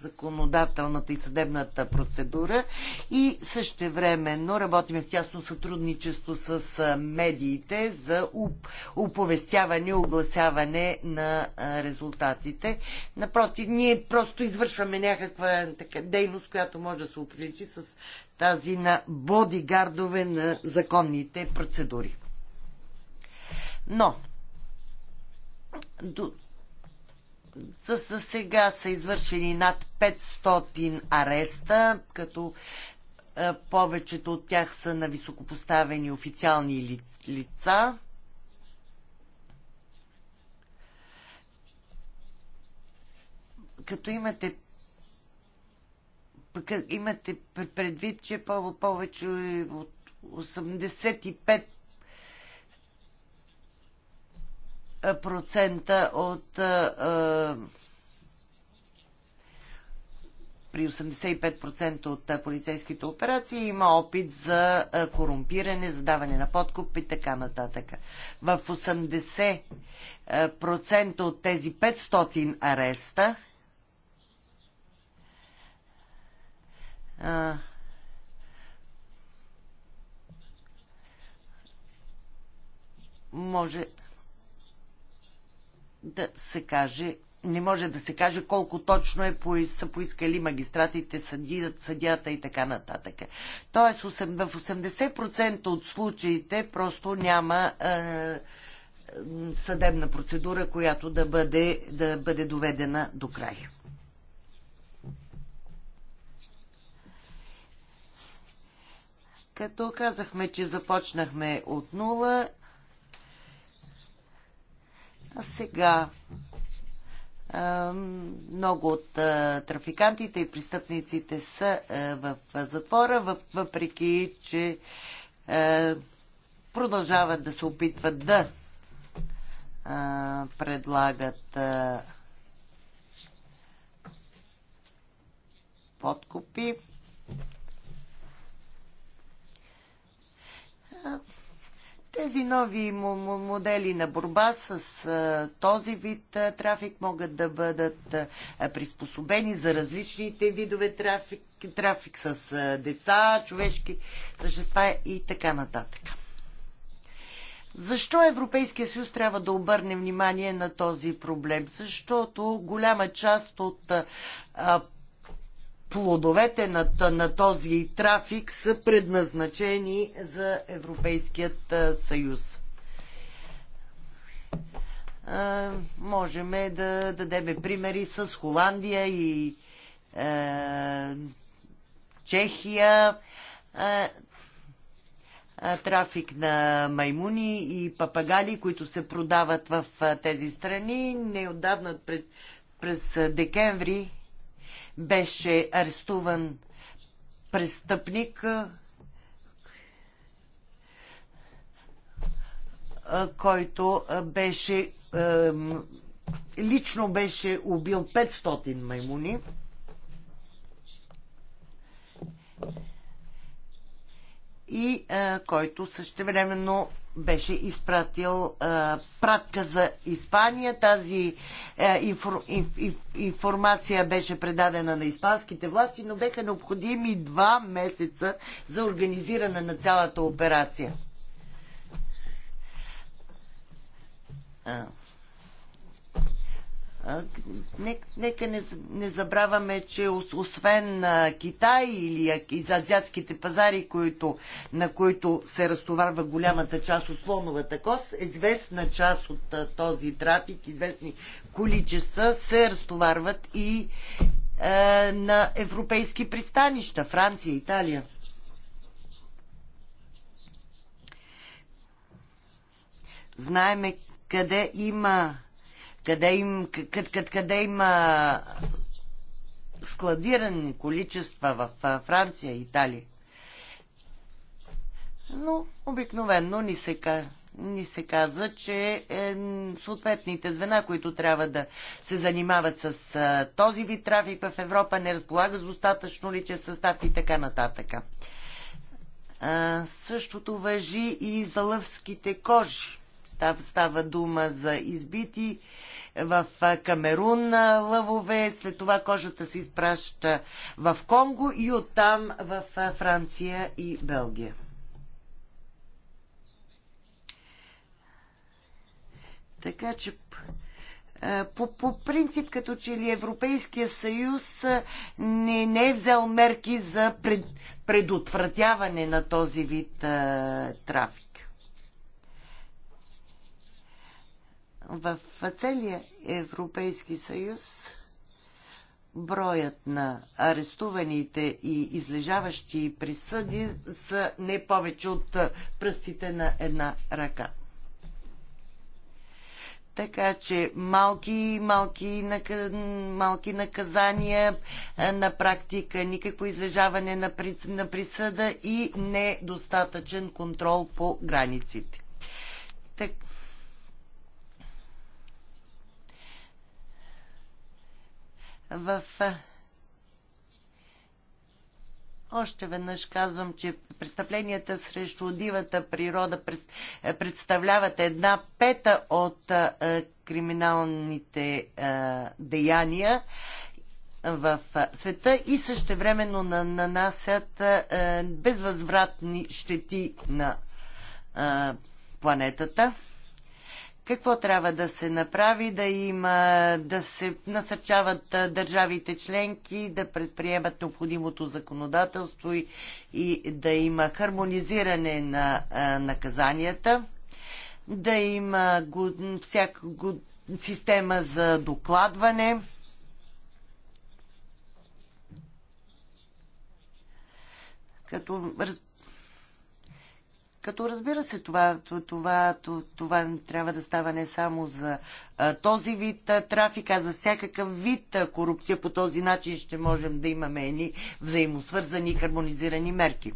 законодателната и съдебната процедура и също времено работиме в тясно сътрудничество с медиите за оповестяване и огласяване на резултатите. Напротив, ние просто извършваме някаква така, дейност, която може да се оприличи с тази на бодигардове на законните процедури. Но, до, за, за сега са извършени над 500 ареста, като е, повечето от тях са на високопоставени официални ли, лица. Като имате имате предвид, че повече от 85 процента от а, при 85% от полицейските операции има опит за корумпиране, за даване на подкуп и така нататък. В 80% от тези 500 ареста може да се каже, не може да се каже колко точно е по, са поискали магистратите, съдият, съдята и така нататък. Тоест в 80% от случаите просто няма а, съдебна процедура, която да бъде, да бъде доведена до края. като казахме, че започнахме от нула, а сега много от трафикантите и престъпниците са в затвора, въпреки че продължават да се опитват да предлагат подкупи. Тези нови модели на борба с този вид трафик могат да бъдат приспособени за различните видове трафик, трафик с деца, човешки същества и така нататък. Защо Европейския съюз трябва да обърне внимание на този проблем? Защото голяма част от плодовете на, на този трафик са предназначени за Европейският съюз. А, можем да дадем примери с Холандия и а, Чехия. А, трафик на маймуни и папагали, които се продават в тези страни. Неодавна през, през декември беше арестуван престъпник, който беше лично беше убил 500 маймуни. И а, който същевременно беше изпратил а, пратка за Испания. Тази а, инфор, инф, информация беше предадена на испанските власти, но беха необходими два месеца за организиране на цялата операция. А. Нека не, не забравяме, че освен Китай или азиатските пазари, които, на които се разтоварва голямата част от слоновата кост, известна част от този трафик, известни количества се разтоварват и е, на европейски пристанища Франция, Италия. Знаеме къде има къде, им, къд, къде, им има складирани количества в Франция и Италия. Но обикновенно ни се, ни се казва, че е, съответните звена, които трябва да се занимават с а, този вид трафик в Европа, не разполагат с достатъчно личен състав и така нататък. А, същото въжи и за лъвските кожи. Става, става дума за избити в Камерун лъвове, след това кожата се изпраща в Конго и оттам в Франция и Белгия. Така че по, по принцип, като че ли Европейския съюз не, не е взел мерки за пред, предотвратяване на този вид а, трафик. в целия Европейски съюз броят на арестуваните и излежаващи присъди са не повече от пръстите на една ръка. Така че малки, малки, малки наказания на практика, никакво излежаване на, на присъда и недостатъчен контрол по границите. Так... В още веднъж казвам, че престъпленията срещу дивата природа представляват една пета от криминалните деяния в света и същевременно нанасят безвъзвратни щети на планетата. Какво трябва да се направи, да има, да се насърчават държавите членки, да предприемат необходимото законодателство и, и да има хармонизиране на а, наказанията, да има го, всяка го, система за докладване. Като като разбира се, това, това, това, това трябва да става не само за а, този вид а, трафик, а за всякакъв вид а, корупция. По този начин ще можем да имаме едни взаимосвързани и хармонизирани мерки.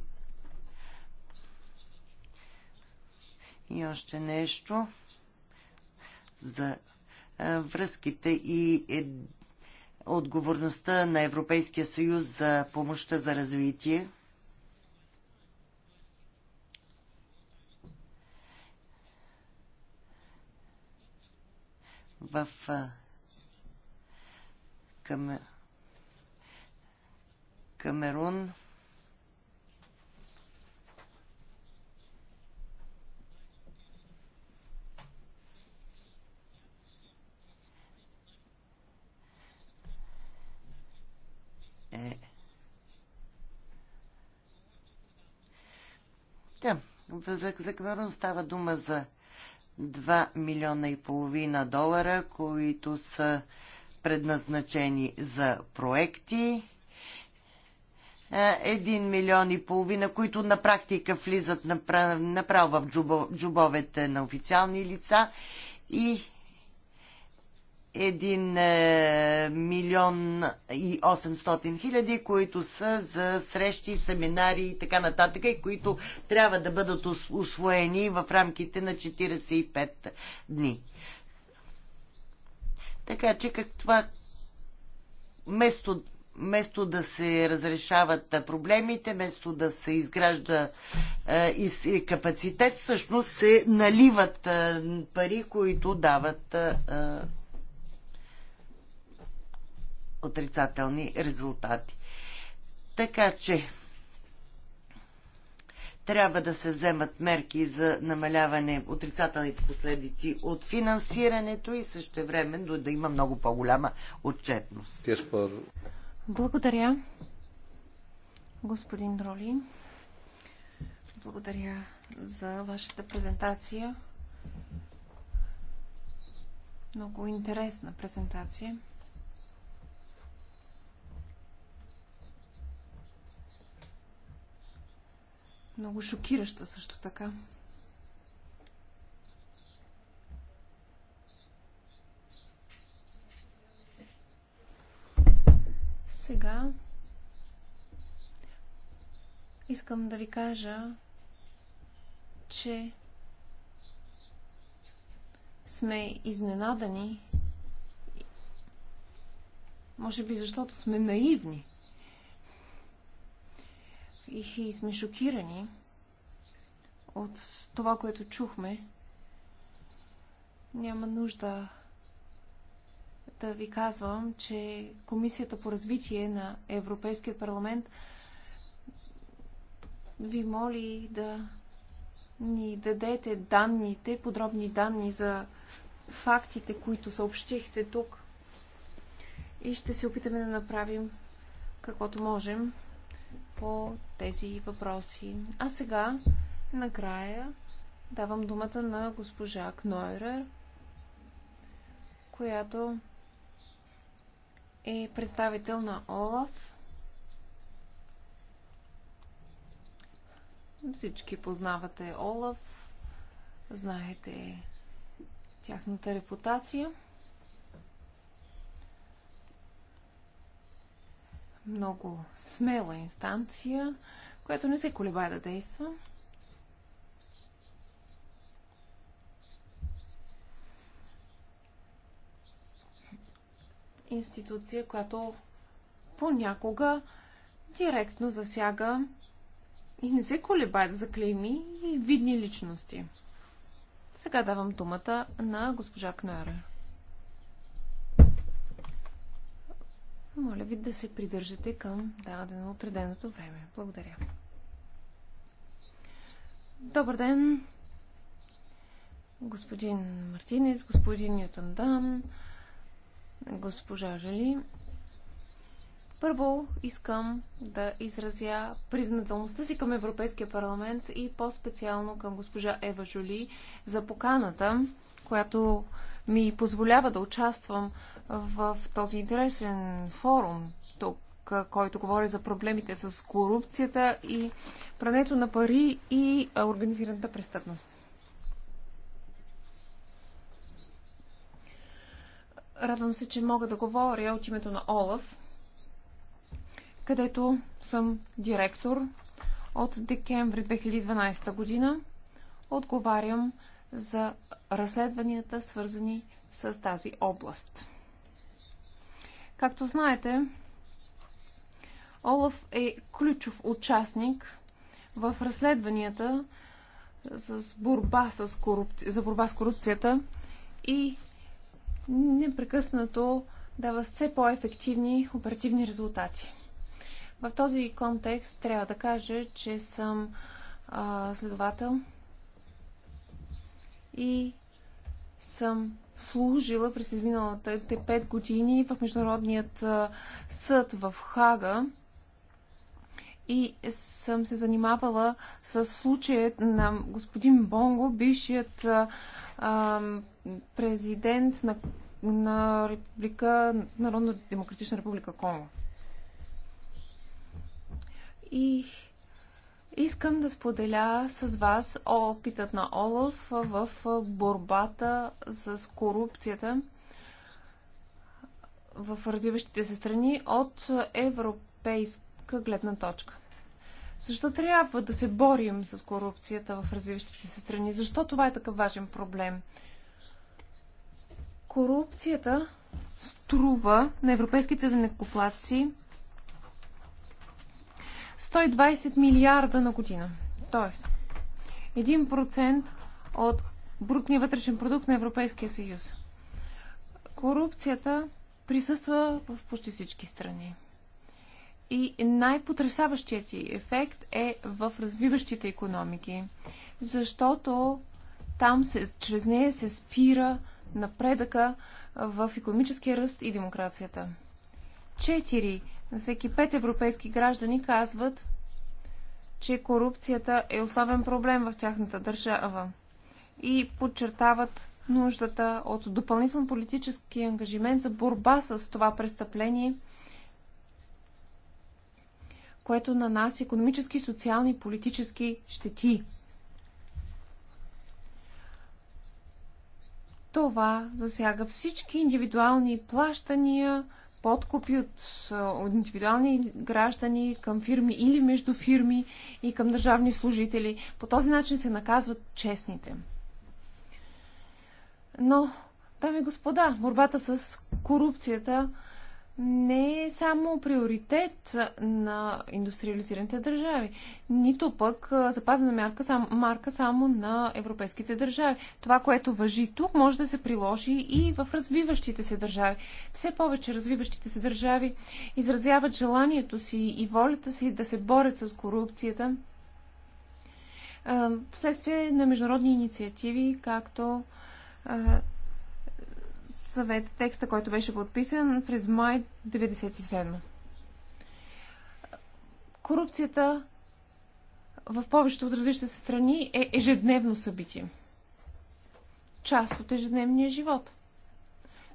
И още нещо за а, връзките и е, отговорността на Европейския съюз за помощта за развитие. в към, Камерун. Е. Да, за, за Камерун става дума за 2 милиона и половина долара, които са предназначени за проекти. 1 е, милион и половина, които на практика влизат направо в джубовете на официални лица и 1 е, милион и 800 хиляди, които са за срещи, семинари и така нататък, и които трябва да бъдат освоени в рамките на 45 дни. Така че как това вместо, место да се разрешават проблемите, вместо да се изгражда е, е, капацитет, всъщност се наливат е, пари, които дават отрицателни резултати. Така че трябва да се вземат мерки за намаляване отрицателните последици от финансирането и също време да има много по-голяма отчетност. Благодаря, господин Роли. Благодаря за вашата презентация. Много интересна презентация. Много шокираща също така. Сега искам да ви кажа, че сме изненадани, може би защото сме наивни – и сме шокирани от това, което чухме. Няма нужда да ви казвам, че Комисията по развитие на Европейския парламент ви моли да ни дадете данните, подробни данни за фактите, които съобщихте тук. И ще се опитаме да направим каквото можем по тези въпроси. А сега, накрая, давам думата на госпожа Кнойрер, която е представител на ОЛАФ. Всички познавате ОЛАФ, знаете тяхната репутация. много смела инстанция, която не се колебае да действа. Институция, която понякога директно засяга и не се колебае да заклейми и видни личности. Сега давам думата на госпожа Кнойра. Моля ви да се придържате към дадено отреденото време. Благодаря. Добър ден, господин Мартинес, господин Ютандан, госпожа Жали. Първо искам да изразя признателността си към Европейския парламент и по-специално към госпожа Ева Жоли за поканата, която ми позволява да участвам в този интересен форум тук, който говори за проблемите с корупцията и прането на пари и организираната престъпност. Радвам се, че мога да говоря от името на Олаф, където съм директор от декември 2012 година. Отговарям за разследванията, свързани с тази област. Както знаете, Олаф е ключов участник в разследванията с борба с корупци... за борба с корупцията и непрекъснато дава все по-ефективни оперативни резултати. В този контекст трябва да кажа, че съм а, следовател и съм служила през те пет години в Международният съд в Хага и съм се занимавала с случая на господин Бонго, бившият а, президент на, на Република, Народна демократична република Конго. И Искам да споделя с вас опитът на Олаф в борбата с корупцията в развиващите се страни от европейска гледна точка. Защо трябва да се борим с корупцията в развиващите се страни? Защо това е такъв важен проблем? Корупцията струва на европейските денекоплаци 120 милиарда на година. Тоест, 1% от брутния вътрешен продукт на Европейския съюз. Корупцията присъства в почти всички страни. И най-потрясаващият ти ефект е в развиващите економики, защото там се, чрез нея се спира напредъка в економическия ръст и демокрацията. Четири всеки пет европейски граждани казват, че корупцията е основен проблем в тяхната държава и подчертават нуждата от допълнително политически ангажимент за борба с това престъпление, което на нас економически, социални и политически щети. Това засяга всички индивидуални плащания, подкупи от, от индивидуални граждани към фирми или между фирми и към държавни служители. По този начин се наказват честните. Но, дами и господа, борбата с корупцията не е само приоритет на индустриализираните държави, нито пък запазена марка, сам, марка само на европейските държави. Това, което въжи тук, може да се приложи и в развиващите се държави. Все повече развиващите се държави изразяват желанието си и волята си да се борят с корупцията вследствие на международни инициативи, както съвет, текста, който беше подписан през май 1997. Корупцията в повечето от различните се страни е ежедневно събитие. Част от ежедневния живот.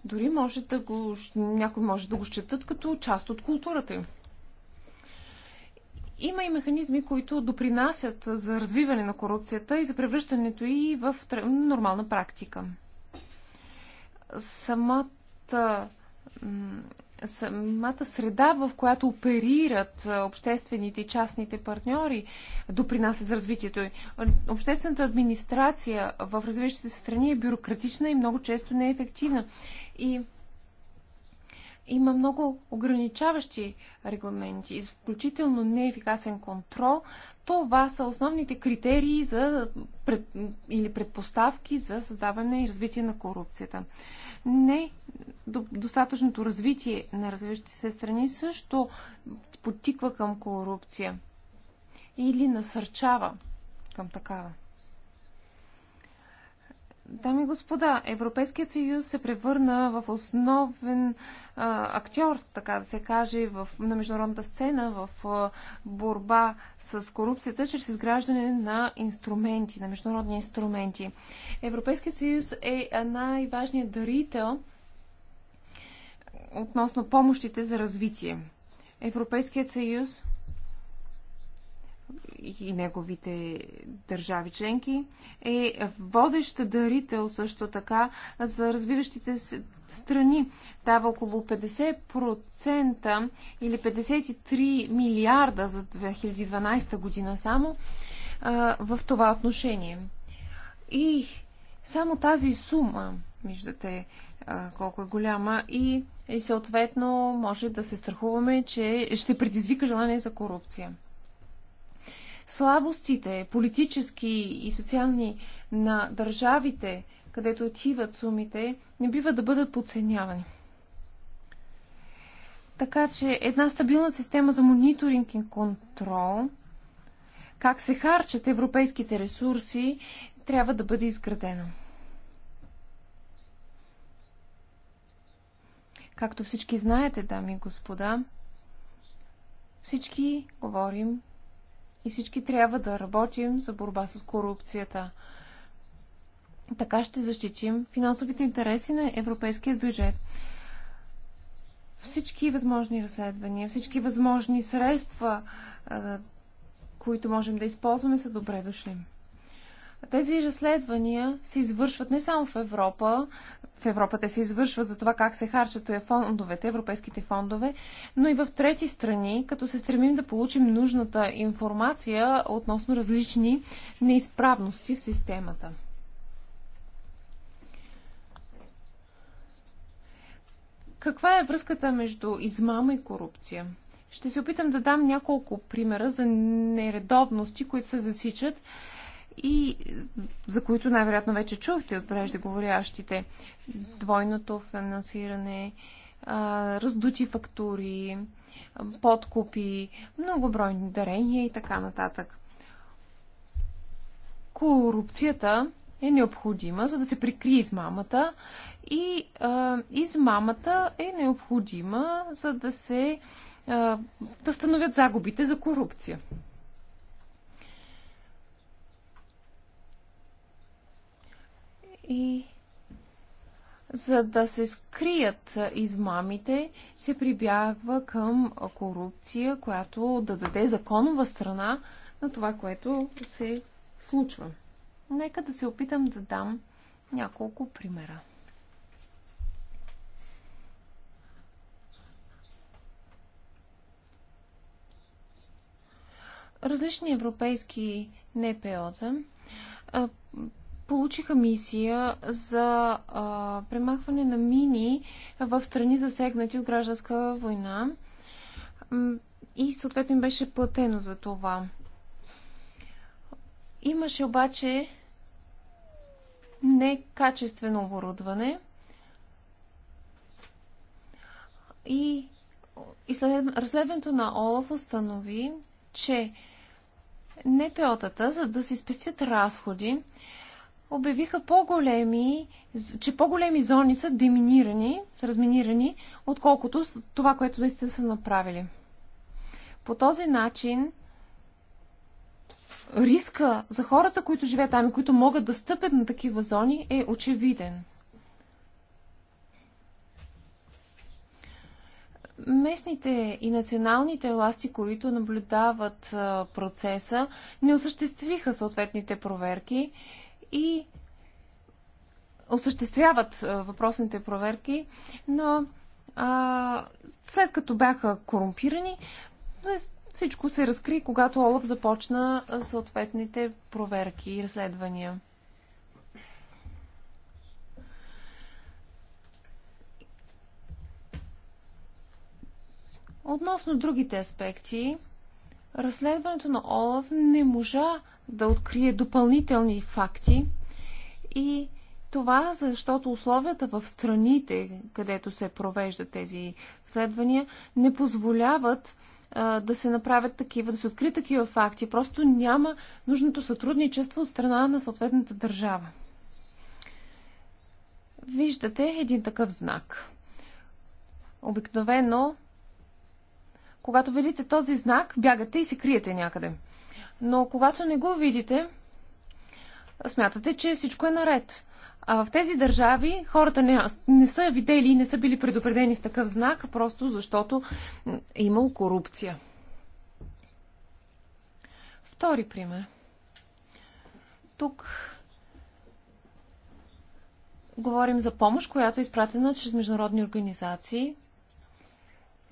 Дори може да го, някой може да го считат като част от културата им. Има и механизми, които допринасят за развиване на корупцията и за превръщането и в нормална практика самата, самата среда, в която оперират обществените и частните партньори, допринася за развитието. Обществената администрация в развиващите се страни е бюрократична и много често неефективна. Е и има много ограничаващи регламенти, изключително неефикасен контрол. Това са основните критерии за пред, или предпоставки за създаване и развитие на корупцията. Не достатъчното развитие на развиващите се страни също потиква към корупция или насърчава към такава. Дами и господа, Европейският съюз се превърна в основен а, актьор, така да се каже, в, на международната сцена в а, борба с корупцията чрез изграждане на инструменти, на международни инструменти. Европейският съюз е най-важният дарител относно помощите за развитие. Европейският съюз и неговите държави членки, е водещ дарител също така за развиващите страни. Дава около 50% или 53 милиарда за 2012 година само в това отношение. И само тази сума, виждате колко е голяма и, и съответно може да се страхуваме, че ще предизвика желание за корупция слабостите, политически и социални на държавите, където отиват сумите, не бива да бъдат подценявани. Така че една стабилна система за мониторинг и контрол, как се харчат европейските ресурси, трябва да бъде изградена. Както всички знаете, дами и господа, всички говорим и всички трябва да работим за борба с корупцията. Така ще защитим финансовите интереси на европейския бюджет. Всички възможни разследвания, всички възможни средства, които можем да използваме, са добре дошли. Тези разследвания се извършват не само в Европа, в Европа те се извършват за това как се харчат фондовете, европейските фондове, но и в трети страни, като се стремим да получим нужната информация относно различни неизправности в системата. Каква е връзката между измама и корупция? Ще се опитам да дам няколко примера за нередовности, които се засичат и за които най-вероятно вече чухте от преждеговорящите. Двойното финансиране, раздути фактури, подкупи, многобройни дарения и така нататък. Корупцията е необходима, за да се прикри измамата и а, измамата е необходима, за да се възстановят загубите за корупция. И за да се скрият измамите, се прибягва към корупция, която да даде законова страна на това, което се случва. Нека да се опитам да дам няколко примера. Различни европейски НПО-та получиха мисия за а, премахване на мини в страни засегнати от гражданска война и съответно им беше платено за това. Имаше обаче некачествено оборудване и, разследването на Олаф установи, че НПО-тата, за да си спестят разходи, обявиха по-големи, че по-големи зони са деминирани, са разминирани, отколкото това, което да сте са направили. По този начин риска за хората, които живеят там и които могат да стъпят на такива зони, е очевиден. местните и националните власти, които наблюдават процеса, не осъществиха съответните проверки и осъществяват въпросните проверки, но а, след като бяха корумпирани, е, всичко се разкри, когато Олаф започна съответните проверки и разследвания. Относно другите аспекти, разследването на Олаф не можа да открие допълнителни факти и това, защото условията в страните, където се провеждат тези следвания, не позволяват а, да се направят такива, да се открият такива факти. Просто няма нужното сътрудничество от страна на съответната държава. Виждате един такъв знак. Обикновено, когато видите този знак, бягате и се криете някъде но когато не го видите, смятате, че всичко е наред. А в тези държави хората не, не са видели и не са били предупредени с такъв знак, просто защото е имал корупция. Втори пример. Тук говорим за помощ, която е изпратена чрез международни организации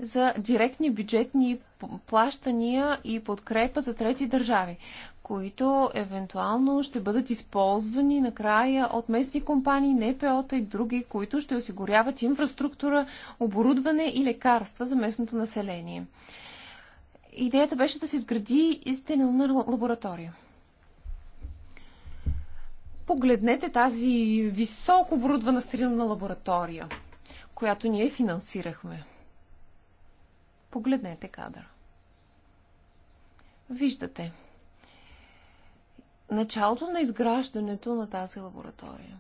за директни бюджетни плащания и подкрепа за трети държави, които евентуално ще бъдат използвани накрая от местни компании, НПО-та и други, които ще осигуряват инфраструктура, оборудване и лекарства за местното население. Идеята беше да се изгради истинна лаборатория. Погледнете тази високо оборудвана стрилна лаборатория, която ние финансирахме. Погледнете кадър. Виждате началото на изграждането на тази лаборатория.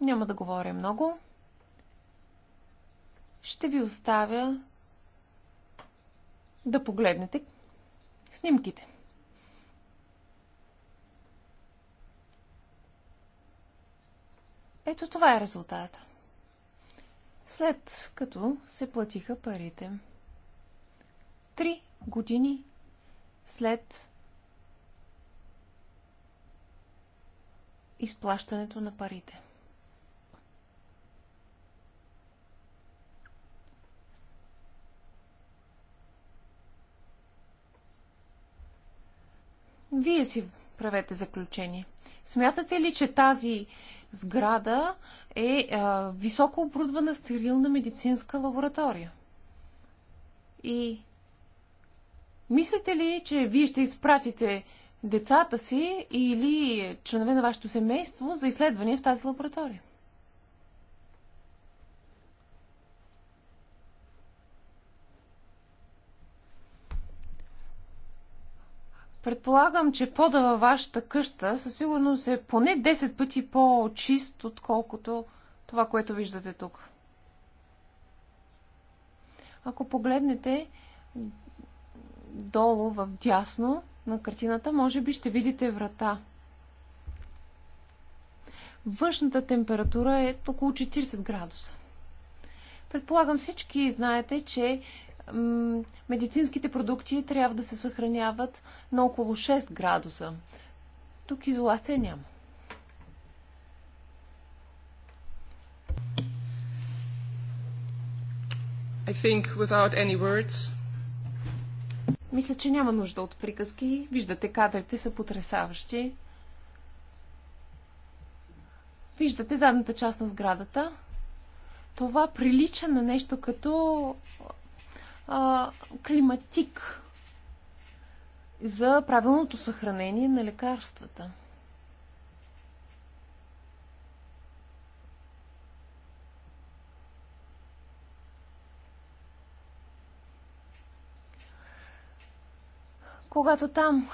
Няма да говоря много. Ще ви оставя да погледнете снимките. Ето това е резултата след като се платиха парите. Три години след изплащането на парите. Вие си правете заключение. Смятате ли, че тази сграда е а, високо оборудвана стерилна медицинска лаборатория. И мислите ли, че вие ще изпратите децата си или членове на вашето семейство за изследвания в тази лаборатория? Предполагам, че пода във вашата къща със сигурност е поне 10 пъти по-чист, отколкото това, което виждате тук. Ако погледнете долу в дясно на картината, може би ще видите врата. Външната температура е около 40 градуса. Предполагам всички знаете, че медицинските продукти трябва да се съхраняват на около 6 градуса. Тук изолация няма. I think without any words. Мисля, че няма нужда от приказки. Виждате, кадрите са потрясаващи. Виждате задната част на сградата. Това прилича на нещо като а, климатик за правилното съхранение на лекарствата. Когато там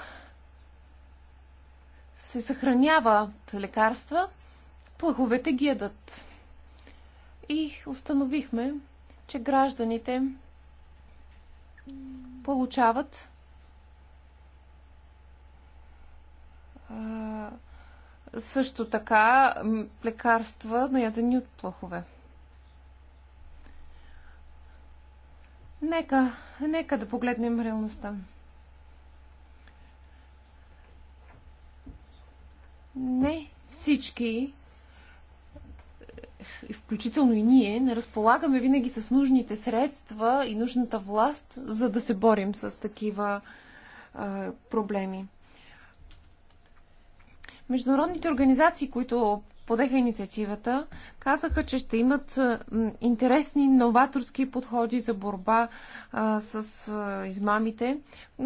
се съхраняват лекарства, плъховете ги ядат. И установихме, че гражданите получават също така лекарства ядени от плъхове. Нека, нека да погледнем реалността. Не всички включително и ние, не разполагаме винаги с нужните средства и нужната власт, за да се борим с такива а, проблеми. Международните организации, които подеха инициативата, казаха, че ще имат интересни новаторски подходи за борба а, с а, измамите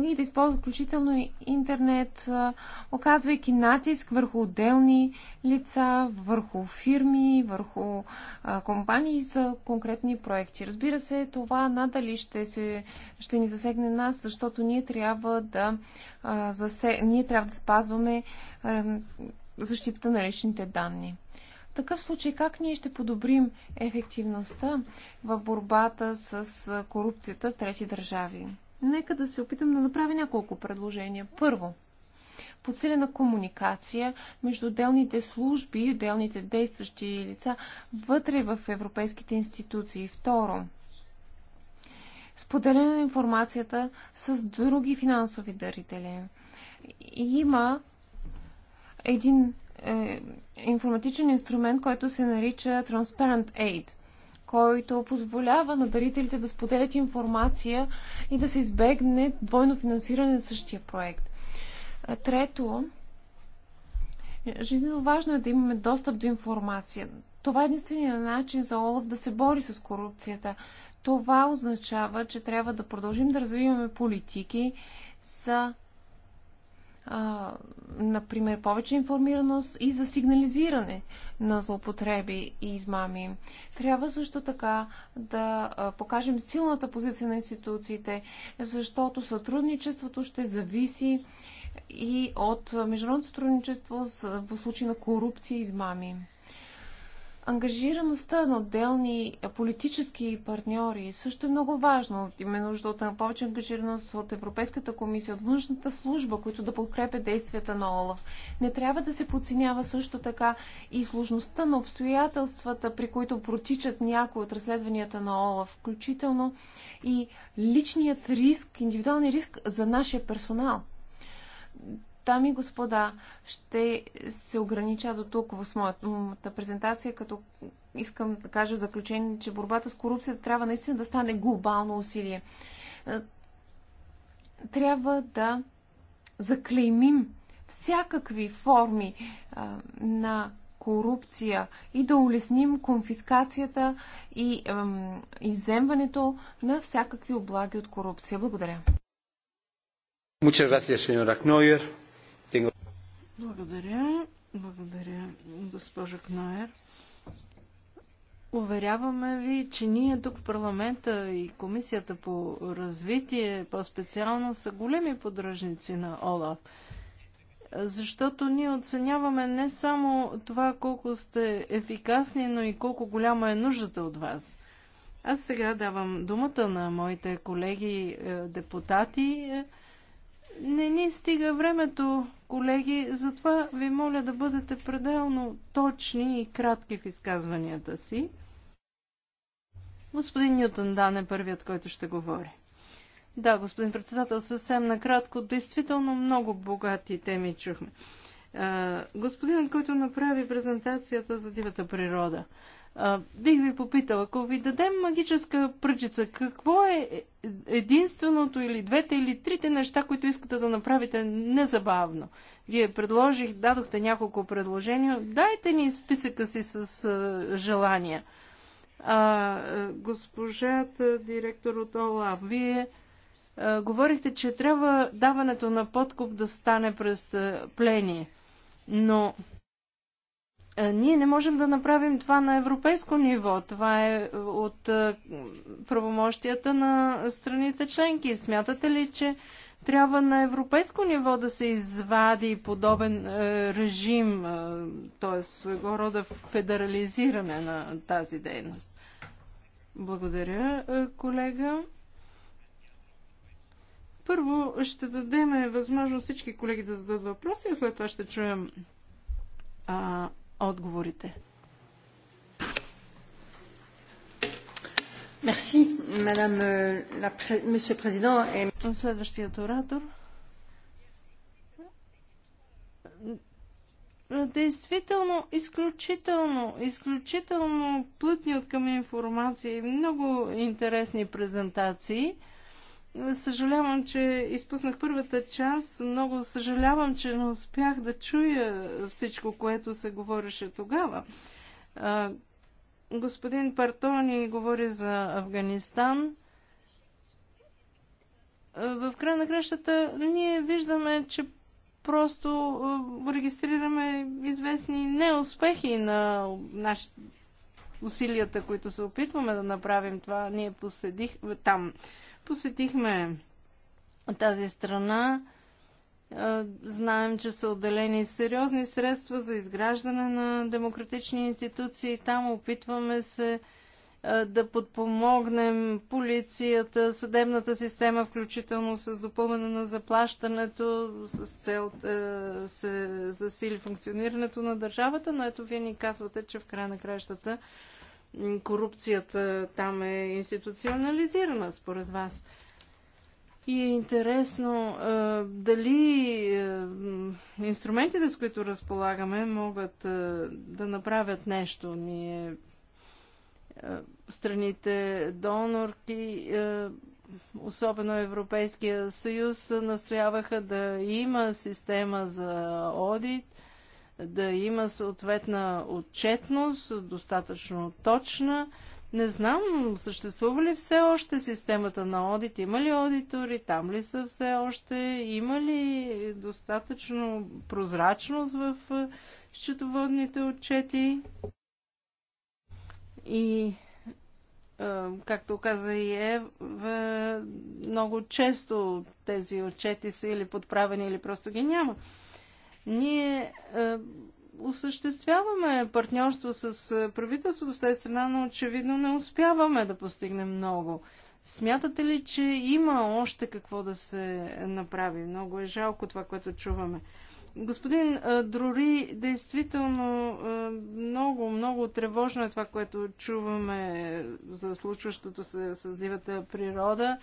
и да използват включително и интернет, а, оказвайки натиск върху отделни лица, върху фирми, върху а, компании за конкретни проекти. Разбира се, това надали ще, се, ще ни засегне нас, защото ние трябва да, а, засе, ние трябва да спазваме а, защитата на личните данни. В такъв случай как ние ще подобрим ефективността в борбата с корупцията в трети държави? Нека да се опитам да направя няколко предложения. Първо, подсилена комуникация между отделните служби и отделните действащи лица вътре в европейските институции. Второ, споделяне на информацията с други финансови дарители. Има един е, информатичен инструмент, който се нарича Transparent Aid, който позволява на дарителите да споделят информация и да се избегне двойно финансиране на същия проект. Е, трето, жизненно важно е да имаме достъп до информация. Това е единствения начин за Олаф да се бори с корупцията. Това означава, че трябва да продължим да развиваме политики за а, например, повече информираност и за сигнализиране на злоупотреби и измами. Трябва също така да покажем силната позиция на институциите, защото сътрудничеството ще зависи и от международното сътрудничество в случай на корупция и измами. Ангажираността на отделни политически партньори също е много важно. Именно нужда от повече ангажираност от Европейската комисия, от външната служба, които да подкрепят действията на ОЛАФ. Не трябва да се подценява също така и сложността на обстоятелствата, при които протичат някои от разследванията на ОЛАФ, включително и личният риск, индивидуалният риск за нашия персонал Дами и господа, ще се огранича до тук в моята презентация, като искам да кажа в заключение, че борбата с корупцията трябва наистина да стане глобално усилие. Е, трябва да заклеймим всякакви форми а, е, на корупция и да улесним конфискацията и ам, иземването на всякакви облаги от корупция. Благодаря. Muchas gracias, señora Knoyer. Благодаря. Благодаря, госпожо Кноер. Уверяваме ви, че ние тук в парламента и Комисията по развитие по-специално са големи поддръжници на ОЛА. Защото ние оценяваме не само това колко сте ефикасни, но и колко голяма е нуждата от вас. Аз сега давам думата на моите колеги е, депутати. Е, не ни стига времето, колеги, затова ви моля да бъдете пределно точни и кратки в изказванията си. Господин Нютон Дан е първият, който ще говори. Да, господин председател, съвсем накратко. Действително много богати теми чухме. Господин, който направи презентацията за дивата природа бих ви попитала, ако ви дадем магическа пръчица, какво е единственото или двете или трите неща, които искате да направите незабавно? Вие предложих, дадохте няколко предложения. Дайте ни списъка си с а, желания. А, госпожата директор от ОЛА, вие а, говорихте, че трябва даването на подкуп да стане през пление. Но ние не можем да направим това на европейско ниво. Това е, е от е, правомощията на страните членки. Смятате ли, че трябва на европейско ниво да се извади подобен е, режим, т.е. своего рода федерализиране на тази дейност? Благодаря, колега. Първо ще дадем възможност всички колеги да зададат въпроси, а след това ще чуем отговорите. Euh, Следващият оратор. Действително, изключително, изключително плътни от към информация и много интересни презентации. Съжалявам, че изпуснах първата част. Много съжалявам, че не успях да чуя всичко, което се говореше тогава. Господин Партони говори за Афганистан. В края на кращата ние виждаме, че просто регистрираме известни неуспехи на нашите усилията, които се опитваме да направим това. Ние поседих там Посетихме тази страна. Знаем, че са отделени сериозни средства за изграждане на демократични институции. Там опитваме се да подпомогнем полицията, съдебната система, включително с допълване на заплащането, с цел да е, се засили функционирането на държавата, но ето вие ни казвате, че в края на кращата корупцията там е институционализирана, според вас. И е интересно а, дали а, инструментите, с които разполагаме, могат а, да направят нещо. Ние, а, страните донорки, а, особено Европейския съюз, настояваха да има система за одит да има съответна отчетност, достатъчно точна. Не знам, съществува ли все още системата на одит? Има ли аудитори? Там ли са все още? Има ли достатъчно прозрачност в е, счетоводните отчети? И е, както каза и е, много често тези отчети са или подправени, или просто ги няма. Ние е, осъществяваме партньорство с е, правителството с тази страна, но очевидно не успяваме да постигнем много. Смятате ли, че има още какво да се направи? Много е жалко това, което чуваме. Господин е, Друри, действително е, много, много тревожно е това, което чуваме за случващото се с дивата природа.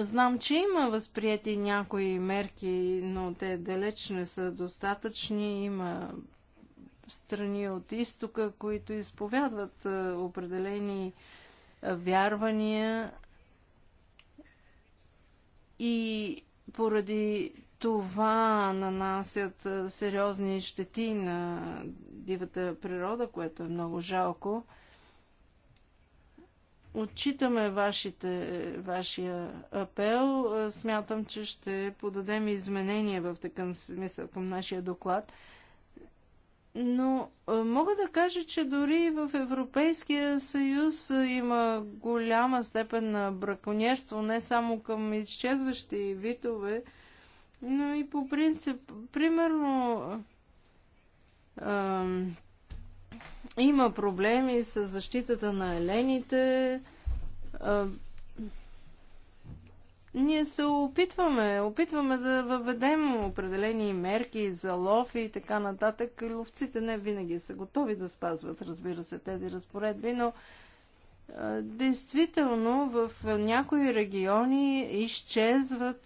Знам, че има възприяти някои мерки, но те далеч не са достатъчни. Има страни от изтока, които изповядват определени вярвания и поради това нанасят сериозни щети на дивата природа, което е много жалко. Отчитаме вашите, вашия апел. Смятам, че ще подадем изменения в такъв смисъл към нашия доклад. Но мога да кажа, че дори в Европейския съюз има голяма степен на браконьерство, не само към изчезващи видове, но и по принцип. Примерно, има проблеми с защитата на елените. Ние се опитваме, опитваме да въведем определени мерки за лов и така нататък. Ловците не винаги са готови да спазват, разбира се, тези разпоредби, но Действително в някои региони изчезват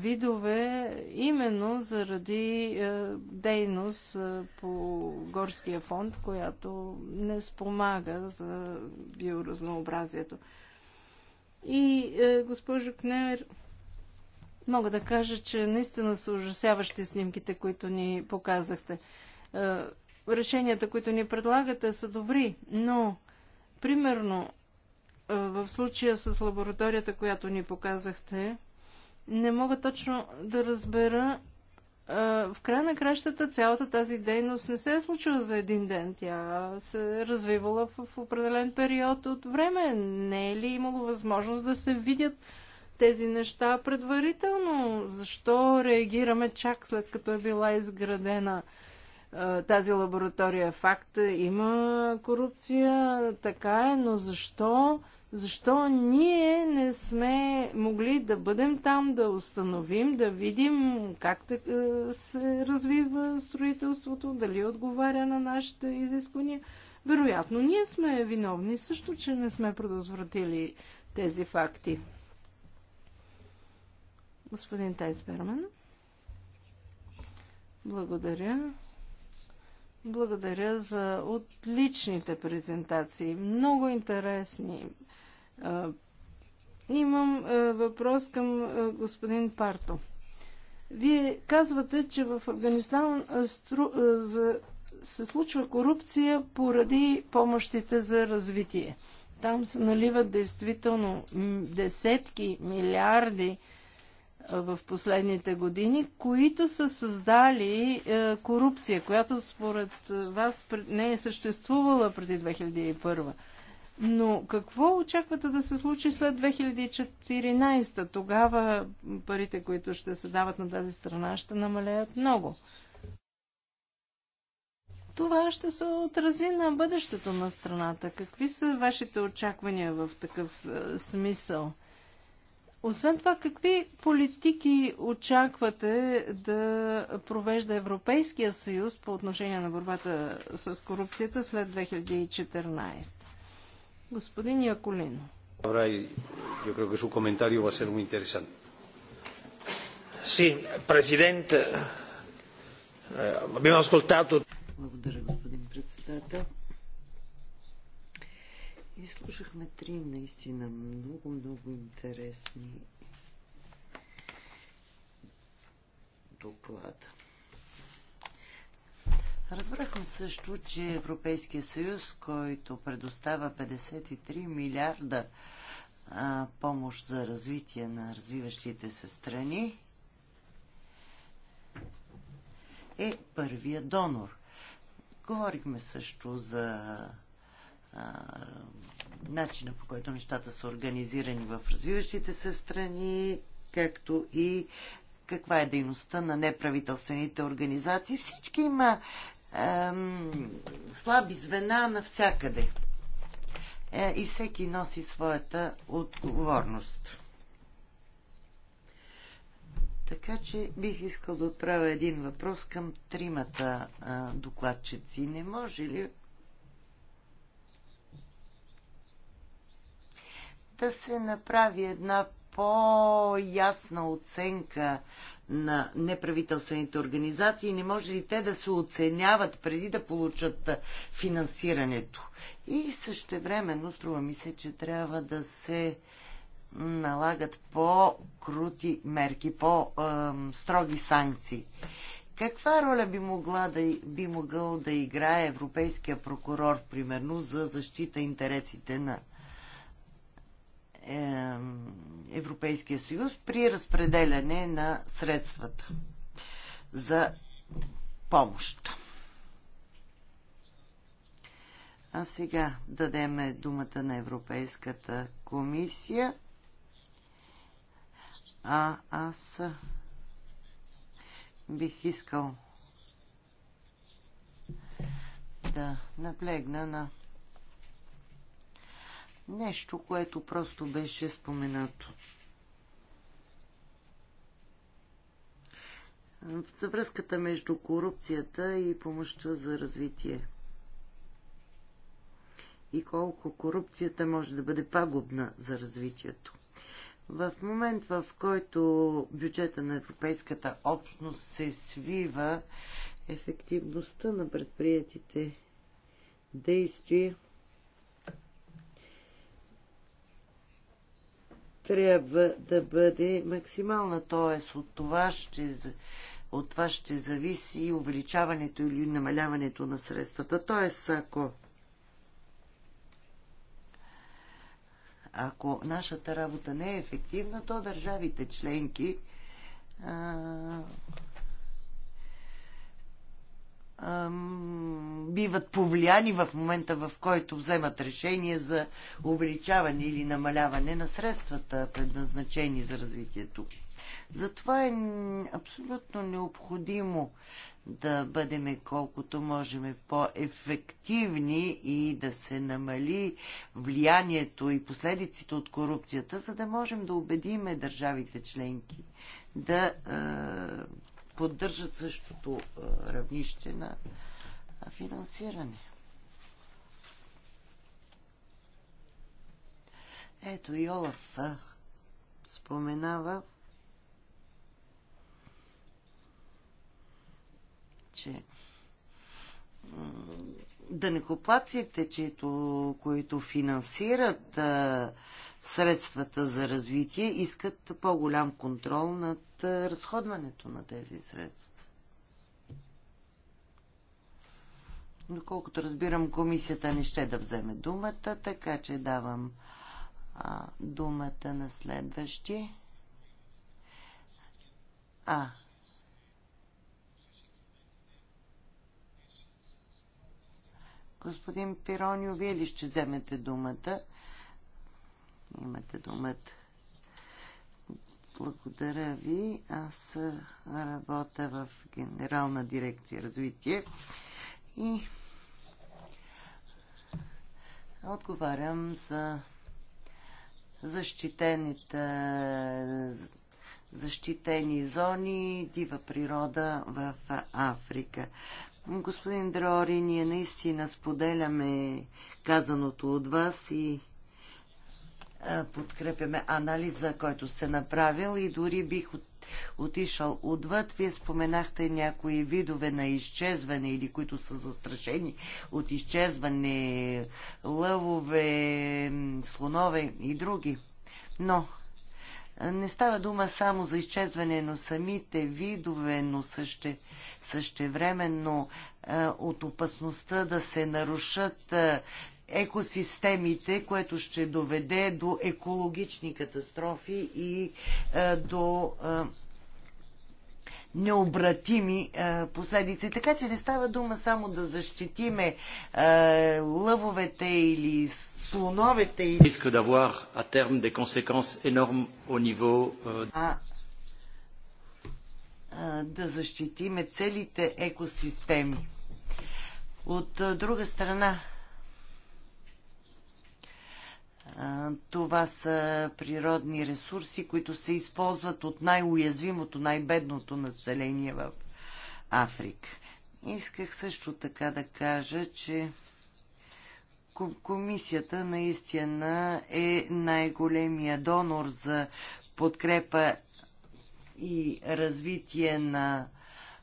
видове именно заради дейност по горския фонд, която не спомага за биоразнообразието. И, е, госпожо Кнер, мога да кажа, че наистина са ужасяващи снимките, които ни показахте. Е, решенията, които ни предлагате, са добри, но Примерно, в случая с лабораторията, която ни показахте, не мога точно да разбера. В края на кращата цялата тази дейност не се е случила за един ден. Тя се е развивала в определен период от време. Не е ли имало възможност да се видят тези неща предварително? Защо реагираме чак след като е била изградена тази лаборатория е факт, има корупция, така е, но защо, защо ние не сме могли да бъдем там, да установим, да видим как се развива строителството, дали отговаря на нашите изисквания. Вероятно, ние сме виновни също, че не сме предотвратили тези факти. Господин Тайсберман. Благодаря. Благодаря за отличните презентации. Много интересни. Имам въпрос към господин Парто. Вие казвате, че в Афганистан се случва корупция поради помощите за развитие. Там се наливат действително десетки милиарди в последните години, които са създали е, корупция, която според е, вас не е съществувала преди 2001. Но какво очаквате да се случи след 2014? Тогава парите, които ще се дават на тази страна, ще намалеят много. Това ще се отрази на бъдещето на страната. Какви са вашите очаквания в такъв е, смисъл? Освен това, какви политики очаквате да провежда Европейския съюз по отношение на борбата с корупцията след 2014? Господин Яколино. Ahora yo creo que su comentario va a ser muy interesante. Sì, Presidente, abbiamo ascoltato... Благодаря, господин председател. И слушахме три наистина много, много интересни доклада. Разбрахме също, че Европейския съюз, който предостава 53 милиарда а, помощ за развитие на развиващите се страни, е първия донор. Говорихме също за начина по който нещата са организирани в развиващите се страни, както и каква е дейността на неправителствените организации. Всички има а, слаби звена навсякъде. Е, и всеки носи своята отговорност. Така че бих искал да отправя един въпрос към тримата а, докладчици. Не може ли да се направи една по-ясна оценка на неправителствените организации? Не може ли те да се оценяват преди да получат финансирането? И също времено, струва ми се, че трябва да се налагат по-крути мерки, по-строги санкции. Каква роля би, могла да, би могъл да играе Европейския прокурор, примерно, за защита интересите на е, Европейския съюз при разпределяне на средствата за помощ. А сега дадеме думата на Европейската комисия. А аз бих искал да наблегна на нещо, което просто беше споменато. за връзката между корупцията и помощта за развитие. И колко корупцията може да бъде пагубна за развитието. В момент, в който бюджета на Европейската общност се свива, ефективността на предприятите действия трябва да бъде максимална, т.е. от това ще от това ще зависи увеличаването или намаляването на средствата. Т.е. ако ако нашата работа не е ефективна, то държавите членки а, биват повлияни в момента, в който вземат решение за увеличаване или намаляване на средствата, предназначени за развитието. Затова е абсолютно необходимо да бъдем колкото можем по-ефективни и да се намали влиянието и последиците от корупцията, за да можем да убедиме държавите членки да поддържат същото равнище на финансиране. Ето и Олаф споменава, че дънекоплаците, които финансират а, средствата за развитие, искат по-голям контрол над разходването на тези средства. Доколкото разбирам, комисията не ще да вземе думата, така че давам а, думата на следващи. А. Господин Пиронио, вие ли ще вземете думата? Имате думата. Благодаря ви. Аз работя в Генерална дирекция развитие и отговарям за защитените защитени зони, дива природа в Африка. Господин Дрори, ние наистина споделяме казаното от вас и подкрепяме анализа, който сте направил и дори бих отишъл отвъд. Вие споменахте някои видове на изчезване или които са застрашени от изчезване, лъвове, слонове и други. Но не става дума само за изчезване на самите видове, но съще, същевременно от опасността да се нарушат екосистемите, което ще доведе до екологични катастрофи и е, до е, необратими е, последици. Така че не става дума само да защитиме лъвовете или слоновете. Или... Иска да à а des conséquences енорм au niveau... А, да защитиме целите екосистеми. От друга страна, това са природни ресурси, които се използват от най-уязвимото, най-бедното население в Африка. Исках също така да кажа, че комисията наистина е най-големия донор за подкрепа и развитие на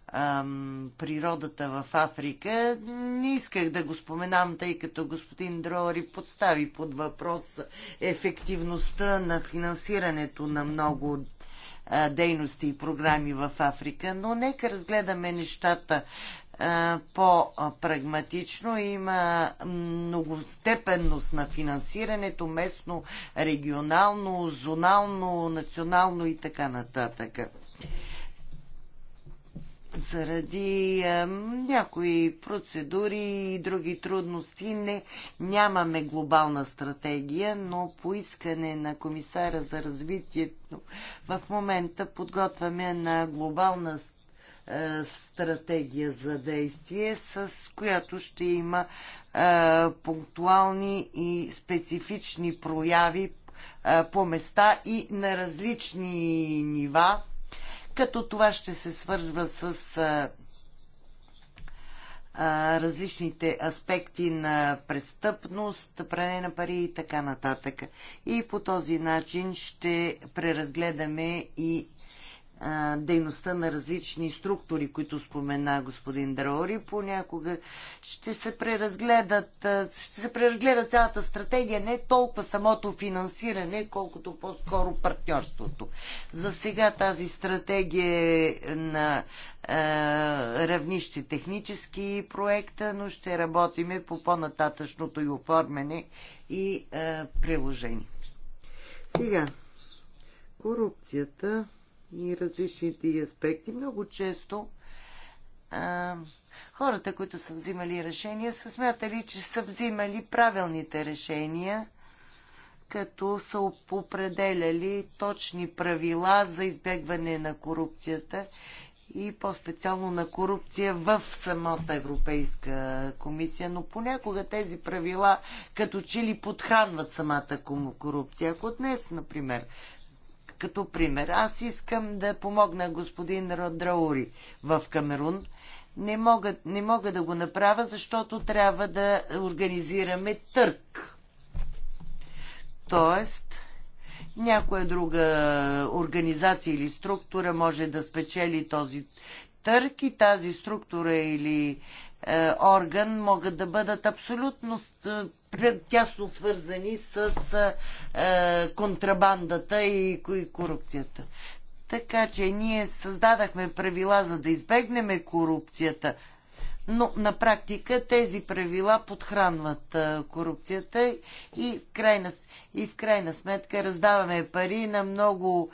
ам, природата в Африка. Не исках да го споменам, тъй като господин Дрори подстави под въпрос ефективността на финансирането на много а, дейности и програми в Африка, но нека разгледаме нещата по-прагматично. Има многостепенност на финансирането, местно, регионално, зонално, национално и така нататък заради а, е, някои процедури и други трудности не, нямаме глобална стратегия, но по искане на комисара за развитието в момента подготвяме на глобална а, е, стратегия за действие, с която ще има а, е, пунктуални и специфични прояви а, по места и на различни нива като това ще се свързва с а, а, различните аспекти на престъпност, пране на пари и така нататък. И по този начин ще преразгледаме и дейността на различни структури, които спомена господин Драори, понякога ще се преразгледат, ще се преразгледа цялата стратегия, не толкова самото финансиране, колкото по-скоро партньорството. За сега тази стратегия е на е, равнище технически проекта, но ще работиме по по-нататъчното и оформяне и е, приложение. Сега, корупцията и различните аспекти. Много често а, хората, които са взимали решения, са смятали, че са взимали правилните решения, като са определяли точни правила за избегване на корупцията и по-специално на корупция в самата Европейска комисия, но понякога тези правила като че ли подхранват самата корупция. Ако днес, например, като пример. Аз искам да помогна господин Родраури в Камерун. Не мога, не мога да го направя, защото трябва да организираме търк. Тоест, някоя друга организация или структура може да спечели този търк и тази структура или е, орган могат да бъдат абсолютно е, тясно свързани с а, контрабандата и, и корупцията. Така че ние създадахме правила за да избегнем корупцията, но на практика тези правила подхранват корупцията и в, крайна, и в крайна сметка раздаваме пари на много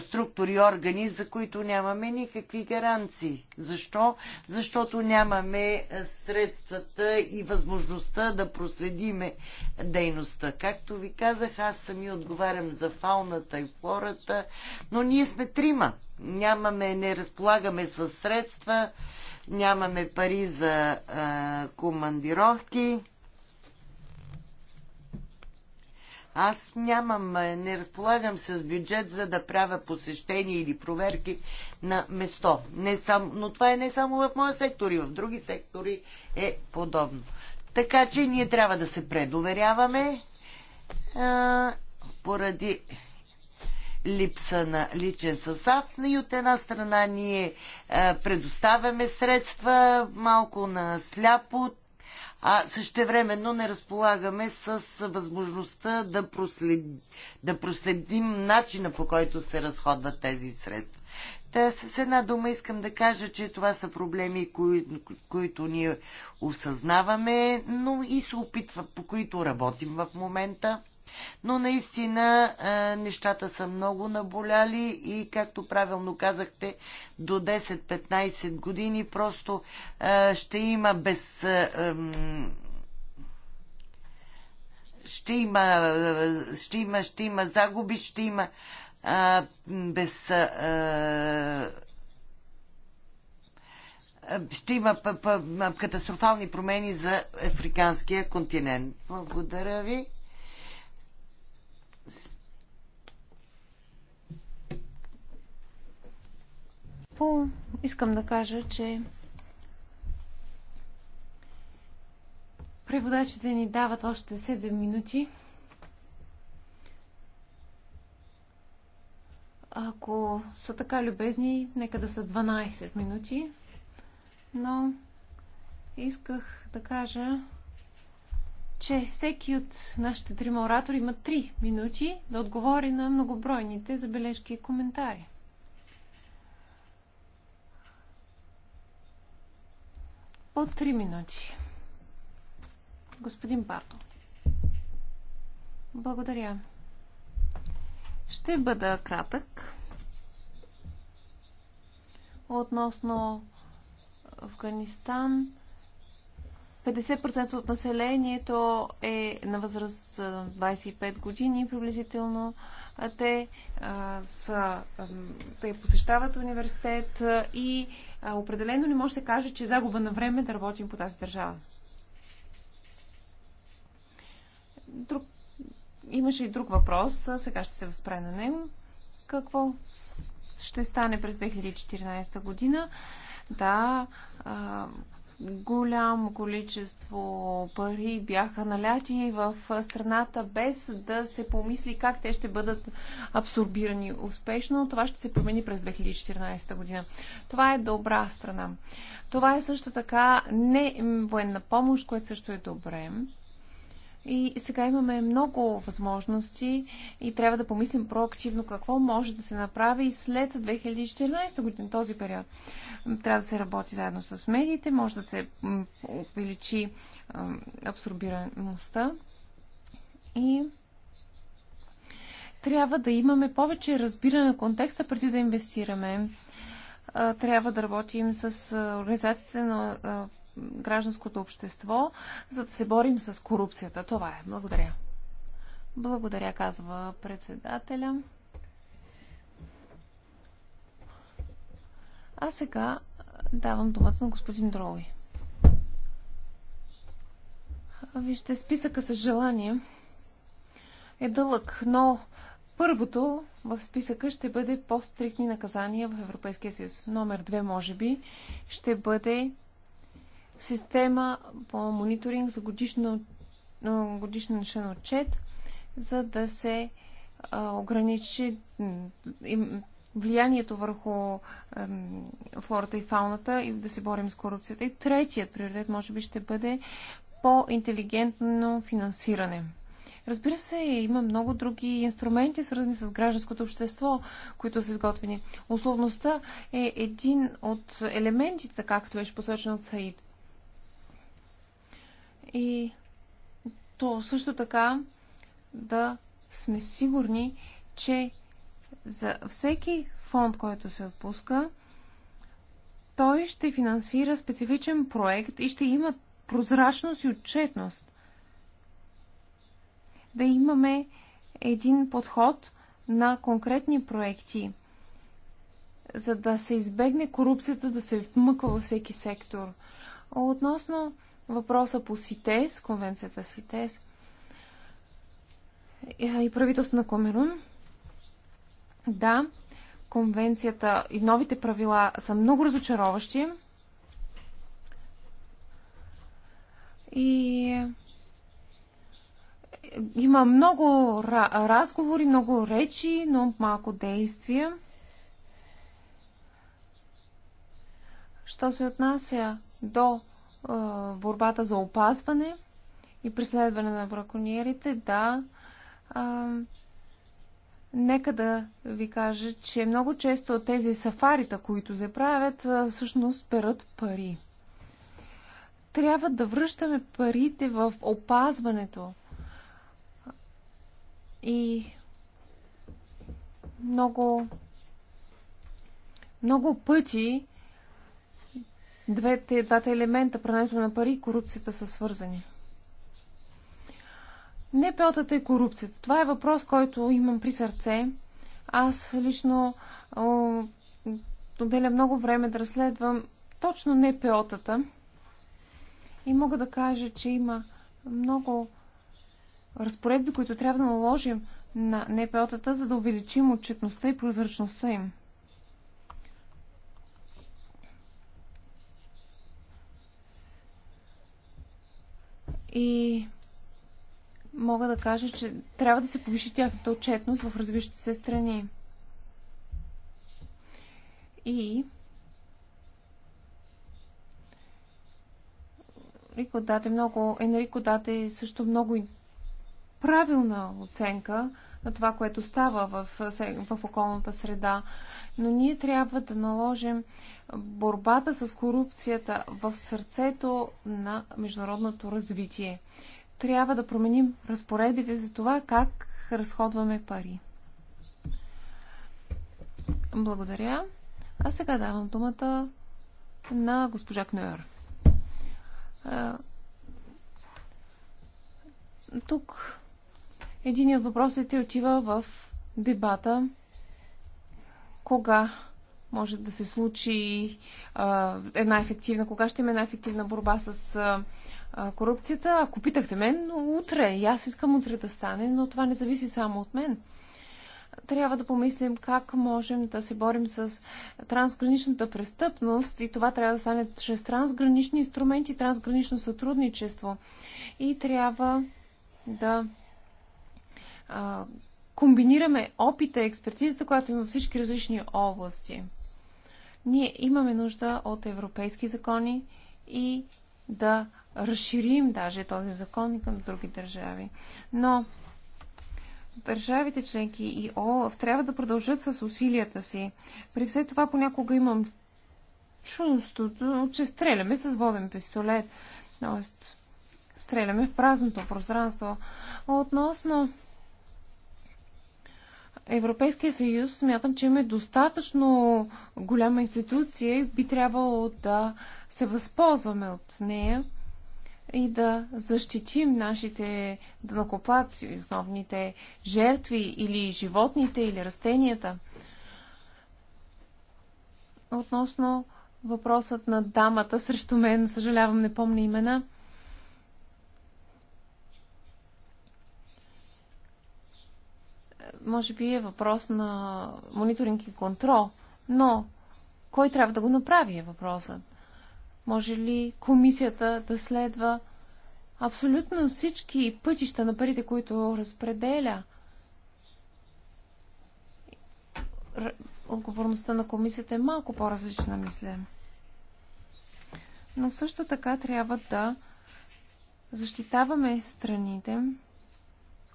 структури и органи, за които нямаме никакви гаранции. Защо? Защото нямаме средствата и възможността да проследиме дейността. Както ви казах, аз сами отговарям за фауната и флората, но ние сме трима. Нямаме, не разполагаме със средства нямаме пари за а, командировки. Аз нямам, не разполагам с бюджет, за да правя посещения или проверки на место. Не сам, но това е не само в моя сектор, и в други сектори е подобно. Така че ние трябва да се предоверяваме а, поради липса на личен състав. И от една страна ние е, предоставяме средства малко на сляпо, а същевременно не разполагаме с възможността да, прослед... да проследим начина по който се разходват тези средства. Та с една дума искам да кажа, че това са проблеми, кои... които ние осъзнаваме, но и се опитва, по които работим в момента. Но наистина нещата са много наболяли и, както правилно казахте, до 10-15 години просто ще има без. Ще има, ще има, ще има загуби, ще има а, без. А, ще има катастрофални промени за африканския континент. Благодаря ви. По... Искам да кажа, че преводачите ни дават още 7 минути. Ако са така любезни, нека да са 12 минути. Но исках да кажа, че всеки от нашите трима оратори има три минути да отговори на многобройните забележки и коментари. По три минути. Господин Барто. Благодаря. Ще бъда кратък относно Афганистан 50% от населението е на възраст 25 години приблизително. Те, а, са, а, те посещават университет и а, определено не може да се каже, че е загуба на време да работим по тази държава. Друг, имаше и друг въпрос, сега ще се възпре на него. Какво ще стане през 2014 година? Да, голямо количество пари бяха наляти в страната, без да се помисли как те ще бъдат абсорбирани успешно. Това ще се промени през 2014 година. Това е добра страна. Това е също така не военна помощ, което също е добре. И сега имаме много възможности и трябва да помислим проактивно какво може да се направи след 2014 година, този период. Трябва да се работи заедно с медиите, може да се увеличи абсорбираността и трябва да имаме повече разбиране на контекста преди да инвестираме. Трябва да работим с организациите на гражданското общество, за да се борим с корупцията. Това е. Благодаря. Благодаря, казва председателя. А сега давам думата на господин Дроуи. Вижте, списъка с желание е дълъг, но първото в списъка ще бъде по-стрикни наказания в Европейския съюз. Номер две, може би, ще бъде система по мониторинг за годишно, годишен отчет, за да се ограничи влиянието върху флората и фауната и да се борим с корупцията. И третият приоритет може би ще бъде по-интелигентно финансиране. Разбира се, има много други инструменти, свързани с гражданското общество, които са изготвени. Условността е един от елементите, както беше посочено от Саид. И то също така да сме сигурни, че за всеки фонд, който се отпуска, той ще финансира специфичен проект и ще има прозрачност и отчетност. Да имаме един подход на конкретни проекти, за да се избегне корупцията да се вмъква във всеки сектор. Относно въпроса по СИТЕС, конвенцията СИТЕС е, и правителство на Камерун. Да, конвенцията и новите правила са много разочароващи. И е, има много разговори, много речи, но малко действия. Що се отнася до борбата за опазване и преследване на браконьерите, да, а, нека да ви кажа, че много често от тези сафарита, които се правят, всъщност перат пари. Трябва да връщаме парите в опазването. И много, много пъти Двете, двата елемента, прането на пари и корупцията са свързани. Не пеотата и корупцията. Това е въпрос, който имам при сърце. Аз лично отделя много време да разследвам точно не пеотата. И мога да кажа, че има много разпоредби, които трябва да наложим на НПО-тата, за да увеличим отчетността и прозрачността им. и мога да кажа, че трябва да се повиши тяхната отчетност в развиващите се страни. И Рико даде много, Енрико даде също много правилна оценка на това, което става в, в околната среда но ние трябва да наложим борбата с корупцията в сърцето на международното развитие. Трябва да променим разпоредбите за това как разходваме пари. Благодаря. А сега давам думата на госпожа Кнуер. Тук един от въпросите отива в дебата кога може да се случи а, една ефективна, кога ще има една ефективна борба с а, корупцията. Ако питахте мен, утре, и аз искам утре да стане, но това не зависи само от мен. Трябва да помислим как можем да се борим с трансграничната престъпност и това трябва да стане чрез трансгранични инструменти, трансгранично сътрудничество. И трябва да а, комбинираме опита и експертизата, която има всички различни области. Ние имаме нужда от европейски закони и да разширим даже този закон към други държави. Но държавите членки и ОЛАФ трябва да продължат с усилията си. При все това понякога имам чувството, че стреляме с воден пистолет. Тоест, стреляме в празното пространство. Относно Европейския съюз смятам, че имаме достатъчно голяма институция и би трябвало да се възползваме от нея и да защитим нашите дънакоплаци, основните жертви или животните или растенията. Относно въпросът на дамата срещу мен, съжалявам, не помня имена – може би е въпрос на мониторинг и контрол, но кой трябва да го направи е въпросът. Може ли комисията да следва абсолютно всички пътища на парите, които разпределя? Отговорността на комисията е малко по-различна, мисля. Но също така трябва да защитаваме страните,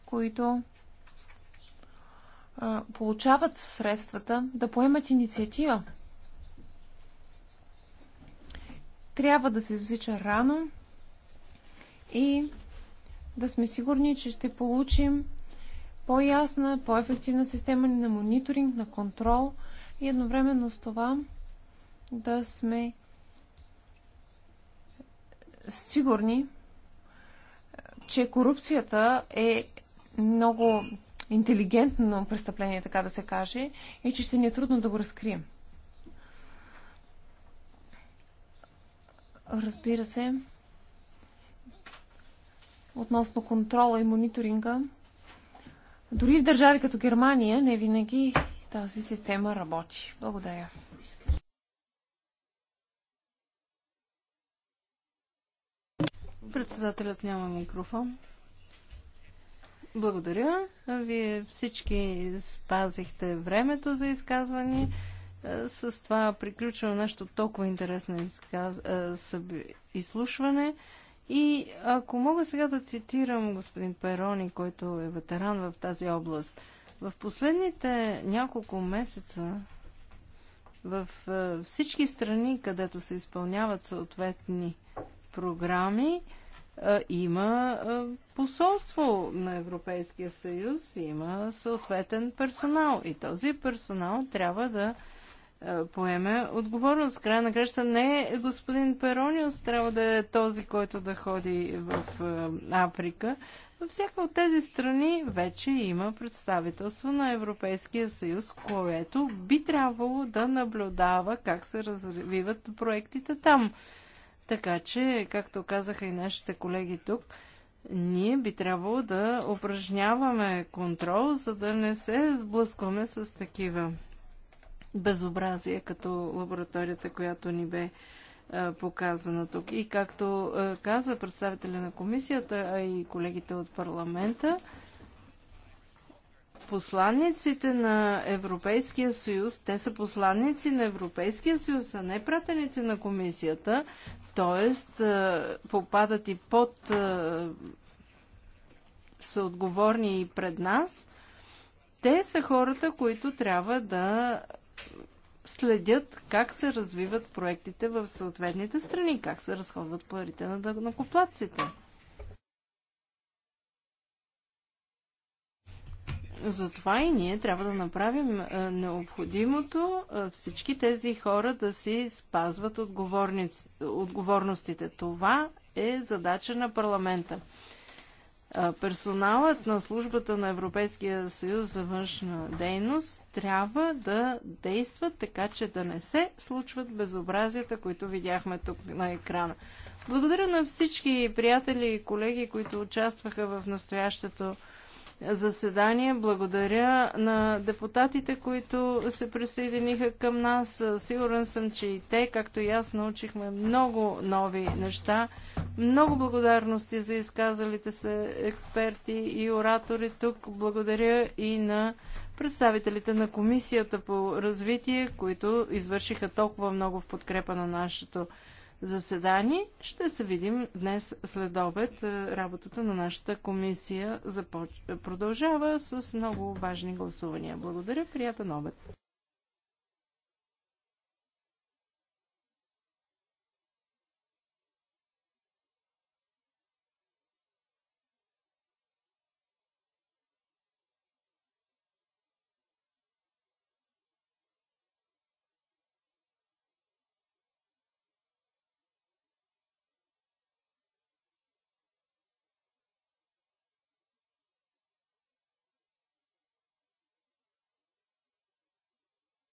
които получават средствата, да поемат инициатива. Трябва да се засича рано и да сме сигурни, че ще получим по-ясна, по-ефективна система на мониторинг, на контрол и едновременно с това да сме сигурни, че корупцията е много интелигентно престъпление, така да се каже, и че ще ни е трудно да го разкрием. Разбира се, относно контрола и мониторинга, дори в държави като Германия не винаги тази система работи. Благодаря. Председателят няма микрофон. Благодаря. Вие всички спазихте времето за изказване. Е, с това приключвам нещо толкова интересно изказ... Е, изслушване. И ако мога сега да цитирам господин Перони, който е ветеран в тази област, в последните няколко месеца в е, всички страни, където се изпълняват съответни програми, има посолство на Европейския съюз, има съответен персонал и този персонал трябва да поеме отговорност. Края на креща, не е господин Перониус трябва да е този, който да ходи в Африка. Във всяка от тези страни вече има представителство на Европейския съюз, което би трябвало да наблюдава как се развиват проектите там. Така че, както казаха и нашите колеги тук, ние би трябвало да упражняваме контрол, за да не се сблъскваме с такива безобразия, като лабораторията, която ни бе показана тук. И както каза представителя на комисията, а и колегите от парламента, посланниците на Европейския съюз, те са посланници на Европейския съюз, а не пратеници на комисията, т.е. попадат и под е, са отговорни и пред нас, те са хората, които трябва да следят как се развиват проектите в съответните страни, как се разходват парите на дъгнокоплаците. Затова и ние трябва да направим е, необходимото е, всички тези хора да си спазват отговорностите. Това е задача на парламента. Е, персоналът на службата на Европейския съюз за външна дейност трябва да действат така, че да не се случват безобразията, които видяхме тук на екрана. Благодаря на всички приятели и колеги, които участваха в настоящето заседание. Благодаря на депутатите, които се присъединиха към нас. Сигурен съм, че и те, както и аз, научихме много нови неща. Много благодарности за изказалите се експерти и оратори тук. Благодаря и на представителите на Комисията по развитие, които извършиха толкова много в подкрепа на нашето заседание. Ще се видим днес след обед. Е, работата на нашата комисия продължава с много важни гласувания. Благодаря, приятен обед!